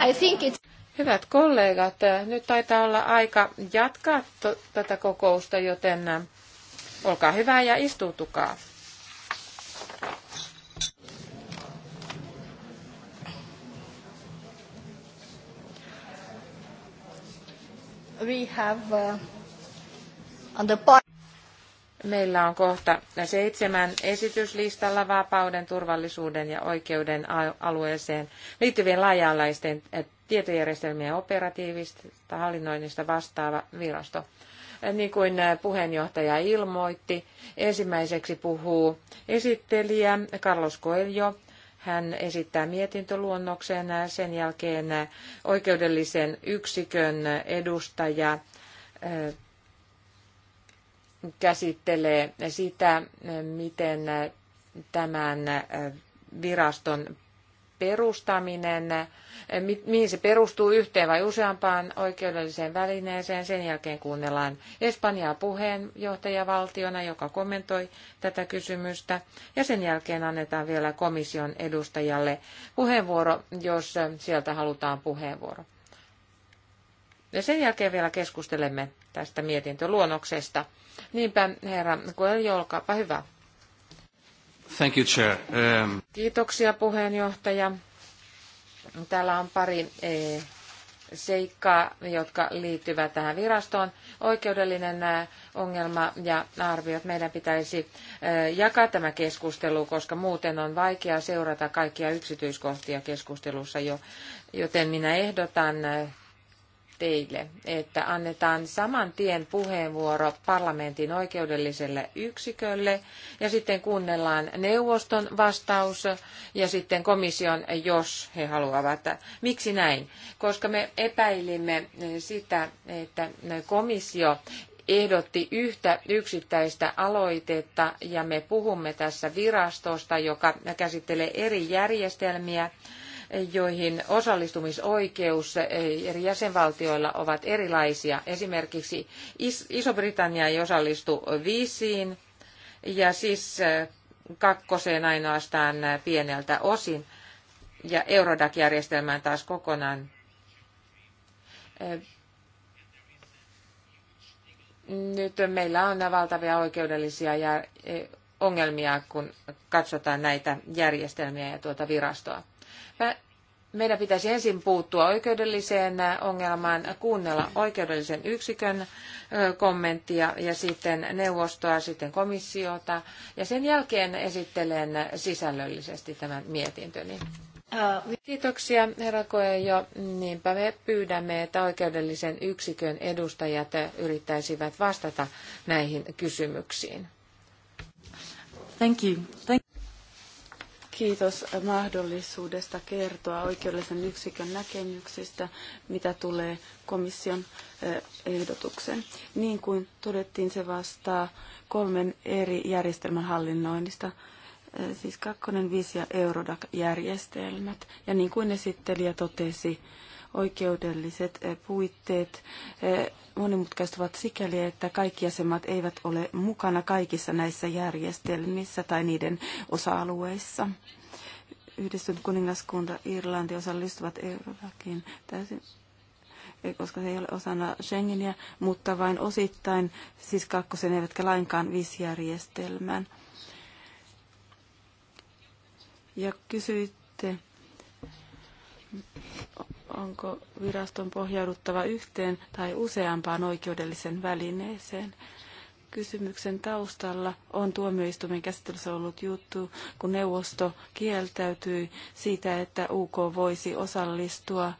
I think it's... Hyvät kollegat, uh, nyt taitaa olla aika jatkaa tätä kokousta, joten uh, olkaa hyvä ja istuutukaa. We have uh, on the Meillä on kohta seitsemän esityslistalla vapauden, turvallisuuden ja oikeuden alueeseen liittyvien laaja-alaisten eh, tietojärjestelmien operatiivista hallinnoinnista vastaava virasto. Eh, niin kuin eh, puheenjohtaja ilmoitti, ensimmäiseksi puhuu esittelijä Carlos Coelho. Hän esittää mietintöluonnoksen, sen jälkeen oikeudellisen yksikön edustaja käsittelee sitä, miten tämän viraston perustaminen, mihin se perustuu yhteen vai useampaan oikeudelliseen välineeseen. Sen jälkeen kuunnellaan Espanjaa puheenjohtajavaltiona, joka kommentoi tätä kysymystä. Ja sen jälkeen annetaan vielä komission edustajalle puheenvuoro, jos sieltä halutaan puheenvuoro. Ja sen jälkeen vielä keskustelemme tästä mietintöluonnoksesta. Niinpä, herra Koelio, olkaapa hyvä. Thank you, Chair. Um... Kiitoksia, puheenjohtaja. Täällä on pari eh, seikkaa, jotka liittyvät tähän virastoon. Oikeudellinen eh, ongelma ja arviot. Meidän pitäisi eh, jakaa tämä keskustelu, koska muuten on vaikea seurata kaikkia yksityiskohtia keskustelussa jo. Joten minä ehdotan eh, teille, että annetaan saman tien puheenvuoro parlamentin oikeudelliselle yksikölle ja sitten kuunnellaan neuvoston vastaus ja sitten komission, jos he haluavat. Miksi näin? Koska me epäilimme sitä, että komissio ehdotti yhtä yksittäistä aloitetta ja me puhumme tässä virastosta, joka käsittelee eri järjestelmiä joihin osallistumisoikeus eri jäsenvaltioilla ovat erilaisia. Esimerkiksi Iso-Britannia ei osallistu viisiin ja siis eh, kakkoseen ainoastaan pieneltä osin ja Eurodac-järjestelmään taas kokonaan. Eh, nyt meillä on valtavia oikeudellisia eh, ongelmia, kun katsotaan näitä järjestelmiä ja tuota virastoa. Meidän pitäisi ensin puuttua oikeudelliseen äh, ongelmaan, kuunnella oikeudellisen yksikön äh, kommenttia ja sitten neuvostoa, sitten komissiota. Ja sen jälkeen esittelen sisällöllisesti tämän mietintöni. Kiitoksia, herra Koejo. Niinpä me pyydämme, että oikeudellisen yksikön edustajat äh, yrittäisivät vastata näihin kysymyksiin. Thank you. Thank Kiitos mahdollisuudesta kertoa oikeudellisen yksikön näkemyksistä, mitä tulee komission ehdotukseen. Niin kuin todettiin, se vastaa kolmen eri järjestelmän hallinnoinnista, siis kakkonen, viisi ja Eurodac-järjestelmät. Ja niin kuin esittelijä totesi, oikeudelliset eh, puitteet eh, monimutkaistuvat sikäli, että kaikki jäsenmaat eivät ole mukana kaikissa näissä järjestelmissä tai niiden osa-alueissa. Yhdistynyt kuningaskunta Irlanti osallistuvat Eurodakin täysin eh, koska se ei ole osana Schengeniä, mutta vain osittain, siis kakkosen eivätkä lainkaan viisi järjestelmään. Ja kysyitte, onko viraston pohjauduttava yhteen tai useampaan oikeudellisen välineeseen. Kysymyksen taustalla on tuomioistuimen käsittelyssä ollut juttu, kun neuvosto kieltäytyi siitä, että UK voisi osallistua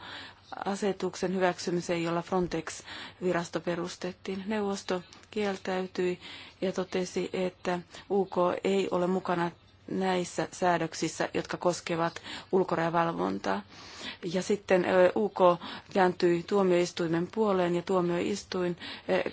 asetuksen hyväksymiseen, jolla Frontex-virasto perustettiin. Neuvosto kieltäytyi ja totesi, että UK ei ole mukana näissä säädöksissä, jotka koskevat ulkorajavalvontaa. Ja sitten UK kääntyi tuomioistuimen puoleen ja tuomioistuin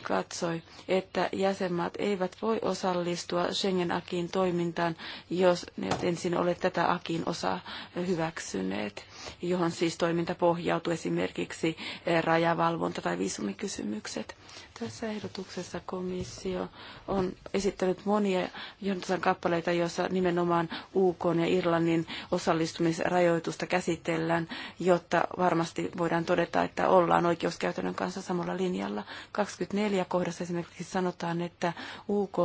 katsoi, että jäsenmaat eivät voi osallistua schengen akiin toimintaan, jos ne eivät ensin ole tätä akin osaa hyväksyneet, johon siis toiminta pohjautuu esimerkiksi rajavalvonta tai viisumikysymykset. Tässä ehdotuksessa komissio on esittänyt monia johdantosan kappaleita, joissa nimenomaan UK ja Irlannin osallistumisrajoitusta käsitellään, jotta varmasti voidaan todeta, että ollaan oikeuskäytännön kanssa samalla linjalla. 24 kohdassa esimerkiksi sanotaan, että UK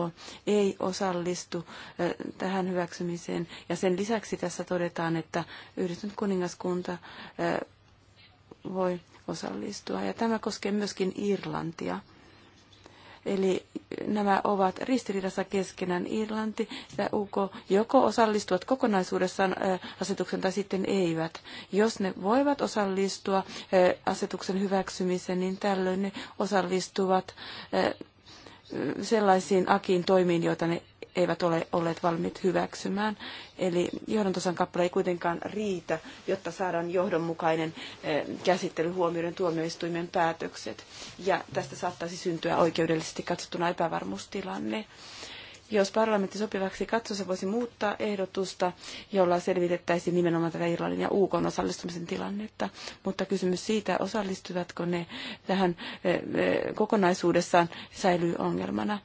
ei osallistu tähän hyväksymiseen. Ja sen lisäksi tässä todetaan, että yhdistynyt kuningaskunta voi osallistua. Ja tämä koskee myöskin Irlantia. Eli nämä ovat ristiriidassa keskenään Irlanti ja UK joko osallistuvat kokonaisuudessaan asetuksen tai sitten eivät. Jos ne voivat osallistua asetuksen hyväksymiseen, niin tällöin ne osallistuvat sellaisiin akiin toimiin, joita ne eivät ole olleet valmiit hyväksymään. Eli johdantosan kappale ei kuitenkaan riitä, jotta saadaan johdonmukainen eh, käsittely huomioiden tuomioistuimen päätökset. Ja tästä saattaisi syntyä oikeudellisesti katsottuna epävarmuustilanne. Jos parlamentti sopivaksi katsoo, se voisi muuttaa ehdotusta, jolla selvitettäisiin nimenomaan tätä Irlannin ja UK osallistumisen tilannetta. Mutta kysymys siitä, osallistuvatko ne tähän eh, eh, kokonaisuudessaan, säilyy ongelmana.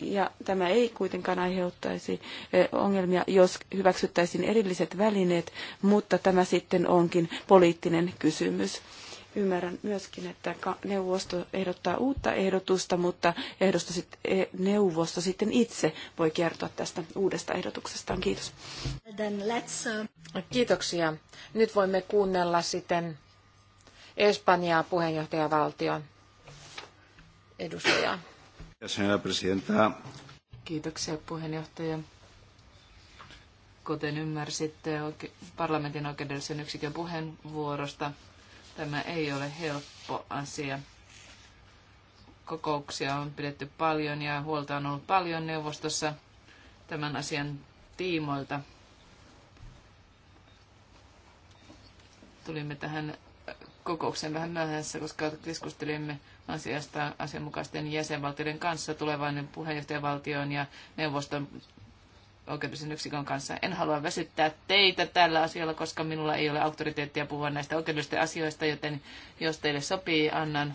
Ja tämä ei kuitenkaan aiheuttaisi ongelmia, jos hyväksyttäisiin erilliset välineet, mutta tämä sitten onkin poliittinen kysymys. Ymmärrän myöskin, että neuvosto ehdottaa uutta ehdotusta, mutta e, neuvosto sitten itse voi kertoa tästä uudesta ehdotuksestaan. Kiitos. Uh, Kiitoksia. Nyt voimme kuunnella sitten Espanjaa puheenjohtajavaltion edustajaa. Kiitoksia puheenjohtaja. Kuten ymmärsitte parlamentin oikeudellisen yksikön puheenvuorosta, tämä ei ole helppo asia. Kokouksia on pidetty paljon ja huolta on ollut paljon neuvostossa tämän asian tiimoilta. Tulimme tähän kokoukseen vähän myöhässä, koska keskustelimme asiasta asianmukaisten jäsenvaltioiden kanssa tulevan puheenjohtajavaltion ja neuvoston oikeudellisen yksikön kanssa. En halua väsyttää teitä tällä asialla, koska minulla ei ole auktoriteettia puhua näistä oikeudellisista asioista, joten jos teille sopii, annan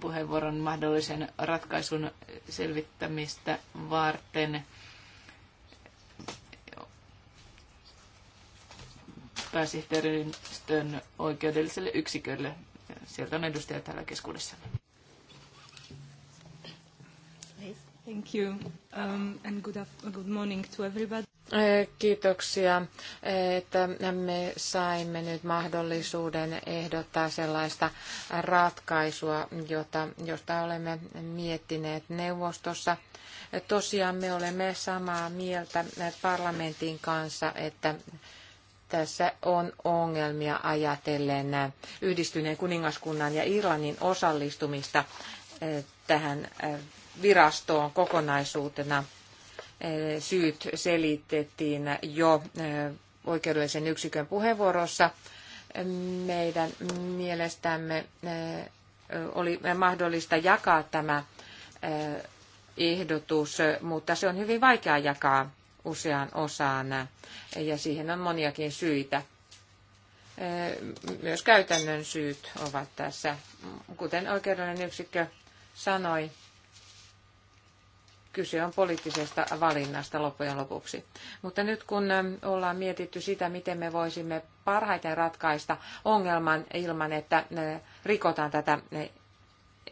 puheenvuoron mahdollisen ratkaisun selvittämistä varten. pääsihteeristön oikeudelliselle yksikölle sieltä on edustaja täällä keskuudessa. Thank you. Um, and good, good morning to everybody. Eh, kiitoksia, että me saimme nyt mahdollisuuden ehdottaa sellaista ratkaisua, jota, josta olemme miettineet neuvostossa. Tosiaan me olemme samaa mieltä parlamentin kanssa, että tässä on ongelmia ajatellen yhdistyneen kuningaskunnan ja Irlannin osallistumista eh, tähän eh, virastoon kokonaisuutena. Eh, syyt selitettiin jo oikeudellisen yksikön puheenvuorossa. Meidän mielestämme oli mahdollista jakaa tämä ehdotus, mutta se on hyvin vaikea jakaa useaan osaan ja siihen on moniakin syitä. Myös käytännön syyt ovat tässä. Kuten oikeudellinen yksikkö sanoi, kyse on poliittisesta valinnasta loppujen lopuksi. Mutta nyt kun ollaan mietitty sitä, miten me voisimme parhaiten ratkaista ongelman ilman, että rikotaan tätä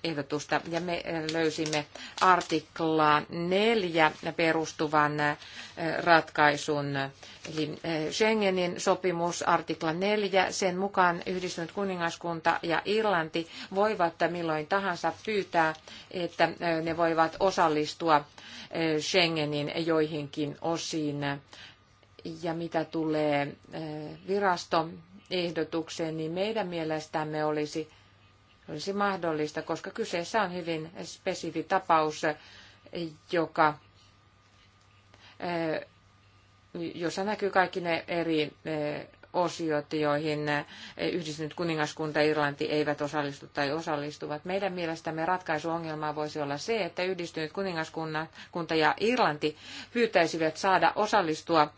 ehdotusta ja me eh, löysimme artiklaa neljä perustuvan eh, ratkaisun. Eli eh, Schengenin sopimus artikla neljä sen mukaan yhdistynyt kuningaskunta ja Irlanti voivat milloin tahansa pyytää, että ne voivat osallistua Schengenin joihinkin osiin. Ja mitä tulee virastoehdotukseen, niin meidän mielestämme olisi olisi mahdollista, koska kyseessä on hyvin spesifi tapaus, joka, eh, jossa näkyy kaikki ne eri eh, osiot, joihin eh, yhdistynyt kuningaskunta ja Irlanti eivät osallistu tai osallistuvat. Meidän mielestämme ratkaisu ongelmaa voisi olla se, että yhdistynyt kuningaskunta ja Irlanti pyytäisivät saada osallistua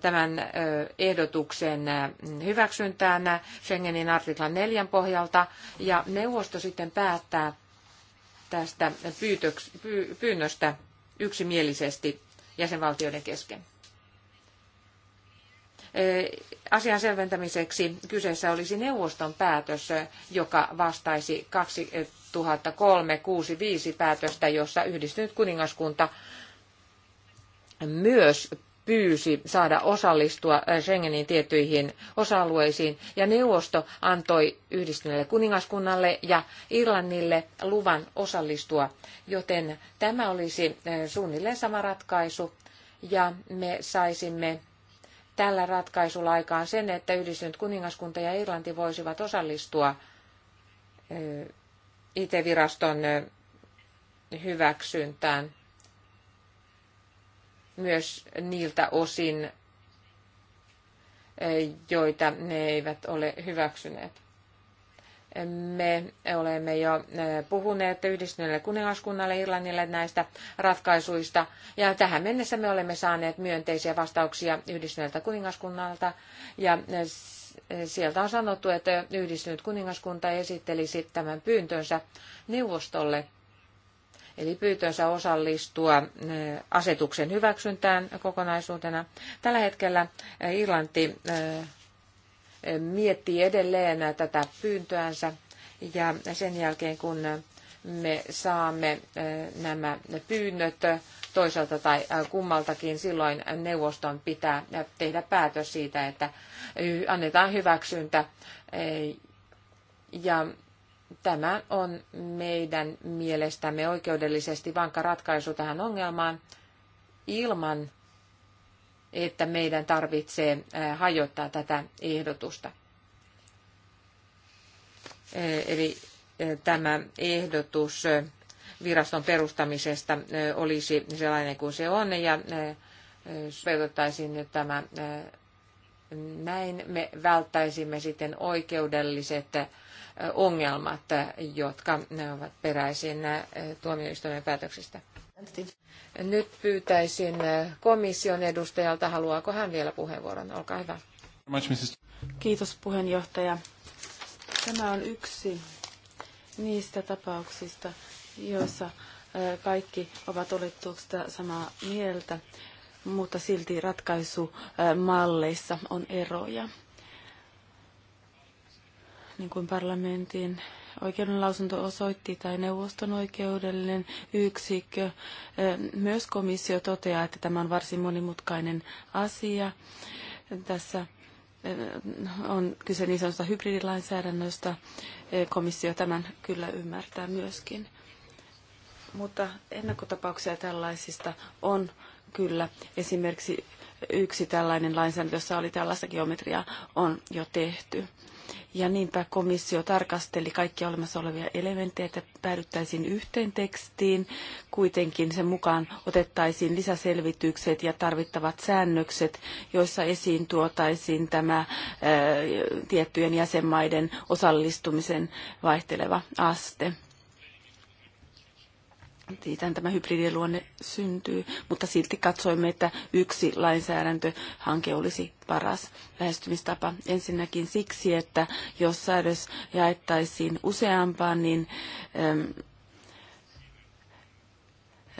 tämän ehdotuksen hyväksyntään Schengenin artiklan 4 pohjalta ja neuvosto sitten päättää tästä pyynnöstä yksimielisesti jäsenvaltioiden kesken. Asian selventämiseksi kyseessä olisi neuvoston päätös, joka vastaisi 2003-65 päätöstä, jossa yhdistynyt kuningaskunta myös pyysi saada osallistua äh, Schengenin tiettyihin osa-alueisiin ja neuvosto antoi yhdistyneelle kuningaskunnalle ja Irlannille luvan osallistua, joten tämä olisi äh, suunnilleen sama ratkaisu ja me saisimme tällä ratkaisulla aikaan sen, että yhdistynyt kuningaskunta ja Irlanti voisivat osallistua äh, IT-viraston hyväksyntään myös niiltä osin, eh, joita ne eivät ole hyväksyneet. Me olemme jo eh, puhuneet yhdistyneelle kuningaskunnalle Irlannille näistä ratkaisuista, ja tähän mennessä me olemme saaneet myönteisiä vastauksia yhdistyneeltä kuningaskunnalta, ja eh, sieltä on sanottu, että yhdistynyt kuningaskunta esittelisi tämän pyyntönsä neuvostolle – eli pyytönsä osallistua eh, asetuksen hyväksyntään kokonaisuutena. Tällä hetkellä eh, Irlanti eh, miettii edelleen tätä pyyntöänsä ja sen jälkeen kun me saamme nämä pyynnöt toiselta tai kummaltakin, silloin neuvoston pitää tehdä päätös siitä, että annetaan hyväksyntä ja Tämä on meidän mielestämme oikeudellisesti vankka ratkaisu tähän ongelmaan ilman, että meidän tarvitsee hajottaa tätä ehdotusta. Eli tämä ehdotus viraston perustamisesta olisi sellainen kuin se on ja sovellettaisiin nyt tämä näin me välttäisimme sitten oikeudelliset ongelmat, jotka ovat peräisin äh, tuomioistuimen päätöksistä. Nyt pyytäisin äh, komission edustajalta, haluaako hän vielä puheenvuoron? Olkaa hyvä. Kiitos puheenjohtaja. Tämä on yksi niistä tapauksista, joissa äh, kaikki ovat oletuksesta samaa mieltä, mutta silti ratkaisumalleissa on eroja niin kuin parlamentin oikeudenlausunto osoitti, tai neuvoston oikeudellinen yksikkö. Myös komissio toteaa, että tämä on varsin monimutkainen asia. Tässä on kyse niin sanotusta hybridilainsäädännöstä. Komissio tämän kyllä ymmärtää myöskin. Mutta ennakkotapauksia tällaisista on kyllä. Esimerkiksi yksi tällainen lainsäädäntö, jossa oli tällaista geometriaa, on jo tehty. Ja niinpä komissio tarkasteli kaikkia olemassa olevia elementtejä, että päädyttäisiin yhteen tekstiin. Kuitenkin sen mukaan otettaisiin lisäselvitykset ja tarvittavat säännökset, joissa esiin tuotaisiin tämä tiettyjen jäsenmaiden osallistumisen vaihteleva aste. Siitähän tämä hybridien luonne syntyy, mutta silti katsoimme, että yksi lainsäädäntöhanke olisi paras lähestymistapa. Ensinnäkin siksi, että jos säädös jaettaisiin useampaan, niin äm,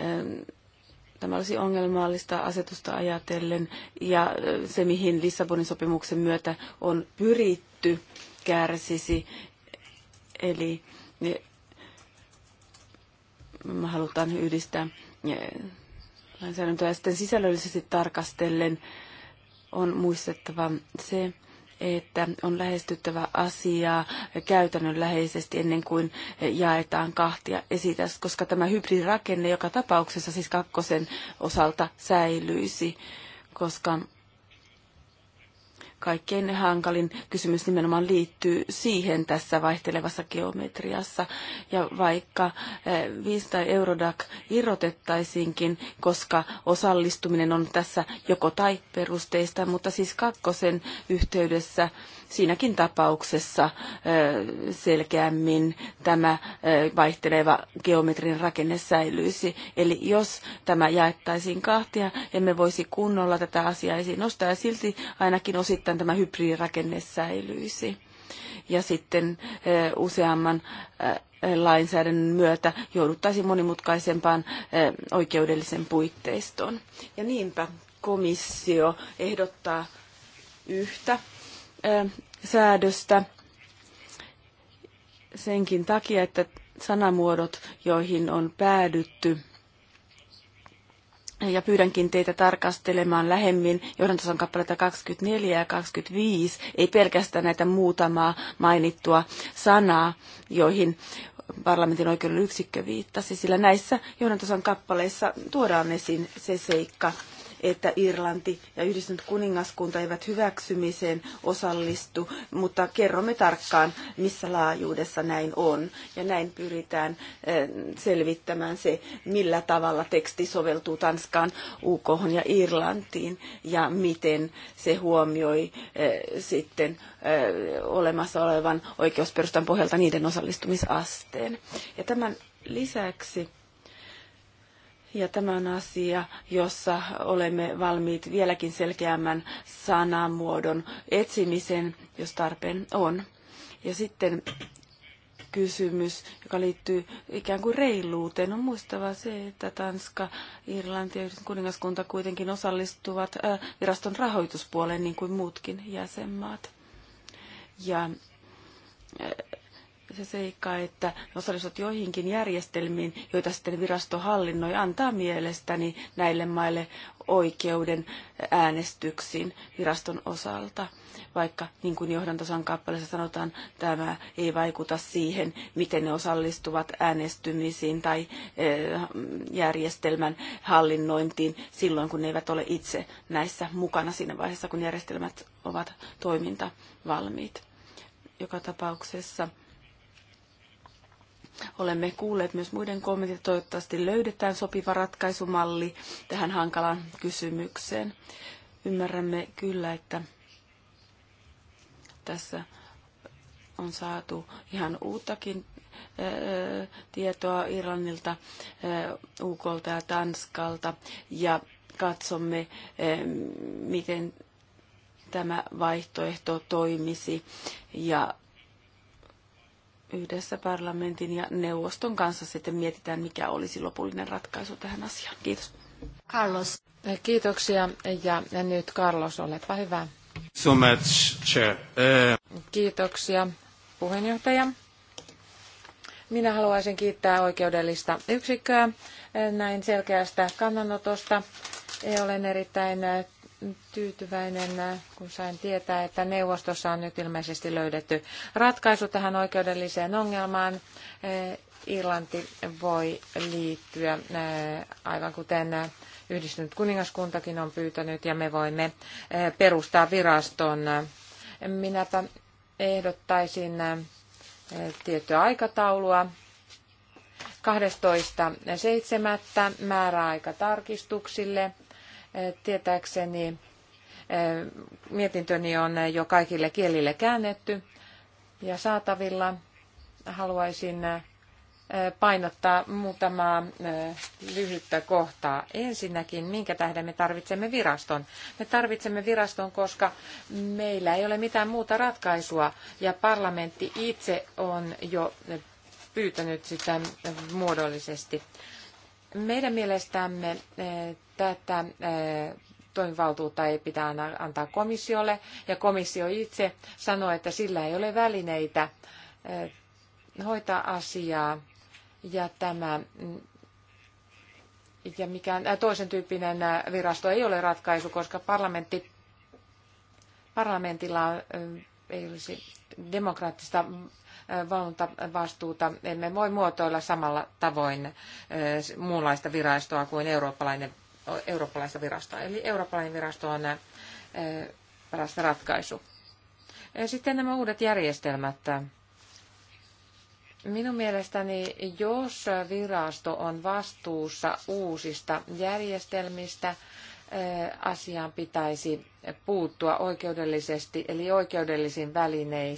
äm, tämä olisi ongelmallista asetusta ajatellen. Ja äh, se, mihin Lissabonin sopimuksen myötä on pyritty, kärsisi. Eli halutaan yhdistää lainsäädäntöä. Sitten sisällöllisesti tarkastellen on muistettava se, että on lähestyttävä asiaa käytännönläheisesti ennen kuin jaetaan kahtia esitä, koska tämä hybridirakenne joka tapauksessa siis kakkosen osalta säilyisi, koska kaikkein hankalin kysymys nimenomaan liittyy siihen tässä vaihtelevassa geometriassa. Ja vaikka eh, viis Eurodac irrotettaisiinkin, koska osallistuminen on tässä joko tai perusteista, mutta siis kakkosen yhteydessä siinäkin tapauksessa selkeämmin tämä vaihteleva geometrin rakenne säilyisi. Eli jos tämä jaettaisiin kahtia, emme voisi kunnolla tätä asiaa esiin nostaa ja silti ainakin osittain tämä hybridirakenne säilyisi. Ja sitten useamman lainsäädännön myötä jouduttaisiin monimutkaisempaan oikeudellisen puitteistoon. Ja niinpä komissio ehdottaa yhtä säädöstä senkin takia, että sanamuodot, joihin on päädytty, ja pyydänkin teitä tarkastelemaan lähemmin johdantason kappaleita 24 ja 25, ei pelkästään näitä muutamaa mainittua sanaa, joihin parlamentin oikeuden yksikkö viittasi, sillä näissä johdantason kappaleissa tuodaan esiin se seikka, että Irlanti ja yhdistynyt kuningaskunta eivät hyväksymiseen osallistu, mutta kerromme tarkkaan, missä laajuudessa näin on. Ja näin pyritään eh, selvittämään se, millä tavalla teksti soveltuu Tanskaan, UK ja Irlantiin ja miten se huomioi eh, sitten eh, olemassa olevan oikeusperustan pohjalta niiden osallistumisasteen. Ja tämän lisäksi ja tämä on asia, jossa olemme valmiit vieläkin selkeämmän sanamuodon etsimisen, jos tarpeen on. Ja sitten kysymys, joka liittyy ikään kuin reiluuteen. On muistava se, että Tanska, Irlanti ja kuningaskunta kuitenkin osallistuvat äh, viraston rahoituspuoleen niin kuin muutkin jäsenmaat. Ja äh, se seikka, että osallistut joihinkin järjestelmiin, joita sitten virasto hallinnoi, antaa mielestäni näille maille oikeuden äänestyksiin viraston osalta. Vaikka niin kuin johdantosan kappaleessa sanotaan, tämä ei vaikuta siihen, miten ne osallistuvat äänestymisiin tai eh, järjestelmän hallinnointiin silloin, kun ne eivät ole itse näissä mukana siinä vaiheessa, kun järjestelmät ovat toimintavalmiit. Joka tapauksessa Olemme kuulleet myös muiden kommentit, toivottavasti löydetään sopiva ratkaisumalli tähän hankalaan kysymykseen. Ymmärrämme kyllä, että tässä on saatu ihan uuttakin äh, tietoa Irlannilta, äh, UKlta ja Tanskalta ja katsomme, äh, miten tämä vaihtoehto toimisi ja yhdessä parlamentin ja neuvoston kanssa sitten mietitään, mikä olisi lopullinen ratkaisu tähän asiaan. Kiitos. Carlos. Kiitoksia ja nyt Carlos, olepa hyvä. So much, chair. Uh... Kiitoksia puheenjohtaja. Minä haluaisin kiittää oikeudellista yksikköä eh, näin selkeästä kannanotosta. Eh, olen erittäin tyytyväinen, kun sain tietää, että neuvostossa on nyt ilmeisesti löydetty ratkaisu tähän oikeudelliseen ongelmaan. Eh, Irlanti voi liittyä, eh, aivan kuten yhdistynyt kuningaskuntakin on pyytänyt, ja me voimme eh, perustaa viraston. Minäpä ehdottaisin tiettyä aikataulua. 12.7. määräaika tarkistuksille Tietääkseni eh, mietintöni on jo kaikille kielille käännetty ja saatavilla. Haluaisin eh, painottaa muutamaa eh, lyhyttä kohtaa. Ensinnäkin, minkä tähden me tarvitsemme viraston? Me tarvitsemme viraston, koska meillä ei ole mitään muuta ratkaisua ja parlamentti itse on jo pyytänyt sitä muodollisesti. Meidän mielestämme eh, tätä eh, toimivaltuutta ei pitää antaa komissiolle, ja komissio itse sanoo, että sillä ei ole välineitä eh, hoitaa asiaa, ja tämä mm, ja mikään toisen tyyppinen virasto ei ole ratkaisu, koska parlamentti, parlamentilla ei olisi demokraattista valvontavastuuta emme voi muotoilla samalla tavoin eh, muunlaista virastoa kuin eurooppalainen, eurooppalaista virastoa. Eli eurooppalainen virasto on eh, paras ratkaisu. Eh, sitten nämä uudet järjestelmät. Minun mielestäni, jos virasto on vastuussa uusista järjestelmistä, asiaan pitäisi puuttua oikeudellisesti, eli oikeudellisin välinein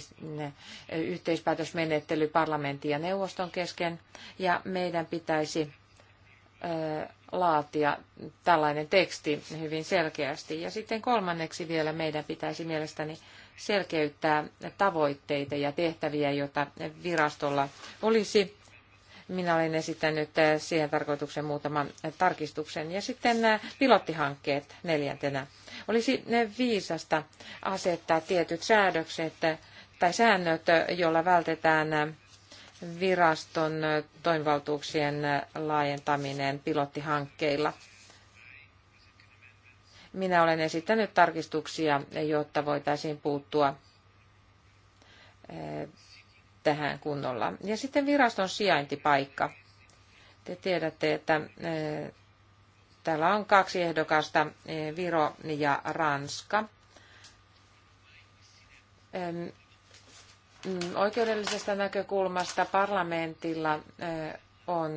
yhteispäätösmenettely parlamentin ja neuvoston kesken, ja meidän pitäisi laatia tällainen teksti hyvin selkeästi. Ja sitten kolmanneksi vielä meidän pitäisi mielestäni selkeyttää tavoitteita ja tehtäviä, joita virastolla olisi minä olen esittänyt eh, siihen tarkoituksen muutaman eh, tarkistuksen. Ja sitten nämä eh, pilottihankkeet neljäntenä. Olisi viisasta asettaa tietyt säädökset tai säännöt, joilla vältetään viraston toimivaltuuksien laajentaminen pilottihankkeilla. Minä olen esittänyt tarkistuksia, jotta voitaisiin puuttua tähän kunnolla. Ja sitten viraston sijaintipaikka. Te tiedätte, että eh, täällä on kaksi ehdokasta, eh, Viro ja Ranska. Oikeudellisesta näkökulmasta parlamentilla eh, on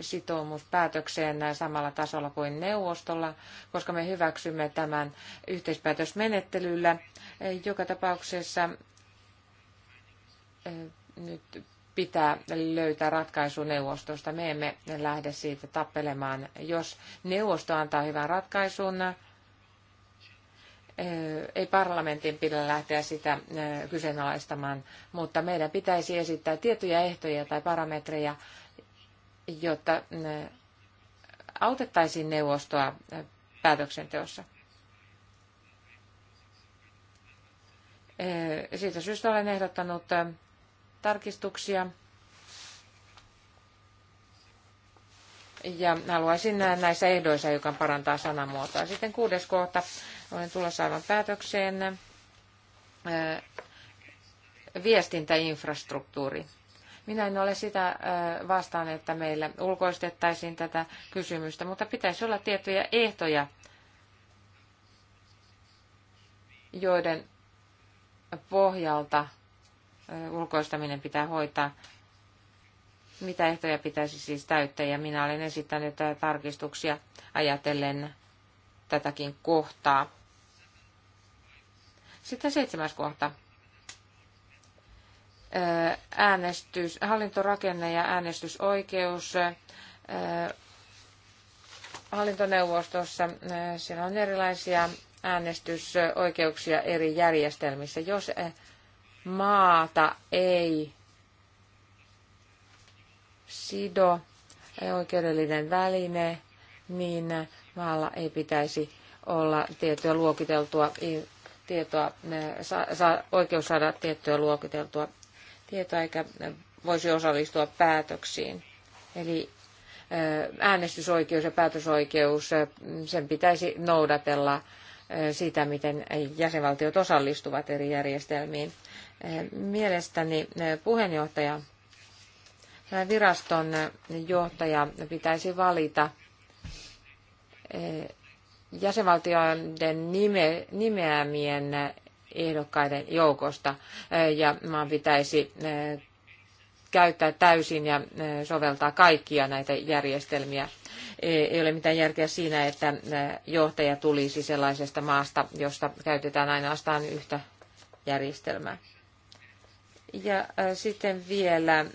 sitoumus päätökseen samalla tasolla kuin neuvostolla, koska me hyväksymme tämän yhteispäätösmenettelyllä. Joka tapauksessa nyt pitää löytää ratkaisu neuvostosta. Me emme lähde siitä tappelemaan. Jos neuvosto antaa hyvän ratkaisun, ei parlamentin pidä lähteä sitä kyseenalaistamaan, mutta meidän pitäisi esittää tiettyjä ehtoja tai parametreja, jotta autettaisiin neuvostoa päätöksenteossa. Siitä syystä olen ehdottanut tarkistuksia. Ja haluaisin näissä ehdoissa joka parantaa sanamuotoa. Sitten kuudes kohta. Olen tulossa aivan päätökseen. Viestintäinfrastruktuuri. Minä en ole sitä vastaan, että meillä ulkoistettaisiin tätä kysymystä, mutta pitäisi olla tiettyjä ehtoja, joiden pohjalta ulkoistaminen pitää hoitaa. Mitä ehtoja pitäisi siis täyttää? Ja minä olen esittänyt tarkistuksia ajatellen tätäkin kohtaa. Sitten seitsemäs kohta. Äänestys, hallintorakenne ja äänestysoikeus hallintoneuvostossa. Siellä on erilaisia äänestysoikeuksia eri järjestelmissä. Jos maata ei sido oikeudellinen väline, niin maalla ei pitäisi olla tiettyä luokiteltua tietoa, saa oikeus saada tiettyä luokiteltua tietoa eikä voisi osallistua päätöksiin. Eli äänestysoikeus ja päätösoikeus, sen pitäisi noudatella siitä, miten jäsenvaltiot osallistuvat eri järjestelmiin. Mielestäni puheenjohtaja viraston johtaja pitäisi valita eh, jäsenvaltioiden nime, nimeämien ehdokkaiden joukosta eh, ja maan pitäisi eh, käyttää täysin ja soveltaa kaikkia näitä järjestelmiä ei ole mitään järkeä siinä, että johtaja tulisi sellaisesta maasta, josta käytetään ainoastaan yhtä järjestelmää. Ja sitten vielä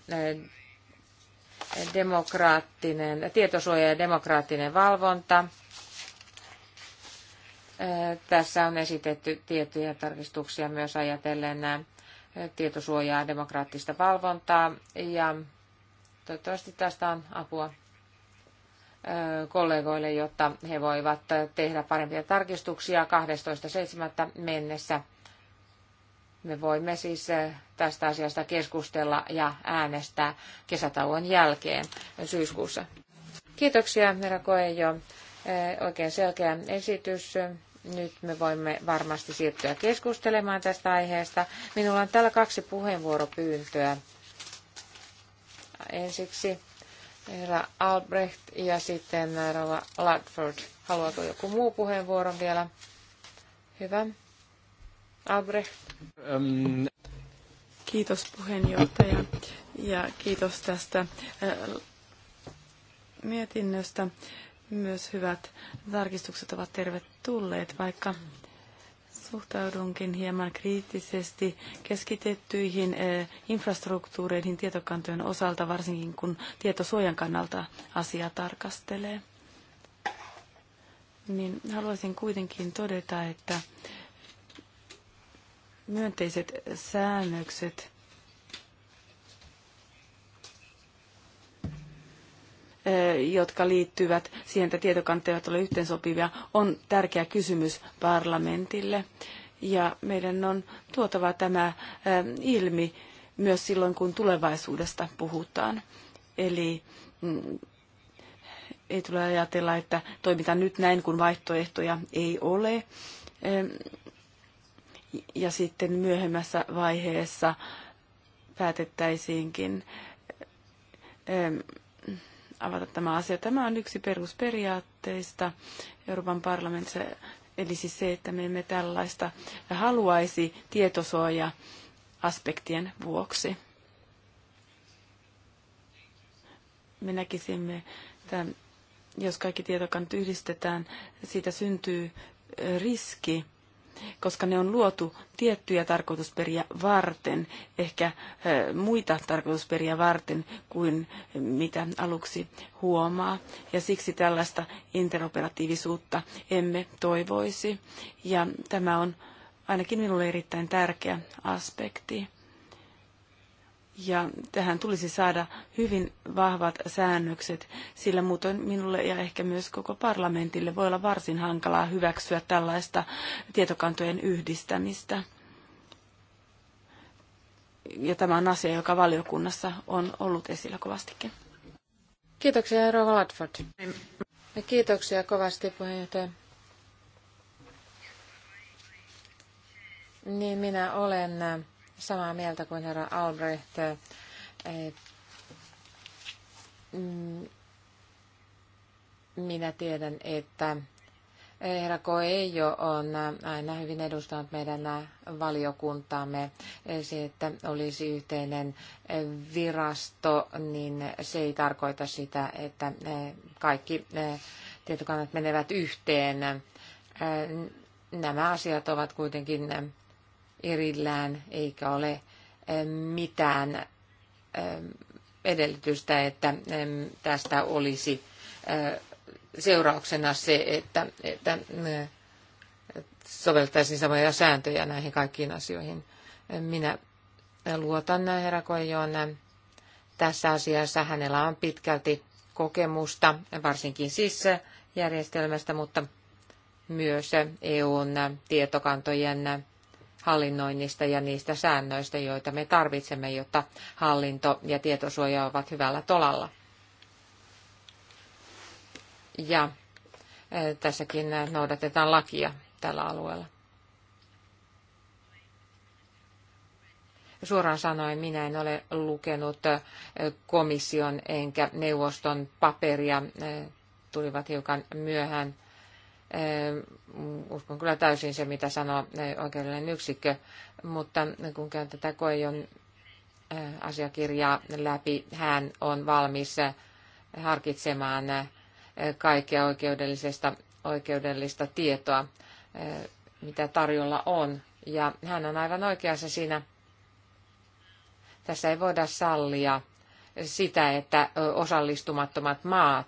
demokraattinen, tietosuoja ja demokraattinen valvonta. Tässä on esitetty tiettyjä tarkistuksia myös ajatellen tietosuojaa ja demokraattista valvontaa ja toivottavasti tästä on apua kollegoille, jotta he voivat tehdä parempia tarkistuksia 12.7. mennessä. Me voimme siis tästä asiasta keskustella ja äänestää kesätauon jälkeen syyskuussa. Kiitoksia, herra Koejo. Oikein selkeä esitys. Nyt me voimme varmasti siirtyä keskustelemaan tästä aiheesta. Minulla on täällä kaksi puheenvuoropyyntöä. Ensiksi herra Albrecht ja sitten Rova Ladford. Haluaako joku muu puheenvuoron vielä? Hyvä. Albrecht. Um. Kiitos puheenjohtaja ja kiitos tästä äh, mietinnöstä. Myös hyvät tarkistukset ovat tervetulleet, vaikka suhtaudunkin hieman kriittisesti keskitettyihin eh, infrastruktuureihin tietokantojen osalta, varsinkin kun tietosuojan kannalta asiaa tarkastelee. Niin haluaisin kuitenkin todeta, että myönteiset säännökset jotka liittyvät siihen, että tietokanteet eivät ole yhteensopivia, on tärkeä kysymys parlamentille. Ja meidän on tuotava tämä ilmi myös silloin, kun tulevaisuudesta puhutaan. Eli mm, ei tule ajatella, että toimitaan nyt näin, kun vaihtoehtoja ei ole. Ja sitten myöhemmässä vaiheessa päätettäisiinkin avata tämä asia. Tämä on yksi perusperiaatteista Euroopan parlamentissa, eli siis se, että me emme tällaista haluaisi tietosuoja-aspektien vuoksi. Me näkisimme, että jos kaikki tietokannat yhdistetään, siitä syntyy riski koska ne on luotu tiettyjä tarkoitusperiä varten, ehkä muita tarkoitusperiä varten kuin mitä aluksi huomaa. Ja siksi tällaista interoperatiivisuutta emme toivoisi. Ja tämä on ainakin minulle erittäin tärkeä aspekti. Ja tähän tulisi saada hyvin vahvat säännökset, sillä muutoin minulle ja ehkä myös koko parlamentille voi olla varsin hankalaa hyväksyä tällaista tietokantojen yhdistämistä. Ja tämä on asia, joka valiokunnassa on ollut esillä kovastikin. Kiitoksia, Rova Kiitoksia kovasti, puheenjohtaja. Niin minä olen samaa mieltä kuin herra Albrecht. Eh, mm, minä tiedän, että eh, Herra Koejo on eh, aina hyvin edustanut meidän valiokuntaamme. Se, että olisi yhteinen virasto, niin se ei tarkoita sitä, että kaikki tietokannat menevät yhteen. Nämä asiat ovat kuitenkin erillään, eikä ole mitään edellytystä, että tästä olisi seurauksena se, että, että soveltaisin samoja sääntöjä näihin kaikkiin asioihin. Minä luotan herra Koijoon tässä asiassa. Hänellä on pitkälti kokemusta, varsinkin siis järjestelmästä, mutta myös EUn tietokantojen hallinnoinnista ja niistä säännöistä, joita me tarvitsemme, jotta hallinto ja tietosuoja ovat hyvällä tolalla. Ja eh, tässäkin noudatetaan lakia tällä alueella. Suoraan sanoen minä en ole lukenut eh, komission enkä neuvoston paperia, eh, tulivat hiukan myöhään uskon kyllä täysin se, mitä sanoo e, oikeudellinen yksikkö, mutta kun käyn tätä Koejon e, asiakirjaa läpi, hän on valmis e, harkitsemaan kaikkea oikeudellisesta, oikeudellista tietoa, mitä tarjolla on. Ja hän on aivan oikeassa siinä, tässä ei voida sallia sitä, että osallistumattomat maat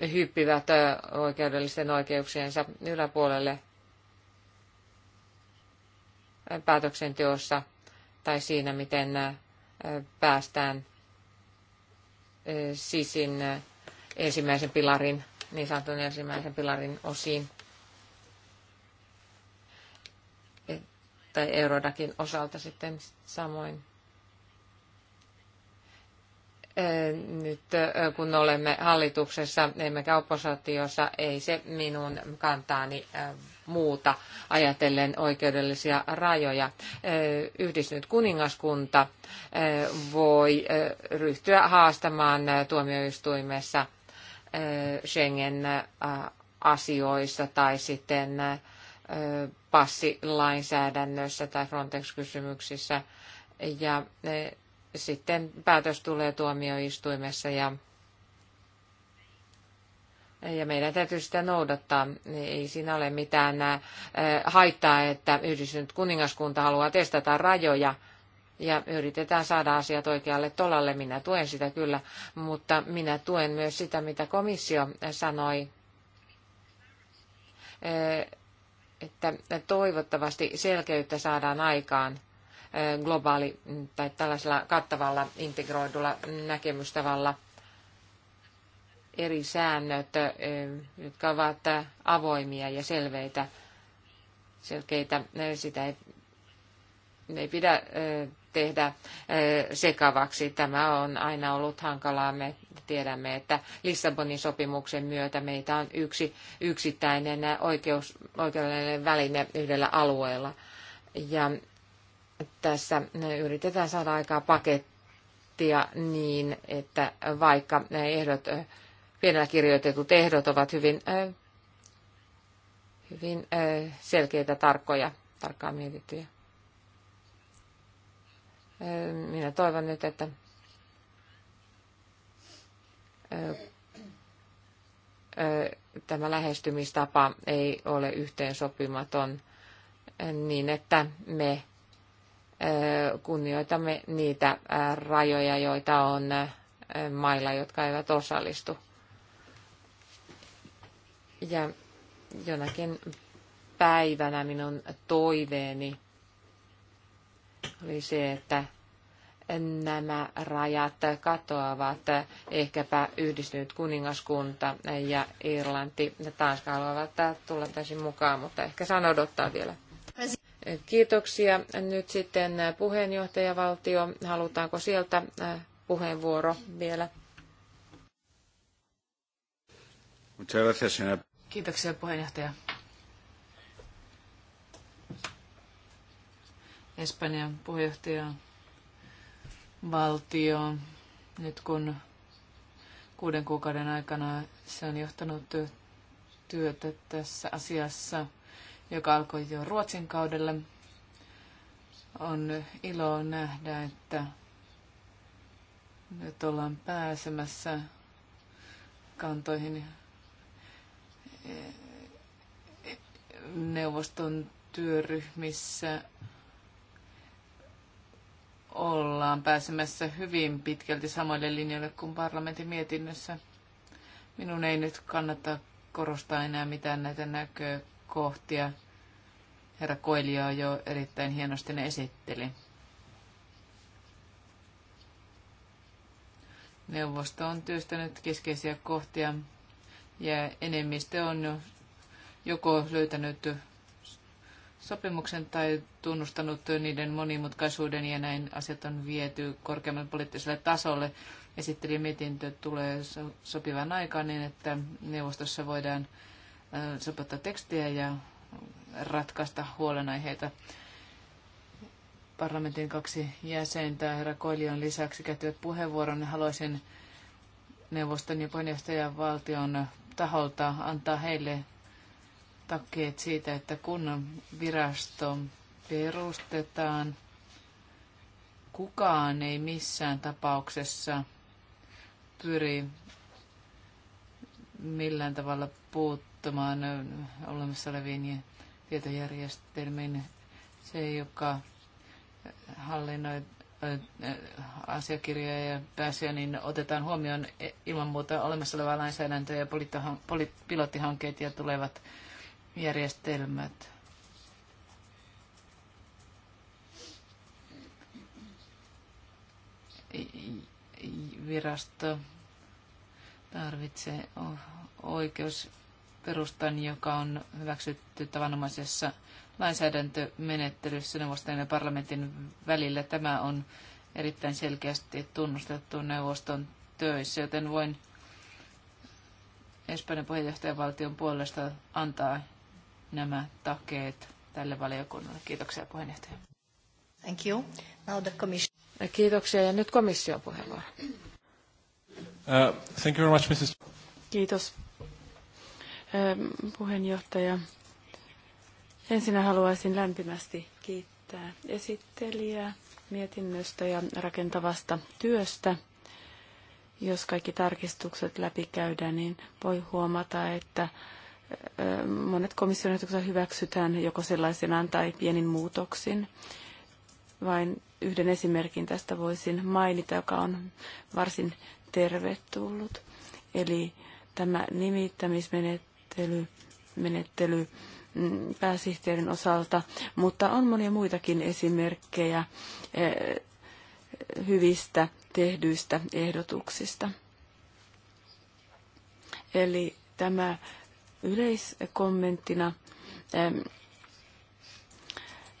hyppivät oikeudellisten oikeuksiensa yläpuolelle päätöksenteossa tai siinä, miten päästään sisin ensimmäisen pilarin, niin sanotun ensimmäisen pilarin osiin e, tai Eurodakin osalta sitten samoin nyt kun olemme hallituksessa emmekä oppositiossa, ei se minun kantaani muuta ajatellen oikeudellisia rajoja. Yhdistynyt kuningaskunta voi ryhtyä haastamaan tuomioistuimessa Schengen-asioissa tai sitten passilainsäädännössä tai Frontex-kysymyksissä. Ja sitten päätös tulee tuomioistuimessa ja, ja meidän täytyy sitä noudattaa. Ei siinä ole mitään haittaa, että yhdistynyt kuningaskunta haluaa testata rajoja ja yritetään saada asiat oikealle tolalle. Minä tuen sitä kyllä, mutta minä tuen myös sitä, mitä komissio sanoi, että toivottavasti selkeyttä saadaan aikaan globaali mm, tai tällaisella kattavalla integroidulla näkemystavalla eri säännöt, jotka ovat avoimia ja selveitä, selkeitä. Sitä ei, ei pidä tehdä sekavaksi. Tämä on aina ollut hankalaa. Me tiedämme, että Lissabonin sopimuksen myötä meitä on yksi yksittäinen oikeus, oikeudellinen väline yhdellä alueella. Ja tässä yritetään saada aikaa pakettia niin, että vaikka ehdot, pienellä kirjoitetut ehdot ovat hyvin, hyvin selkeitä, tarkkoja, tarkkaan mietittyjä. Minä toivon nyt, että tämä lähestymistapa ei ole yhteensopimaton niin, että me kunnioitamme niitä rajoja, joita on mailla, jotka eivät osallistu. Ja jonakin päivänä minun toiveeni oli se, että nämä rajat katoavat. Ehkäpä yhdistynyt kuningaskunta ja Irlanti ja Tanska haluavat tulla täysin mukaan, mutta ehkä saan odottaa vielä. Kiitoksia. Nyt sitten puheenjohtajavaltio. Halutaanko sieltä äh, puheenvuoro vielä? Kiitoksia puheenjohtaja. Espanjan puheenjohtaja valtio, nyt kun kuuden kuukauden aikana se on johtanut työtä tässä asiassa – joka alkoi jo Ruotsin kaudella. On ilo nähdä, että nyt ollaan pääsemässä kantoihin neuvoston työryhmissä ollaan pääsemässä hyvin pitkälti samoille linjoille kuin parlamentin mietinnössä. Minun ei nyt kannata korostaa enää mitään näitä näkökulmia kohtia. Herra Koilio jo erittäin hienosti ne esitteli. Neuvosto on työstänyt keskeisiä kohtia ja enemmistö on joko löytänyt sopimuksen tai tunnustanut niiden monimutkaisuuden ja näin asiat on viety korkeammalle poliittiselle tasolle. Esitteli mietintö tulee sopivan aikaan niin, että neuvostossa voidaan sopeuttaa tekstiä ja ratkaista huolenaiheita. Parlamentin kaksi jäsentä herra Koilion lisäksi käyttivät puheenvuoron. Haluaisin neuvoston ja puheenjohtajan valtion taholta antaa heille takkeet siitä, että kun virasto perustetaan, kukaan ei missään tapauksessa pyri millään tavalla puuttumaan vaikuttamaan olemassa olevien tietojärjestelmien. Se, joka hallinnoi äh, asiakirjoja ja pääsyä, niin otetaan huomioon ilman muuta olemassa olevaa lainsäädäntöä ja pilottihankkeet ja tulevat järjestelmät. Virasto tarvitsee oikeus perustan, joka on hyväksytty tavanomaisessa lainsäädäntömenettelyssä neuvoston ja parlamentin välillä. Tämä on erittäin selkeästi tunnustettu neuvoston töissä, joten voin Espanjan puheenjohtajavaltion puolesta antaa nämä takeet tälle valiokunnalle. Kiitoksia puheenjohtaja. Thank you. Now the commission. Kiitoksia ja nyt komission puheenvuoro. Uh, thank you very much, Mrs. Kiitos puheenjohtaja. Ensinnä haluaisin lämpimästi kiittää esittelijää mietinnöstä ja rakentavasta työstä. Jos kaikki tarkistukset läpikäydään, niin voi huomata, että monet komission hyväksytään joko sellaisenaan tai pienin muutoksin. Vain yhden esimerkin tästä voisin mainita, joka on varsin tervetullut. Eli tämä nimittämismenet menettely, menettely mm, pääsihteerin osalta, mutta on monia muitakin esimerkkejä eh, hyvistä tehdyistä ehdotuksista. Eli tämä yleiskommenttina,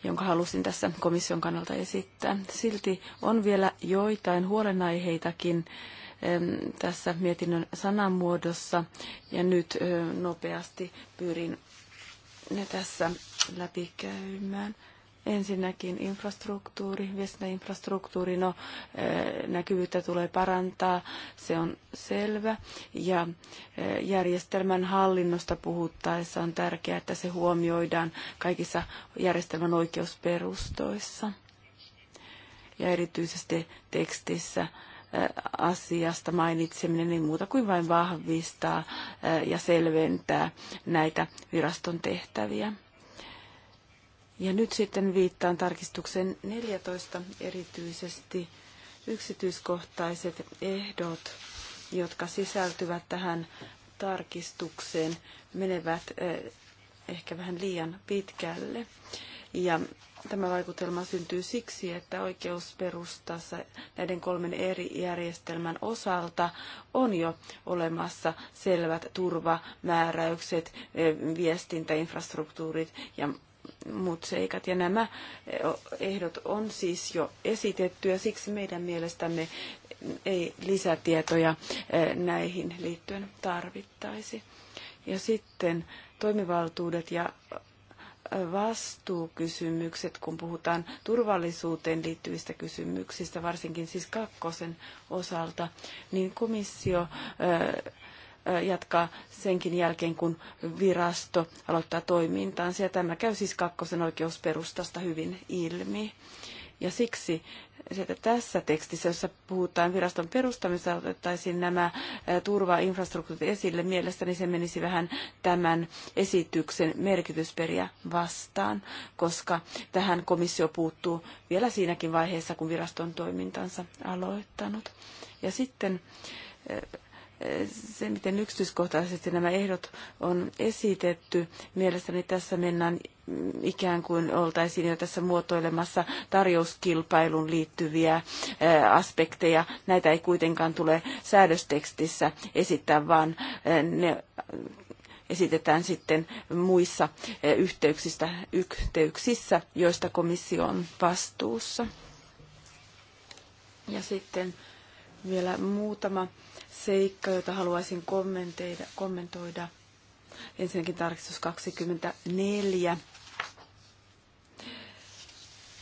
jonka halusin tässä komission kannalta esittää. Silti on vielä joitain huolenaiheitakin tässä mietinnön sanamuodossa ja nyt nopeasti pyrin ne tässä läpikäymään. Ensinnäkin infrastruktuuri, viestintäinfrastruktuuri, no näkyvyyttä tulee parantaa, se on selvä. Ja järjestelmän hallinnosta puhuttaessa on tärkeää, että se huomioidaan kaikissa järjestelmän oikeusperustoissa. Ja erityisesti tekstissä asiasta mainitseminen ei niin muuta kuin vain vahvistaa ja selventää näitä viraston tehtäviä. Ja nyt sitten viittaan tarkistuksen 14 erityisesti yksityiskohtaiset ehdot, jotka sisältyvät tähän tarkistukseen, menevät ehkä vähän liian pitkälle. Ja Tämä vaikutelma syntyy siksi, että oikeusperustassa näiden kolmen eri järjestelmän osalta on jo olemassa selvät turvamääräykset, e, viestintäinfrastruktuurit ja muut seikat. Ja nämä e, ehdot on siis jo esitetty ja siksi meidän mielestämme ei lisätietoja e, näihin liittyen tarvittaisi. Ja sitten toimivaltuudet ja vastuukysymykset, kun puhutaan turvallisuuteen liittyvistä kysymyksistä, varsinkin siis kakkosen osalta, niin komissio jatkaa senkin jälkeen, kun virasto aloittaa toimintaansa. Ja tämä käy siis kakkosen oikeusperustasta hyvin ilmi. Ja siksi että tässä tekstissä, jossa puhutaan viraston perustamisesta, otettaisiin nämä turvainfrastruktuurit esille, mielestäni se menisi vähän tämän esityksen merkitysperiä vastaan, koska tähän komissio puuttuu vielä siinäkin vaiheessa, kun viraston toimintansa aloittanut. Ja sitten se, miten yksityiskohtaisesti nämä ehdot on esitetty, mielestäni tässä mennään ikään kuin oltaisiin jo tässä muotoilemassa tarjouskilpailun liittyviä aspekteja. Näitä ei kuitenkaan tule säädöstekstissä esittää, vaan ne esitetään sitten muissa yhteyksistä, yhteyksissä, joista komissio on vastuussa. Ja sitten vielä muutama seikka, jota haluaisin kommentoida. kommentoida. Ensinnäkin tarkistus 24.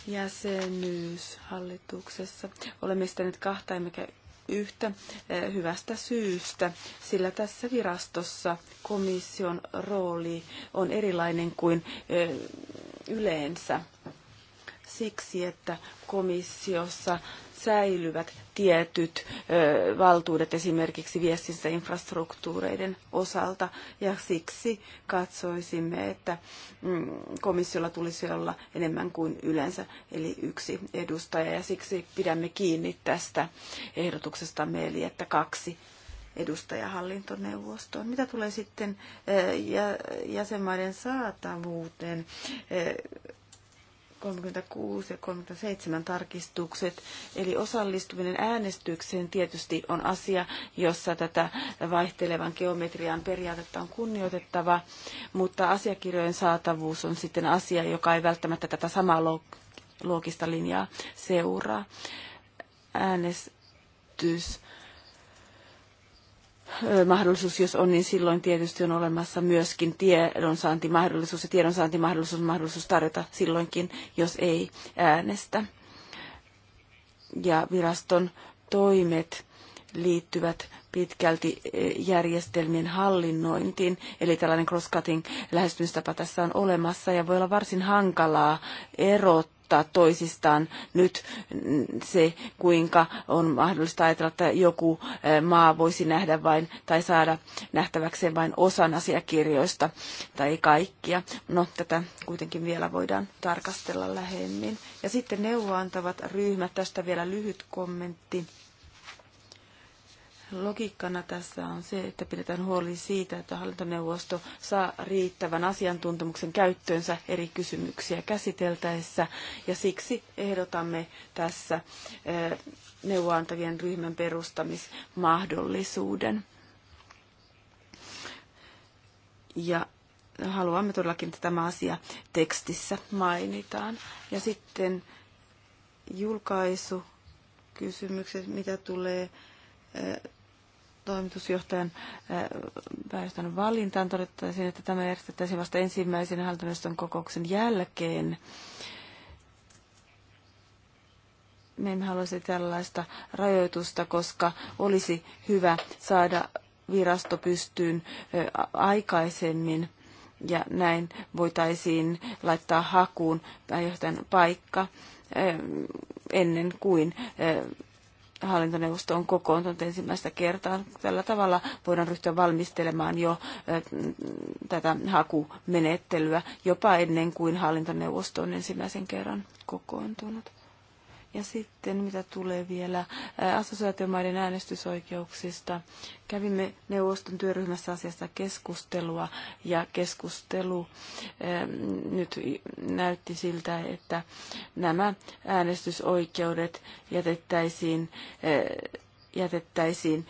Jäsenyys hallituksessa. Olemme esittäneet kahta emmekä yhtä eh, hyvästä syystä, sillä tässä virastossa komission rooli on erilainen kuin eh, yleensä. Siksi, että komissiossa säilyvät tietyt ö, valtuudet esimerkiksi infrastruktuureiden osalta, ja siksi katsoisimme, että mm, komissiolla tulisi olla enemmän kuin yleensä, eli yksi edustaja, ja siksi pidämme kiinni tästä ehdotuksestamme, eli että kaksi edustajahallintoneuvostoon. Mitä tulee sitten jäsenmaiden saatavuuteen? 36 ja 37 tarkistukset. Eli osallistuminen äänestykseen tietysti on asia, jossa tätä vaihtelevan geometrian periaatetta on kunnioitettava, mutta asiakirjojen saatavuus on sitten asia, joka ei välttämättä tätä samaa loogista linjaa seuraa. Äänestys mahdollisuus, jos on, niin silloin tietysti on olemassa myöskin tiedonsaantimahdollisuus ja tiedonsaantimahdollisuus on mahdollisuus tarjota silloinkin, jos ei äänestä. Ja viraston toimet liittyvät pitkälti järjestelmien hallinnointiin, eli tällainen cross-cutting lähestymistapa tässä on olemassa ja voi olla varsin hankalaa erottaa erottaa toisistaan nyt se, kuinka on mahdollista ajatella, että joku maa voisi nähdä vain tai saada nähtäväkseen vain osan asiakirjoista tai kaikkia. No, tätä kuitenkin vielä voidaan tarkastella lähemmin. Ja sitten neuvoantavat ryhmät, tästä vielä lyhyt kommentti. Logiikkana tässä on se, että pidetään huoli siitä, että hallintoneuvosto saa riittävän asiantuntemuksen käyttöönsä eri kysymyksiä käsiteltäessä, ja siksi ehdotamme tässä eh, neuvoantavien ryhmän perustamismahdollisuuden. Ja haluamme todellakin, että tämä asia tekstissä mainitaan. Ja sitten julkaisu mitä tulee eh, toimitusjohtajan äh, väestön valintaan todettaisiin, että tämä järjestettäisiin vasta ensimmäisen hallintoneuvoston kokouksen jälkeen. Me emme haluaisi tällaista rajoitusta, koska olisi hyvä saada virasto pystyyn aikaisemmin ja näin voitaisiin laittaa hakuun pääjohtajan paikka ennen kuin hallintoneuvosto on kokoontunut ensimmäistä kertaa. Tällä tavalla voidaan ryhtyä valmistelemaan jo tätä hakumenettelyä jopa ennen kuin hallintoneuvosto on ensimmäisen kerran kokoontunut. Ja sitten mitä tulee vielä assosiaatiomaiden äänestysoikeuksista. Kävimme neuvoston työryhmässä asiasta keskustelua ja keskustelu nyt näytti siltä, että nämä äänestysoikeudet jätettäisiin jätettäisiin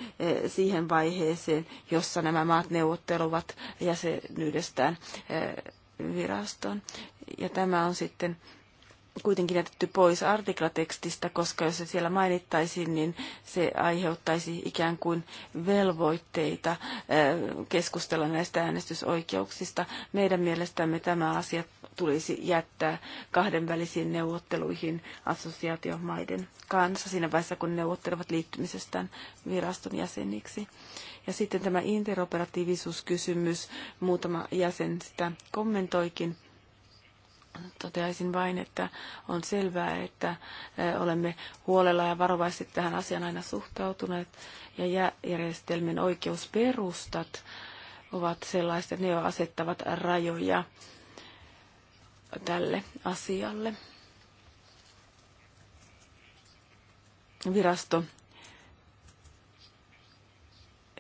siihen vaiheeseen, jossa nämä maat neuvottelevat jäsenyydestään viraston. Ja tämä on sitten kuitenkin jätetty pois artiklatekstistä, koska jos se siellä mainittaisiin, niin se aiheuttaisi ikään kuin velvoitteita äh, keskustella näistä äänestysoikeuksista. Meidän mielestämme tämä asia tulisi jättää kahdenvälisiin neuvotteluihin assosiaatiomaiden kanssa siinä vaiheessa, kun neuvottelevat liittymisestään viraston jäseniksi. Ja sitten tämä interoperatiivisuuskysymys, muutama jäsen sitä kommentoikin Toteaisin vain, että on selvää, että olemme huolella ja varovaisesti tähän asiaan aina suhtautuneet. Ja järjestelmien oikeusperustat ovat sellaiset, että ne jo asettavat rajoja tälle asialle. Virasto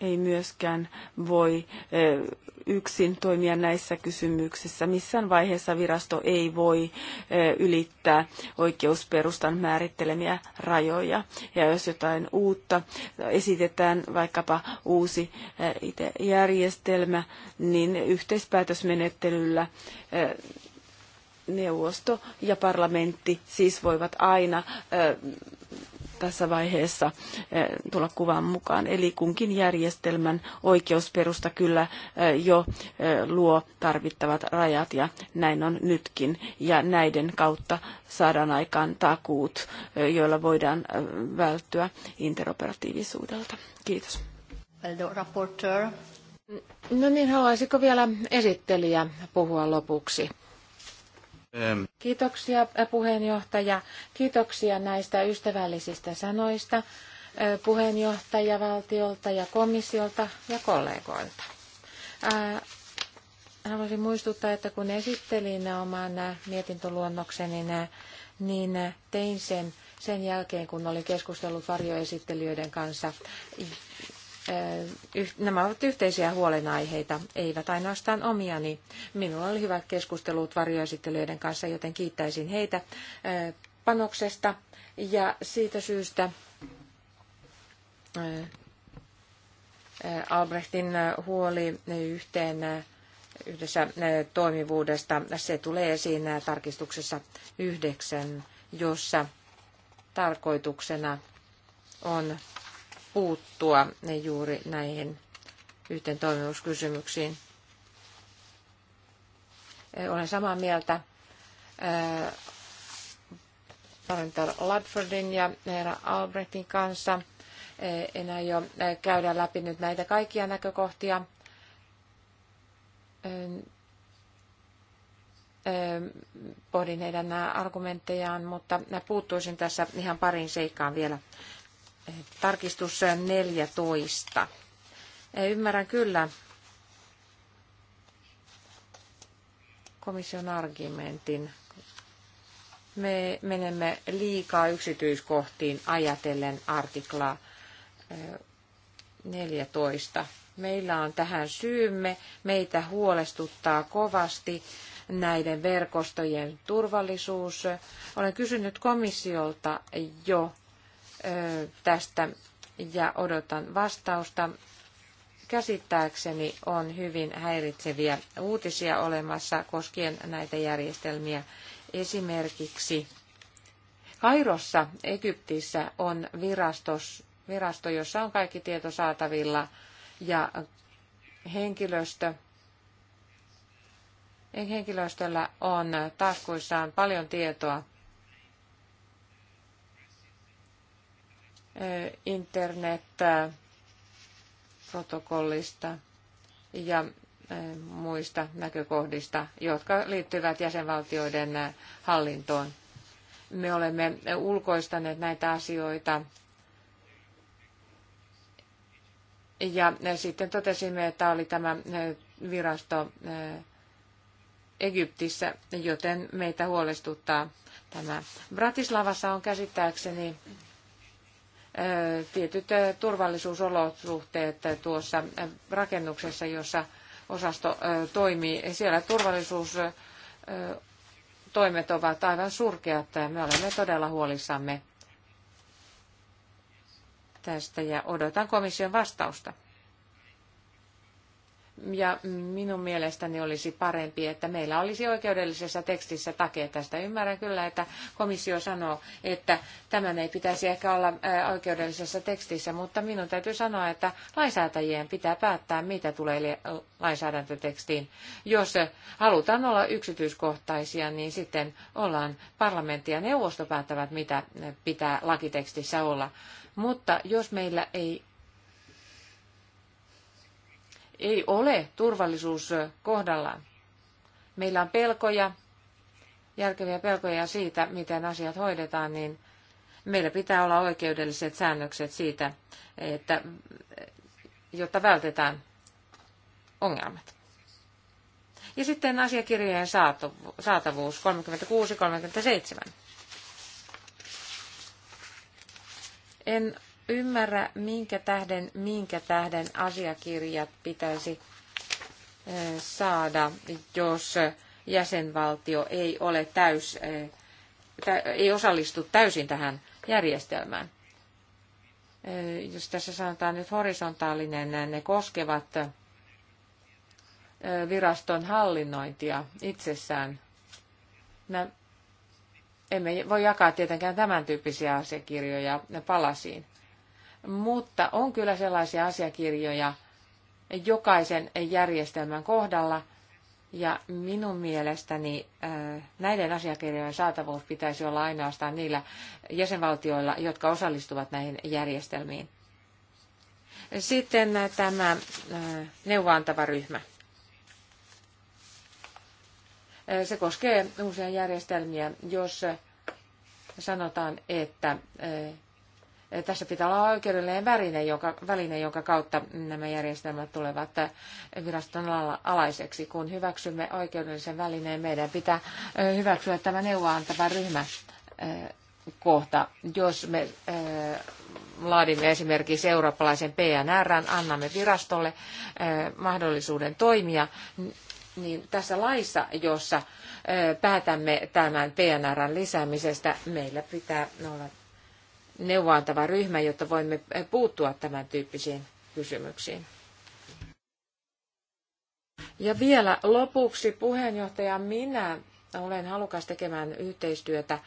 ei myöskään voi eh, yksin toimia näissä kysymyksissä. Missään vaiheessa virasto ei voi eh, ylittää oikeusperustan määrittelemiä rajoja. Ja jos jotain uutta esitetään, vaikkapa uusi eh, järjestelmä, niin yhteispäätösmenettelyllä neuvosto ja parlamentti siis voivat aina tässä vaiheessa eh, tulla kuvan mukaan. Eli kunkin järjestelmän oikeusperusta kyllä eh, jo eh, luo tarvittavat rajat ja näin on nytkin. Ja näiden kautta saadaan aikaan takuut, joilla voidaan välttyä interoperatiivisuudelta. Kiitos. No niin, haluaisiko vielä esittelijä puhua lopuksi? Ähm, Kiitoksia puheenjohtaja. Kiitoksia näistä ystävällisistä sanoista puheenjohtajavaltiolta ja komissiolta ja kollegoilta. Haluaisin muistuttaa, että kun esittelin oman mietintöluonnokseni, niin tein sen sen jälkeen, kun olin keskustellut varjoesittelijöiden kanssa nämä ovat yhteisiä huolenaiheita, eivät ainoastaan omiani. Minulla oli hyvät keskustelut varjoesittelijöiden kanssa, joten kiittäisin heitä panoksesta ja siitä syystä Albrechtin huoli yhteen yhdessä toimivuudesta, se tulee esiin tarkistuksessa yhdeksän, jossa tarkoituksena on puuttua juuri näihin yhteen toimivuuskysymyksiin. Olen samaa mieltä Parental Ladfordin ja herra Albrechtin kanssa. En aio käydä läpi nyt näitä kaikkia näkökohtia. Pohdin heidän nämä argumenttejaan, mutta puuttuisin tässä ihan pariin seikkaan vielä. Tarkistus 14. Ymmärrän kyllä komission argumentin. Me menemme liikaa yksityiskohtiin ajatellen artiklaa 14. Meillä on tähän syymme. Meitä huolestuttaa kovasti näiden verkostojen turvallisuus. Olen kysynyt komissiolta jo tästä ja odotan vastausta. Käsittääkseni on hyvin häiritseviä uutisia olemassa koskien näitä järjestelmiä. Esimerkiksi Kairossa, Egyptissä, on virastos, virasto, jossa on kaikki tieto saatavilla ja henkilöstö, henkilöstöllä on taskuissaan paljon tietoa Eh, internet-protokollista eh, ja eh, muista näkökohdista, jotka liittyvät jäsenvaltioiden hallintoon. Me olemme ulkoistaneet näitä asioita ja sitten totesimme, että oli tämä virasto Egyptissä, joten meitä huolestuttaa tämä. Bratislavassa on käsittääkseni tietyt turvallisuusolosuhteet tuossa rakennuksessa, jossa osasto toimii. Siellä turvallisuustoimet ovat aivan surkeat. Me olemme todella huolissamme tästä ja odotan komission vastausta. Ja minun mielestäni olisi parempi, että meillä olisi oikeudellisessa tekstissä takeet tästä. Ymmärrän kyllä, että komissio sanoo, että tämän ei pitäisi ehkä olla oikeudellisessa tekstissä, mutta minun täytyy sanoa, että lainsäätäjien pitää päättää, mitä tulee lainsäädäntötekstiin. Jos halutaan olla yksityiskohtaisia, niin sitten ollaan parlamentti ja neuvosto päättävät, mitä pitää lakitekstissä olla. Mutta jos meillä ei ei ole turvallisuus kohdallaan. Meillä on pelkoja, järkeviä pelkoja siitä, miten asiat hoidetaan, niin meillä pitää olla oikeudelliset säännökset siitä, että, jotta vältetään ongelmat. Ja sitten asiakirjojen saatavuus 36-37. En ymmärrä, minkä tähden, minkä tähden asiakirjat pitäisi saada, jos jäsenvaltio ei, ole täys, ei osallistu täysin tähän järjestelmään. Jos tässä sanotaan nyt horisontaalinen, ne koskevat viraston hallinnointia itsessään. Mä emme voi jakaa tietenkään tämän tyyppisiä asiakirjoja palasiin mutta on kyllä sellaisia asiakirjoja jokaisen järjestelmän kohdalla, ja minun mielestäni äh, näiden asiakirjojen saatavuus pitäisi olla ainoastaan niillä jäsenvaltioilla, jotka osallistuvat näihin järjestelmiin. Sitten äh, tämä äh, neuvoantava ryhmä. Se koskee uusia järjestelmiä, jos sanotaan, että tässä pitää olla oikeudellinen väline joka väline, jonka kautta nämä järjestelmät tulevat viraston alaiseksi. Kun hyväksymme oikeudellisen välineen, meidän pitää hyväksyä tämä neuvoa antava ryhmä kohta. Jos me laadimme esimerkiksi eurooppalaisen PNR, annamme virastolle mahdollisuuden toimia, niin tässä laissa, jossa päätämme tämän PNRn lisäämisestä, meillä pitää olla neuvoantava ryhmä, jotta voimme puuttua tämän tyyppisiin kysymyksiin. Ja vielä lopuksi puheenjohtaja, minä olen halukas tekemään yhteistyötä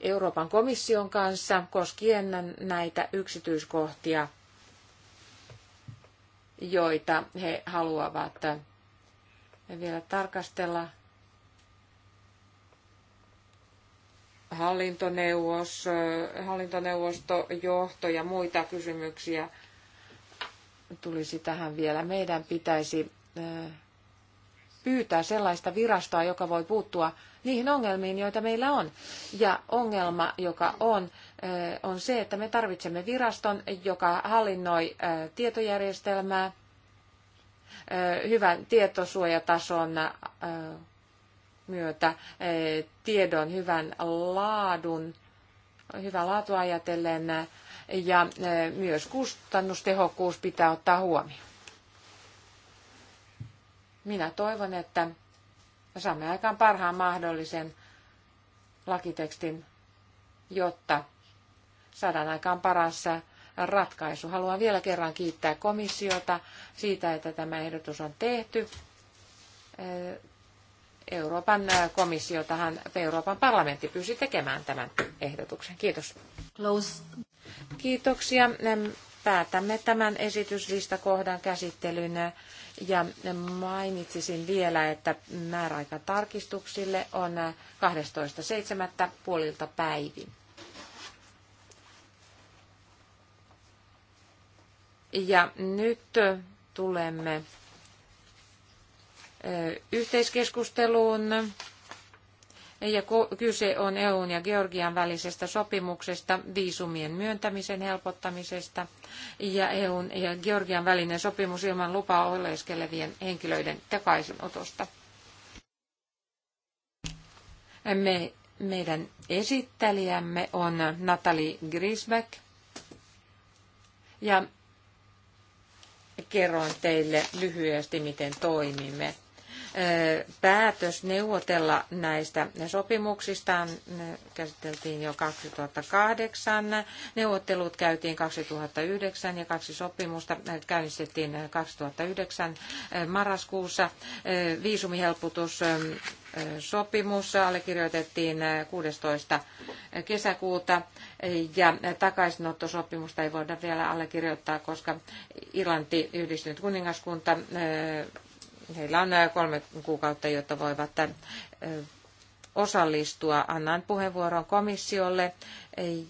Euroopan komission kanssa koskien näitä yksityiskohtia, joita he haluavat vielä tarkastella hallintoneuvos, hallintoneuvosto, johto ja muita kysymyksiä tulisi tähän vielä. Meidän pitäisi pyytää sellaista virastoa, joka voi puuttua niihin ongelmiin, joita meillä on. Ja ongelma, joka on, on se, että me tarvitsemme viraston, joka hallinnoi tietojärjestelmää, hyvän tietosuojatason myötä eh, tiedon hyvän laadun, hyvän laatua ajatellen eh, ja eh, myös kustannustehokkuus pitää ottaa huomioon. Minä toivon, että saamme aikaan parhaan mahdollisen lakitekstin, jotta saadaan aikaan paras ratkaisu. Haluan vielä kerran kiittää komissiota siitä, että tämä ehdotus on tehty. Euroopan komissio tähän Euroopan parlamentti pyysi tekemään tämän ehdotuksen. Kiitos. Close. Kiitoksia. Päätämme tämän esityslistakohdan käsittelyn ja mainitsisin vielä, että määräaika tarkistuksille on 12.7. puolilta päivin. Ja nyt tulemme yhteiskeskusteluun. Ja kyse on EUn ja Georgian välisestä sopimuksesta viisumien myöntämisen helpottamisesta ja EUn ja Georgian välinen sopimus ilman lupaa oleskelevien henkilöiden takaisinotosta. Me, meidän esittelijämme on Natalie Grisbeck. Ja kerron teille lyhyesti, miten toimimme päätös neuvotella näistä sopimuksista käsiteltiin jo 2008. Neuvottelut käytiin 2009 ja kaksi sopimusta käynnistettiin 2009 marraskuussa. Viisumihelpotus sopimus allekirjoitettiin 16. kesäkuuta ja takaisinottosopimusta ei voida vielä allekirjoittaa, koska Irlanti, yhdistynyt kuningaskunta, heillä on äh, kolme kuukautta, jotta voivat äh, osallistua. Annan puheenvuoron komissiolle äh,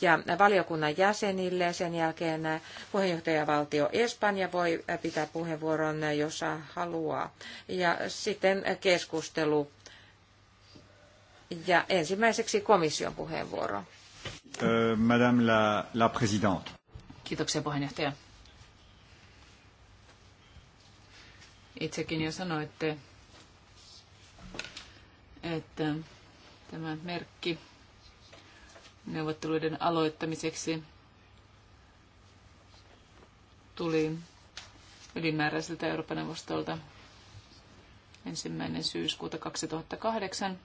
ja valiokunnan jäsenille. Sen jälkeen puheenjohtajavaltio Espanja voi pitää puheenvuoron, jos haluaa. Ja sitten keskustelu. Ja ensimmäiseksi komission puheenvuoro. Madame la, la Kiitoksia puheenjohtaja. Itsekin jo sanoitte, että tämä merkki neuvotteluiden aloittamiseksi tuli ylimääräiseltä Euroopan neuvostolta ensimmäinen syyskuuta 2008.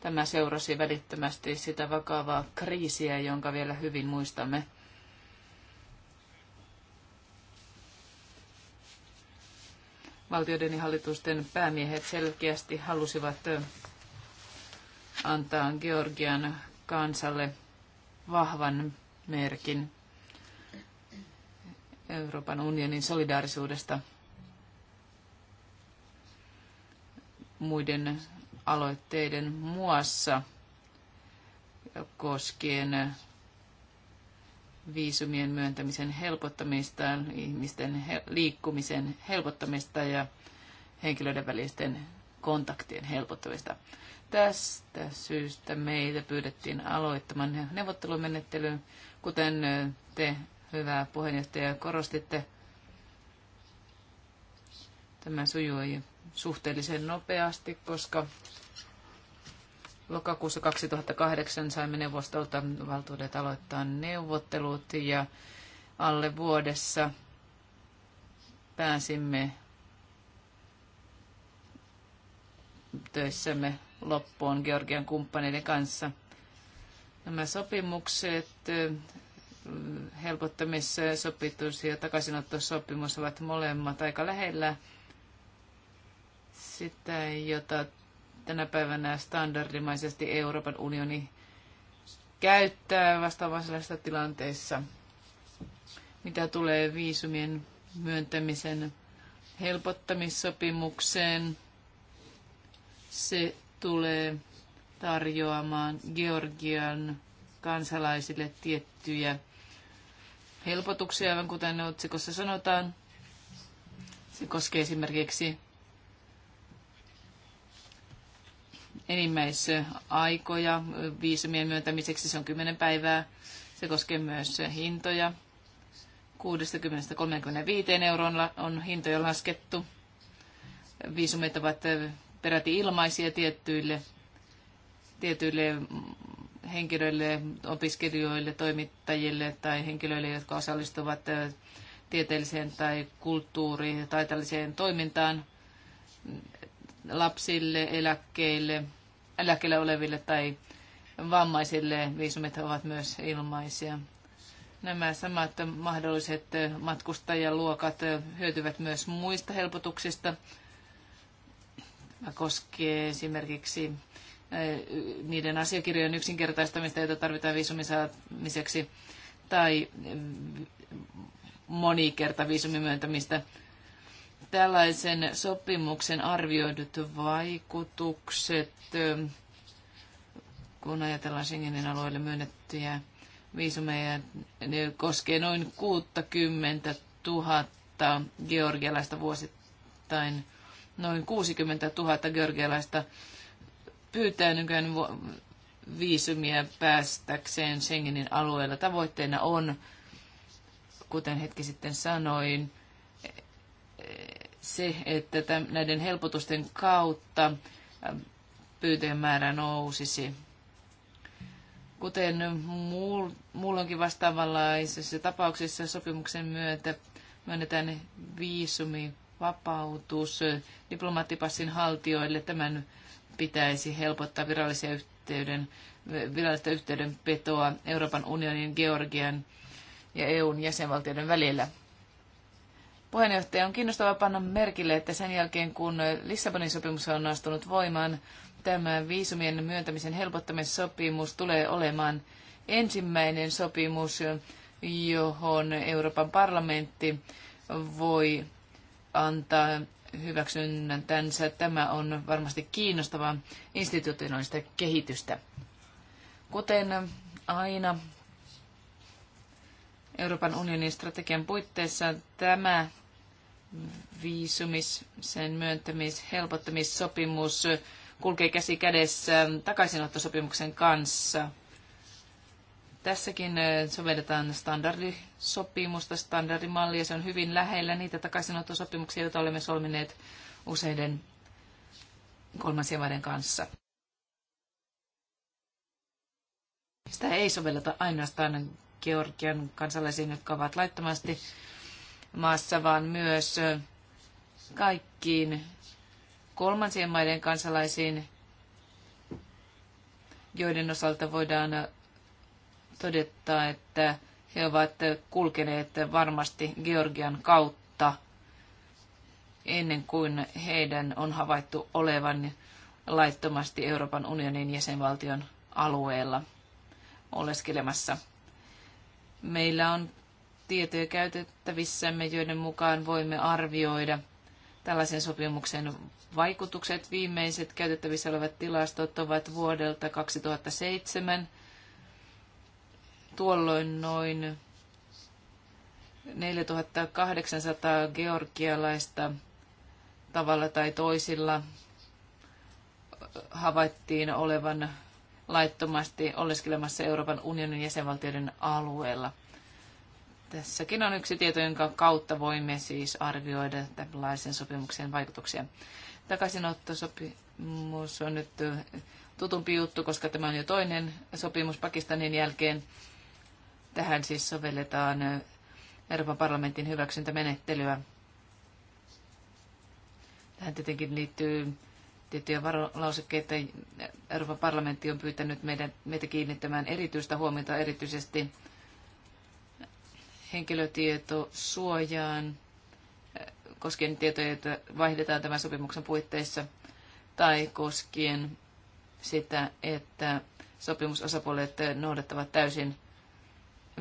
Tämä seurasi välittömästi sitä vakavaa kriisiä, jonka vielä hyvin muistamme – valtioiden ja hallitusten päämiehet selkeästi halusivat antaa Georgian kansalle vahvan merkin Euroopan unionin solidaarisuudesta muiden aloitteiden muassa koskien viisumien myöntämisen helpottamista, ihmisten liikkumisen helpottamista ja henkilöiden välisten kontaktien helpottamista. Tästä syystä meitä pyydettiin aloittamaan neuvottelumenettely, kuten te, hyvää puheenjohtaja, korostitte. Tämä sujui suhteellisen nopeasti, koska Lokakuussa 2008 saimme neuvostolta valtuudet aloittaa neuvottelut ja alle vuodessa pääsimme töissämme loppuun Georgian kumppaneiden kanssa. Nämä sopimukset, helpottamissopitus ja takaisinottosopimus ovat molemmat aika lähellä sitä, jota tänä päivänä standardimaisesti Euroopan unioni käyttää vastaavanlaisissa tilanteessa, mitä tulee viisumien myöntämisen helpottamissopimukseen. Se tulee tarjoamaan Georgian kansalaisille tiettyjä helpotuksia, aivan kuten otsikossa sanotaan. Se koskee esimerkiksi enimmäisaikoja viisumien myöntämiseksi, se on 10 päivää. Se koskee myös hintoja. 60-35 euroon on hintoja laskettu. Viisumit ovat peräti ilmaisia tiettyille, tietyille henkilöille, opiskelijoille, toimittajille tai henkilöille, jotka osallistuvat tieteelliseen tai kulttuuriin ja taitalliseen toimintaan lapsille, eläkkeille, eläkkeellä oleville tai vammaisille viisumit ovat myös ilmaisia. Nämä samat mahdolliset matkustajaluokat hyötyvät myös muista helpotuksista. koskee esimerkiksi eh, niiden asiakirjojen yksinkertaistamista, joita tarvitaan viisumin saamiseksi, tai mm, viisumin myöntämistä tällaisen sopimuksen arvioidut vaikutukset, kun ajatellaan Schengenin alueelle myönnettyjä viisumeja, ne koskee noin 60 000 georgialaista vuosittain. Noin 60 000 georgialaista pyytää nykyään viisumia päästäkseen Schengenin alueella. Tavoitteena on, kuten hetki sitten sanoin, se, että näiden helpotusten kautta ähm, pyyteen määrä nousisi. Kuten muulloinkin vastaavanlaisessa tapauksessa sopimuksen myötä myönnetään vapautus, diplomaattipassin haltijoille. Tämän pitäisi helpottaa virallisia yhteyden, virallista yhteydenpetoa Euroopan unionin, Georgian ja EUn jäsenvaltioiden välillä puheenjohtaja, on kiinnostavaa panna merkille, että sen jälkeen kun Lissabonin sopimus on astunut voimaan, tämä viisumien myöntämisen helpottamissopimus tulee olemaan ensimmäinen sopimus, johon Euroopan parlamentti voi antaa hyväksynnäntänsä. Tämä on varmasti kiinnostavaa institutionaalista kehitystä. Kuten aina Euroopan unionin strategian puitteissa tämä viisumis, sen myöntämis, helpottamissopimus kulkee käsi kädessä takaisinottosopimuksen kanssa. Tässäkin sovelletaan standardisopimusta, standardimallia. Se on hyvin lähellä niitä takaisinottosopimuksia, joita olemme solmineet useiden kolmansien maiden kanssa. Sitä ei sovelleta ainoastaan Georgian kansalaisiin, jotka ovat laittomasti maassa, vaan myös kaikkiin kolmansien maiden kansalaisiin, joiden osalta voidaan todeta, että he ovat kulkeneet varmasti Georgian kautta ennen kuin heidän on havaittu olevan laittomasti Euroopan unionin jäsenvaltion alueella oleskelemassa. Meillä on tietoja käytettävissämme, joiden mukaan voimme arvioida tällaisen sopimuksen vaikutukset. Viimeiset käytettävissä olevat tilastot ovat vuodelta 2007. Tuolloin noin 4800 georgialaista tavalla tai toisilla havaittiin olevan laittomasti oleskelemassa Euroopan unionin jäsenvaltioiden alueella. Tässäkin on yksi tieto, jonka kautta voimme siis arvioida tällaisen sopimuksen vaikutuksia. Takaisinottosopimus on nyt tutumpi juttu, koska tämä on jo toinen sopimus Pakistanin jälkeen. Tähän siis sovelletaan Euroopan parlamentin hyväksyntämenettelyä. Tähän tietenkin liittyy tiettyjä varolausekkeita. Euroopan parlamentti on pyytänyt meidän, meitä kiinnittämään erityistä huomiota erityisesti henkilötietosuojaan eh, koskien tietoja, joita vaihdetaan tämän sopimuksen puitteissa, tai koskien sitä, että sopimusosapuolet noudattavat täysin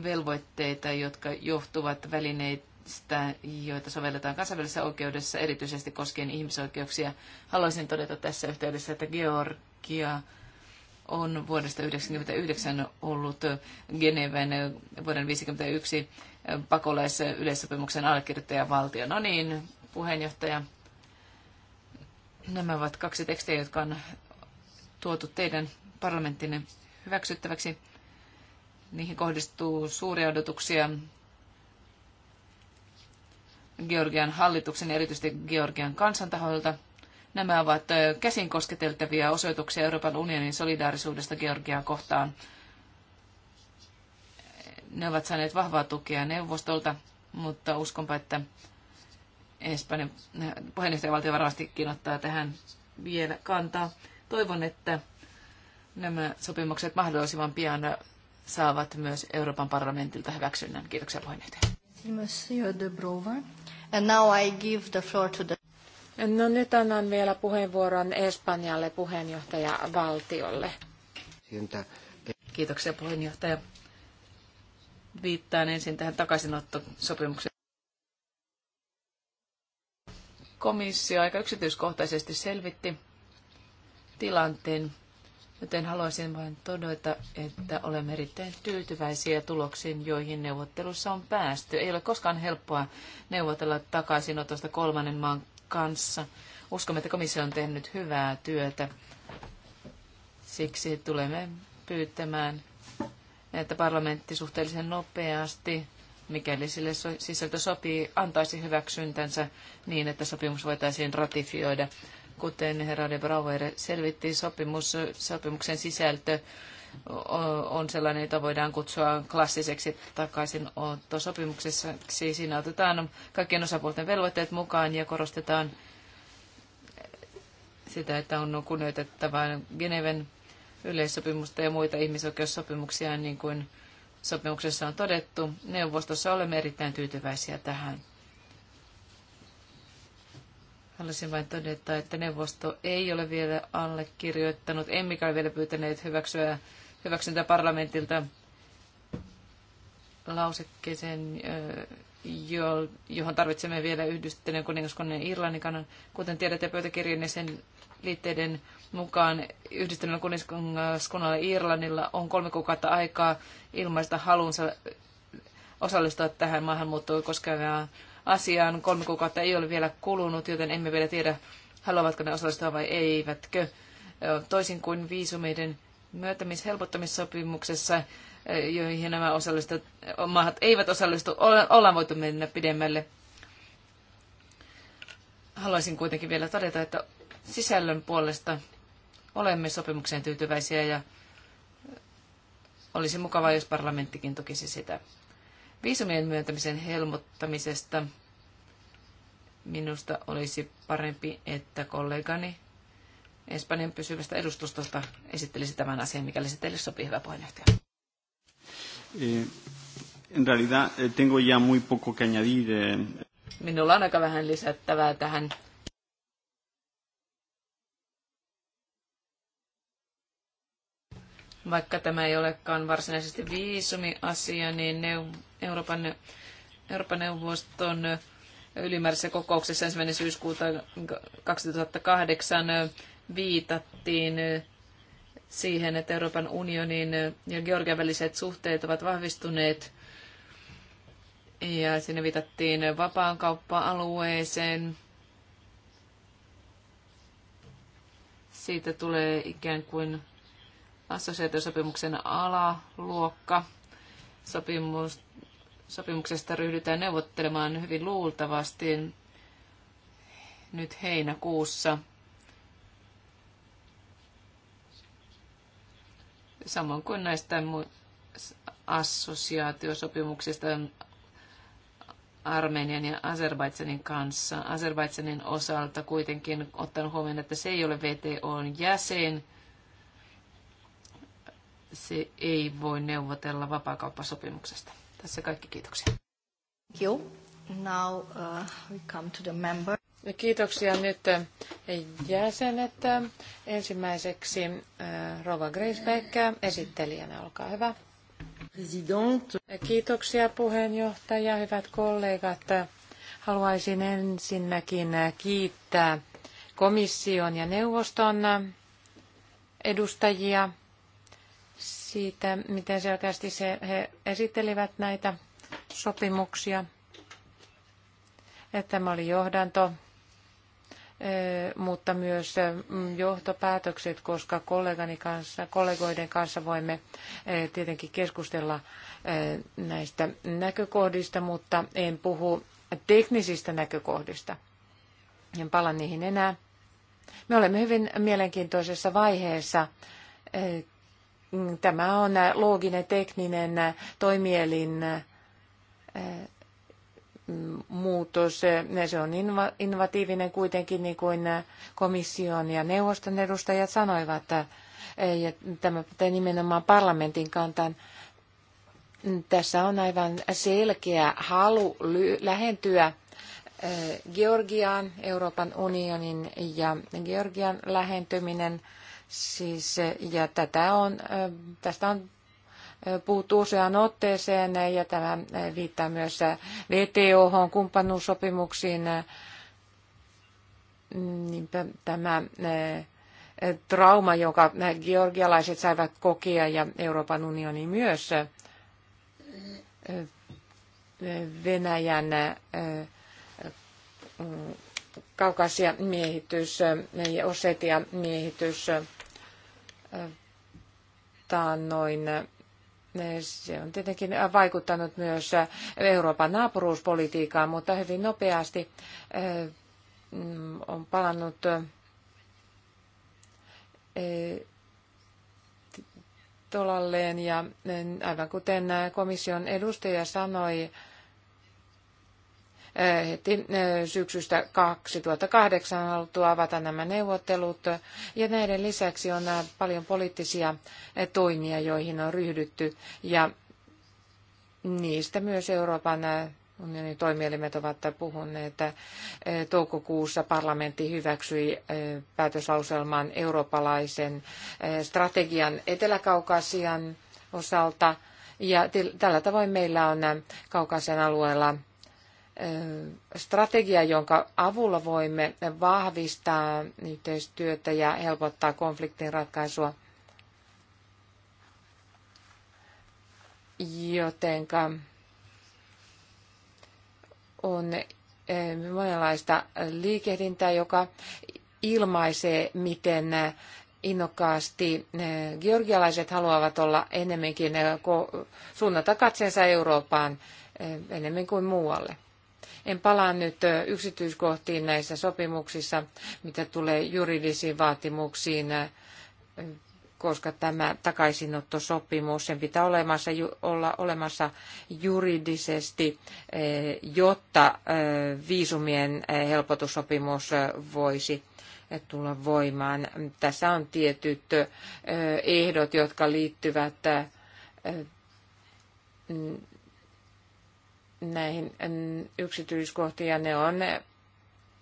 velvoitteita, jotka johtuvat välineistä, joita sovelletaan kansainvälisessä oikeudessa, erityisesti koskien ihmisoikeuksia. Haluaisin todeta tässä yhteydessä, että Georgia on vuodesta 1999 ollut Geneven vuoden 1951 pakolaisyleissopimuksen allekirjoittajavaltio. No niin, puheenjohtaja. Nämä ovat kaksi tekstiä, jotka on tuotu teidän parlamenttinne hyväksyttäväksi. Niihin kohdistuu suuria odotuksia Georgian hallituksen ja erityisesti Georgian kansantaholta – Nämä ovat käsin kosketeltavia osoituksia Euroopan unionin solidaarisuudesta Georgiaa kohtaan. Ne ovat saaneet vahvaa tukea neuvostolta, mutta uskonpa, että Espanjan äh, puheenjohtajavaltio varmastikin ottaa tähän vielä kantaa. Toivon, että nämä sopimukset mahdollisimman pian saavat myös Euroopan parlamentilta hyväksynnän. Kiitoksia puheenjohtaja. And now I give the floor to the... No nyt annan vielä puheenvuoron Espanjalle puheenjohtajavaltiolle. Kiitoksia puheenjohtaja. Viittaan ensin tähän takaisinottosopimukseen. Komissio aika yksityiskohtaisesti selvitti tilanteen, joten haluaisin vain todeta, että olemme erittäin tyytyväisiä tuloksiin, joihin neuvottelussa on päästy. Ei ole koskaan helppoa neuvotella takaisinotosta kolmannen maan kanssa. Uskomme, että komissio on tehnyt hyvää työtä. Siksi tulemme pyytämään, että parlamentti suhteellisen nopeasti, mikäli sille sisältö sopii, antaisi hyväksyntänsä niin, että sopimus voitaisiin ratifioida. Kuten herra de Brauer selvitti, sopimus, sopimuksen sisältö on sellainen, jota voidaan kutsua klassiseksi Takaisin sopimuksessa. Siinä otetaan kaikkien osapuolten velvoitteet mukaan ja korostetaan sitä, että on kunnioitettava Geneven yleissopimusta ja muita ihmisoikeussopimuksia, niin kuin sopimuksessa on todettu. Neuvostossa olemme erittäin tyytyväisiä tähän. Haluaisin vain todeta, että neuvosto ei ole vielä allekirjoittanut, emmekä ole vielä pyytäneet hyväksyä hyväksyntä parlamentilta lausekkeeseen, johon tarvitsemme vielä yhdistyneen kuningaskunnan Irlannin kannan. Kuten tiedätte, pöytäkirjan ja sen liitteiden mukaan yhdistyneellä kuningaskunnalla Irlannilla on kolme kuukautta aikaa ilmaista halunsa osallistua tähän maahanmuuttoon koskevaan asiaan. Kolme kuukautta ei ole vielä kulunut, joten emme vielä tiedä, haluavatko ne osallistua vai eivätkö. Toisin kuin viisumeiden myötämishelpottamissopimuksessa, joihin nämä osallistut, maat eivät osallistu, ollaan voitu mennä pidemmälle. Haluaisin kuitenkin vielä todeta, että sisällön puolesta olemme sopimukseen tyytyväisiä ja olisi mukavaa, jos parlamenttikin tukisi sitä. Viisumien myöntämisen helmottamisesta minusta olisi parempi, että kollegani Espanjan pysyvästä edustustosta esittelisi tämän asian, mikäli se teille sopii, hyvä puheenjohtaja. Eh, en realidad eh, tengo ya muy poco que añadir. Eh. Minulla on aika vähän lisättävää tähän vaikka tämä ei olekaan varsinaisesti viisumiasia, niin Euroopan, Euroopan neuvoston ylimääräisessä kokouksessa ensimmäinen syyskuuta 2008 viitattiin siihen, että Euroopan unionin ja Georgian väliset suhteet ovat vahvistuneet ja siinä viitattiin kauppa alueeseen Siitä tulee ikään kuin assosiaatiosopimuksen alaluokka. Sopimus, sopimuksesta ryhdytään neuvottelemaan hyvin luultavasti nyt heinäkuussa – samoin kuin näistä assosiaatiosopimuksista Armenian ja Azerbaidsanin kanssa. Azerbaidsanin osalta kuitenkin ottanut huomioon, että se ei ole VTOn jäsen. Se ei voi neuvotella vapaakauppasopimuksesta. Tässä kaikki kiitoksia. Thank you. Now uh, we come to the member. Kiitoksia nyt äh, jäsenet. Ensimmäiseksi äh, Rova Grisbeck esittelijänä, olkaa hyvä. President. Kiitoksia puheenjohtaja, hyvät kollegat. Haluaisin ensinnäkin kiittää komission ja neuvoston edustajia siitä, miten selkeästi se, he esittelivät näitä sopimuksia. Tämä oli johdanto Eh, mutta myös eh, mm, johtopäätökset, koska kollegani kanssa, kollegoiden kanssa voimme eh, tietenkin keskustella näistä näkökohdista, mutta en puhu teknisistä näkökohdista. En pala niihin enää. Me olemme hyvin mielenkiintoisessa vaiheessa. Mm, tämä on looginen tekninen toimielin muutos. Se on innovatiivinen kuitenkin, niin kuin komission ja neuvoston edustajat sanoivat. Ja tämä pitää nimenomaan parlamentin kantaan. Tässä on aivan selkeä halu lähentyä Georgiaan, Euroopan unionin ja Georgian lähentyminen. Siis, ja tätä on, tästä on puhuttu useaan otteeseen ja tämä viittaa myös VTO-kumppanuussopimuksiin. Niinpä tämä eh, trauma, jonka georgialaiset saivat kokea ja Euroopan unioni myös eh, Venäjän eh, kaukaisia miehitys ja Osetia miehitys taannoin se on tietenkin vaikuttanut myös Euroopan naapuruuspolitiikkaan, mutta hyvin nopeasti eh, on palannut eh, tolalleen ja eh, aivan kuten komission edustaja sanoi, Eh, heti eh, syksystä 2008 on haluttu avata nämä neuvottelut. Ja näiden lisäksi on eh, paljon poliittisia toimia, joihin on ryhdytty. Ja niistä myös Euroopan unionin toimielimet ovat puhuneet. Toukokuussa parlamentti hyväksyi päätöslauselman eurooppalaisen strategian Etelä-Kaukasian osalta. Ja tällä tavoin meillä on Kaukasian alueella strategia, jonka avulla voimme vahvistaa yhteistyötä ja helpottaa konfliktin ratkaisua. Jotenka on monenlaista liikehdintää, joka ilmaisee, miten innokkaasti georgialaiset haluavat olla enemmänkin suunnata katseensa Eurooppaan enemmän kuin muualle. En palaa nyt yksityiskohtiin näissä sopimuksissa, mitä tulee juridisiin vaatimuksiin, koska tämä takaisinottosopimus, sen pitää olemassa, olla olemassa juridisesti, jotta viisumien helpotussopimus voisi tulla voimaan. Tässä on tietyt ehdot, jotka liittyvät näihin yksityiskohtiin ja ne, on,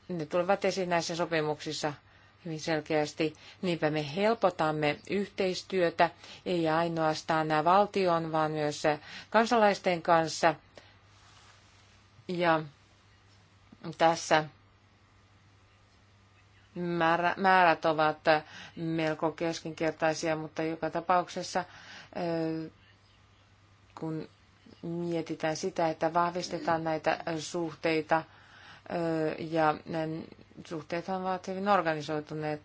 ne tulevat esiin näissä sopimuksissa hyvin selkeästi. Niinpä me helpotamme yhteistyötä, ei ainoastaan nämä valtion, vaan myös kansalaisten kanssa. Ja tässä määrät ovat melko keskinkertaisia, mutta joka tapauksessa kun mietitään sitä, että vahvistetaan näitä suhteita ja suhteethan ovat hyvin organisoituneet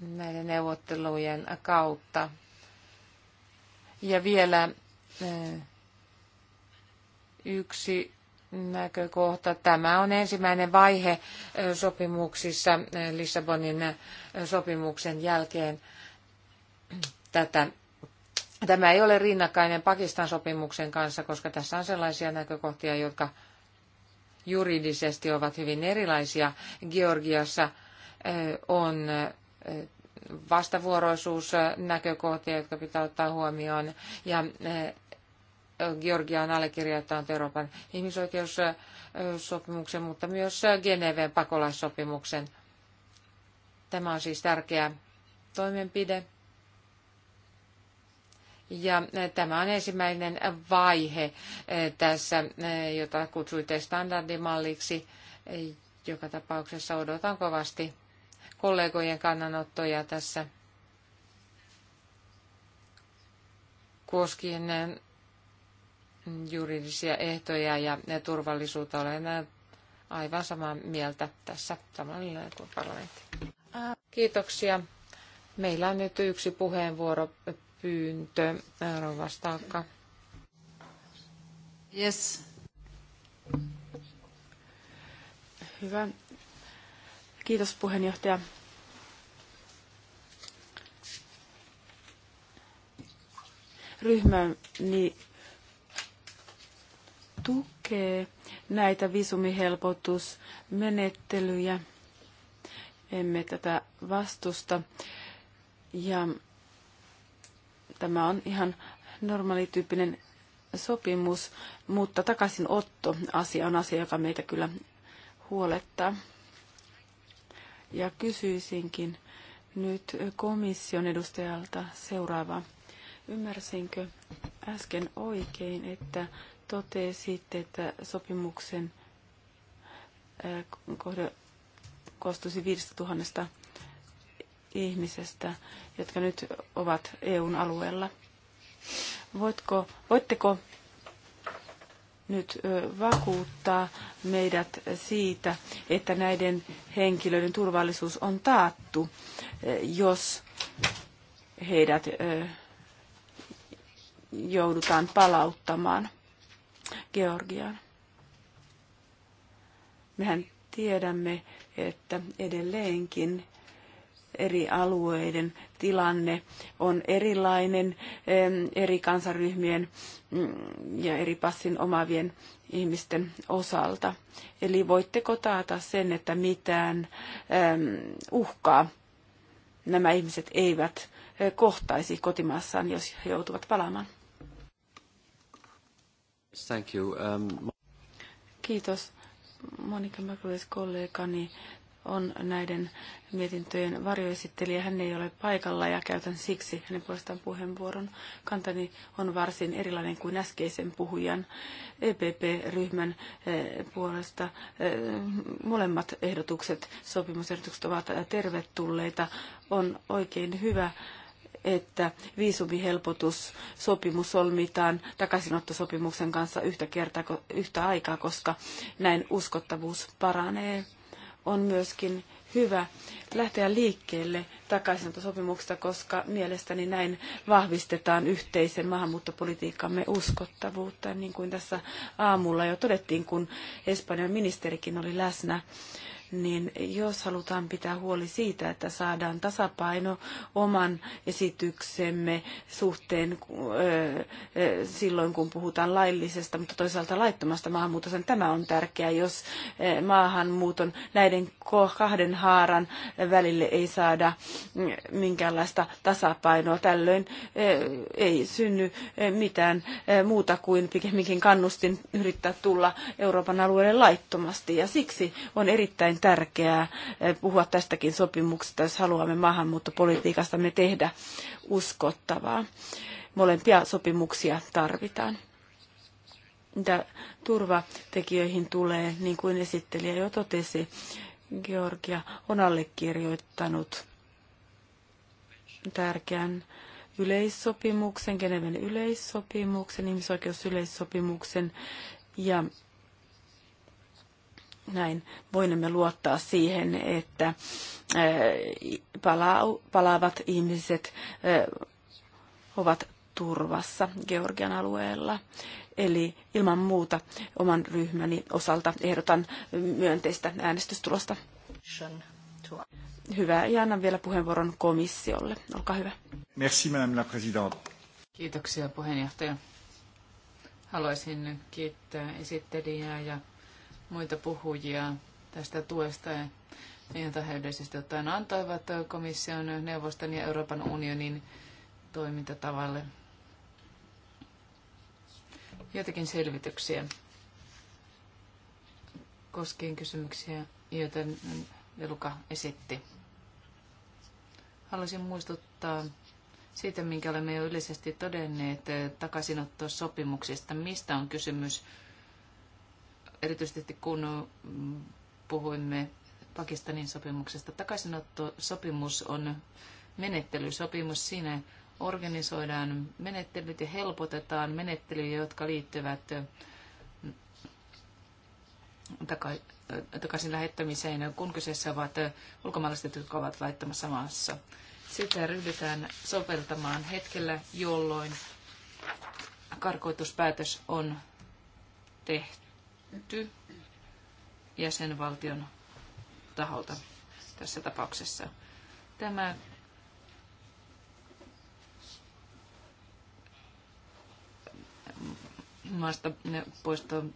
näiden neuvottelujen kautta. Ja vielä yksi näkökohta. Tämä on ensimmäinen vaihe sopimuksissa Lissabonin sopimuksen jälkeen. Tätä Tämä ei ole rinnakkainen Pakistan-sopimuksen kanssa, koska tässä on sellaisia näkökohtia, jotka juridisesti ovat hyvin erilaisia. Georgiassa on vastavuoroisuusnäkökohtia, jotka pitää ottaa huomioon. Ja Georgia on allekirjoittanut Euroopan ihmisoikeussopimuksen, mutta myös Geneven pakolaissopimuksen. Tämä on siis tärkeä toimenpide. Ja e, tämä on ensimmäinen vaihe e, tässä, e, jota kutsuitte standardimalliksi. Joka tapauksessa odotan kovasti kollegojen kannanottoja tässä koskien juridisia ehtoja ja turvallisuutta. Olen aivan samaa mieltä tässä samalla kuin parlamentti. Kiitoksia. Meillä on nyt yksi puheenvuoro pyyntö. Rouva Staakka. Yes. Hyvä. Kiitos puheenjohtaja. Ryhmäni tukee näitä visumihelpotusmenettelyjä. Emme tätä vastusta. Ja Tämä on ihan normaalityyppinen sopimus, mutta takaisinotto asia on asia, joka meitä kyllä huolettaa. Ja kysyisinkin nyt komission edustajalta seuraavaa. Ymmärsinkö äsken oikein, että totesitte, että sopimuksen äh, kohde koostuisi 5000 ihmisestä, jotka nyt ovat EUn alueella. Voitko, voitteko nyt vakuuttaa meidät siitä, että näiden henkilöiden turvallisuus on taattu, jos heidät joudutaan palauttamaan Georgiaan. Mehän tiedämme, että edelleenkin eri alueiden tilanne on erilainen eri kansaryhmien mm, ja eri passin omavien ihmisten osalta. Eli voitteko taata sen, että mitään uhkaa nämä ihmiset eivät eh, kohtaisi kotimaassaan, jos he joutuvat palaamaan? Thank you. Um... Kiitos. Monika Mäkyläis kollegani on näiden mietintöjen varjoesittelijä. Hän ei ole paikalla ja käytän siksi hänen puolestaan puheenvuoron. Kantani on varsin erilainen kuin äskeisen puhujan EPP-ryhmän eh, puolesta. Eh, molemmat ehdotukset, sopimusehdotukset ovat tervetulleita. On oikein hyvä että sopimus solmitaan takaisinottosopimuksen kanssa yhtä, kertaa, yhtä aikaa, koska näin uskottavuus paranee on myöskin hyvä lähteä liikkeelle takaisinottosopimuksesta, koska mielestäni näin vahvistetaan yhteisen maahanmuuttopolitiikkamme uskottavuutta, niin kuin tässä aamulla jo todettiin, kun Espanjan ministerikin oli läsnä niin jos halutaan pitää huoli siitä, että saadaan tasapaino oman esityksemme suhteen silloin, kun puhutaan laillisesta, mutta toisaalta laittomasta maahanmuutosta, niin tämä on tärkeää, jos maahanmuuton näiden kahden haaran välille ei saada mm, minkäänlaista tasapainoa. Tällöin ei synny mitään muuta kuin pikemminkin kannustin yrittää tulla Euroopan alueelle laittomasti, ja siksi on erittäin tärkeää eh, puhua tästäkin sopimuksesta, jos haluamme maahanmuuttopolitiikastamme tehdä uskottavaa. Molempia sopimuksia tarvitaan. Mitä turvatekijöihin tulee, niin kuin esittelijä jo totesi, Georgia on allekirjoittanut tärkeän yleissopimuksen, Geneven yleissopimuksen, ihmisoikeusyleissopimuksen ja näin voinemme luottaa siihen, että äh, palaavat ihmiset äh, ovat turvassa Georgian alueella. Eli ilman muuta oman ryhmäni osalta ehdotan myönteistä äänestystulosta. Hyvä, ja annan vielä puheenvuoron komissiolle. Olkaa hyvä. Merci, madame la présidente. Kiitoksia puheenjohtaja. Haluaisin kiittää esittelijää ja muita puhujia tästä tuesta, ja he yleisesti ottaen antoivat komission, neuvoston ja Euroopan unionin toimintatavalle. jotakin selvityksiä koskien kysymyksiä, joita Veluka esitti. Haluaisin muistuttaa siitä, minkä olemme jo yleisesti todenneet takaisinottosopimuksista, mistä on kysymys erityisesti kun puhuimme Pakistanin sopimuksesta. Takaisinottosopimus on menettelysopimus. Siinä organisoidaan menettelyt ja helpotetaan menettelyjä, jotka liittyvät takaisin lähettämiseen, kun kyseessä ovat ulkomaalaiset, jotka ovat laittamassa maassa. Sitä ryhdytään soveltamaan hetkellä, jolloin karkoituspäätös on tehty hyväksytty jäsenvaltion taholta tässä tapauksessa. Tämä maasta poiston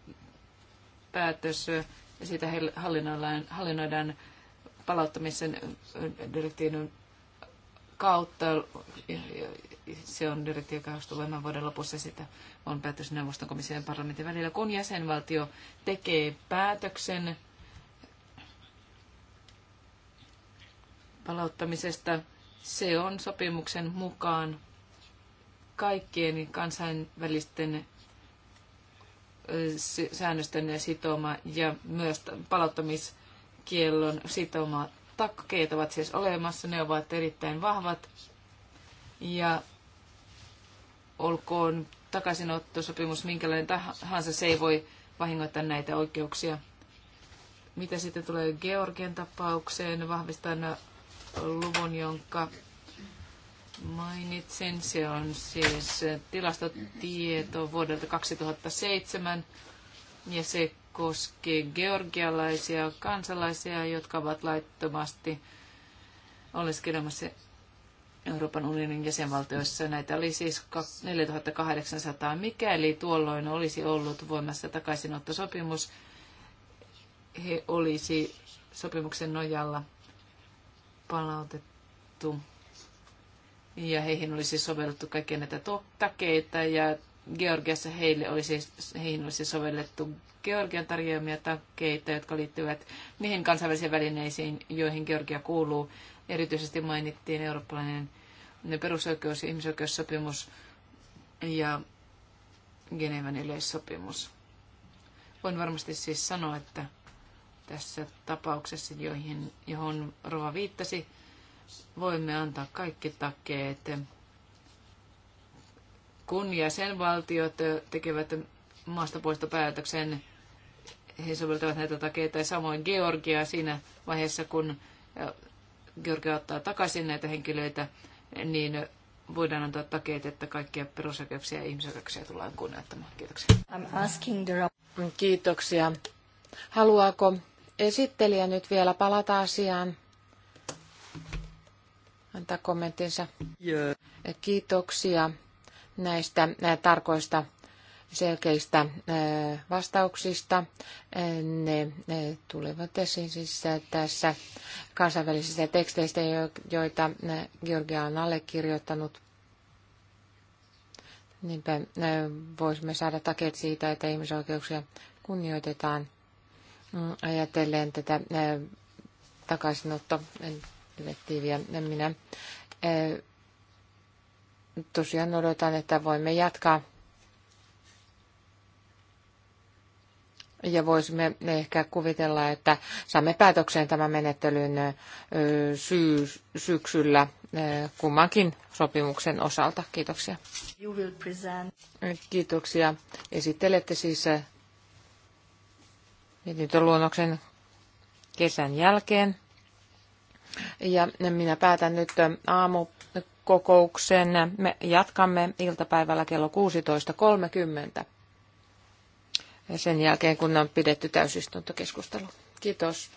päätös ja siitä hallinnoidaan, hallinnoidaan palauttamisen direktiivin kautta. Se on direktiivi voimaan vuoden lopussa. Sitä on päätös neuvoston komission ja parlamentin välillä. Kun jäsenvaltio tekee päätöksen palauttamisesta, se on sopimuksen mukaan kaikkien kansainvälisten säännösten sitoma ja myös palauttamiskiellon sitoma takkeet ovat siis olemassa, ne ovat erittäin vahvat. Ja olkoon takaisinottosopimus minkälainen tahansa, se ei voi vahingoittaa näitä oikeuksia. Mitä sitten tulee Georgian tapaukseen, vahvistan luvun, jonka mainitsen. Se on siis tilastotieto vuodelta 2007 ja se koske georgialaisia kansalaisia, jotka ovat laittomasti oleskelemassa Euroopan unionin jäsenvaltioissa. Näitä oli siis 4800. Mikäli tuolloin olisi ollut voimassa takaisinottosopimus, he olisi sopimuksen nojalla palautettu ja heihin olisi sovellettu kaikkia näitä takeita ja Georgiassa heille olisi, heihin olisi sovellettu Georgian tarjoamia takkeita, jotka liittyvät niihin kansainvälisiin välineisiin, joihin Georgia kuuluu. Erityisesti mainittiin eurooppalainen perusoikeus- ja ihmisoikeussopimus ja Geneven yleissopimus. Voin varmasti siis sanoa, että tässä tapauksessa, joihin, johon Rova viittasi, voimme antaa kaikki takkeet kun jäsenvaltiot tekevät maastapoistopäätöksen, he soveltavat näitä takeita. Samoin Georgia siinä vaiheessa, kun Georgia ottaa takaisin näitä henkilöitä, niin voidaan antaa takeet, että kaikkia perusoikeuksia ja ihmisoikeuksia tullaan kunnioittamaan. Kiitoksia. I'm asking the... Kiitoksia. Haluaako esittelijä nyt vielä palata asiaan? Antaa kommenttinsa. Yeah. Kiitoksia näistä tarkoista selkeistä vastauksista. Ne tulevat esiin siis tässä kansainvälisistä teksteistä, joita Georgia on allekirjoittanut. Niinpä voisimme saada takeet siitä, että ihmisoikeuksia kunnioitetaan mm, ajatellen tätä takaisinotto direktiiviä. Minä tosiaan odotan, että voimme jatkaa ja voisimme ehkä kuvitella, että saamme päätökseen tämän menettelyn syy- syksyllä kummankin sopimuksen osalta. Kiitoksia. Kiitoksia. Esittelette siis mietintöluonnoksen kesän jälkeen. Ja minä päätän nyt aamu kokouksen. Me jatkamme iltapäivällä kello 16.30 sen jälkeen, kun on pidetty täysistuntokeskustelu. Kiitos.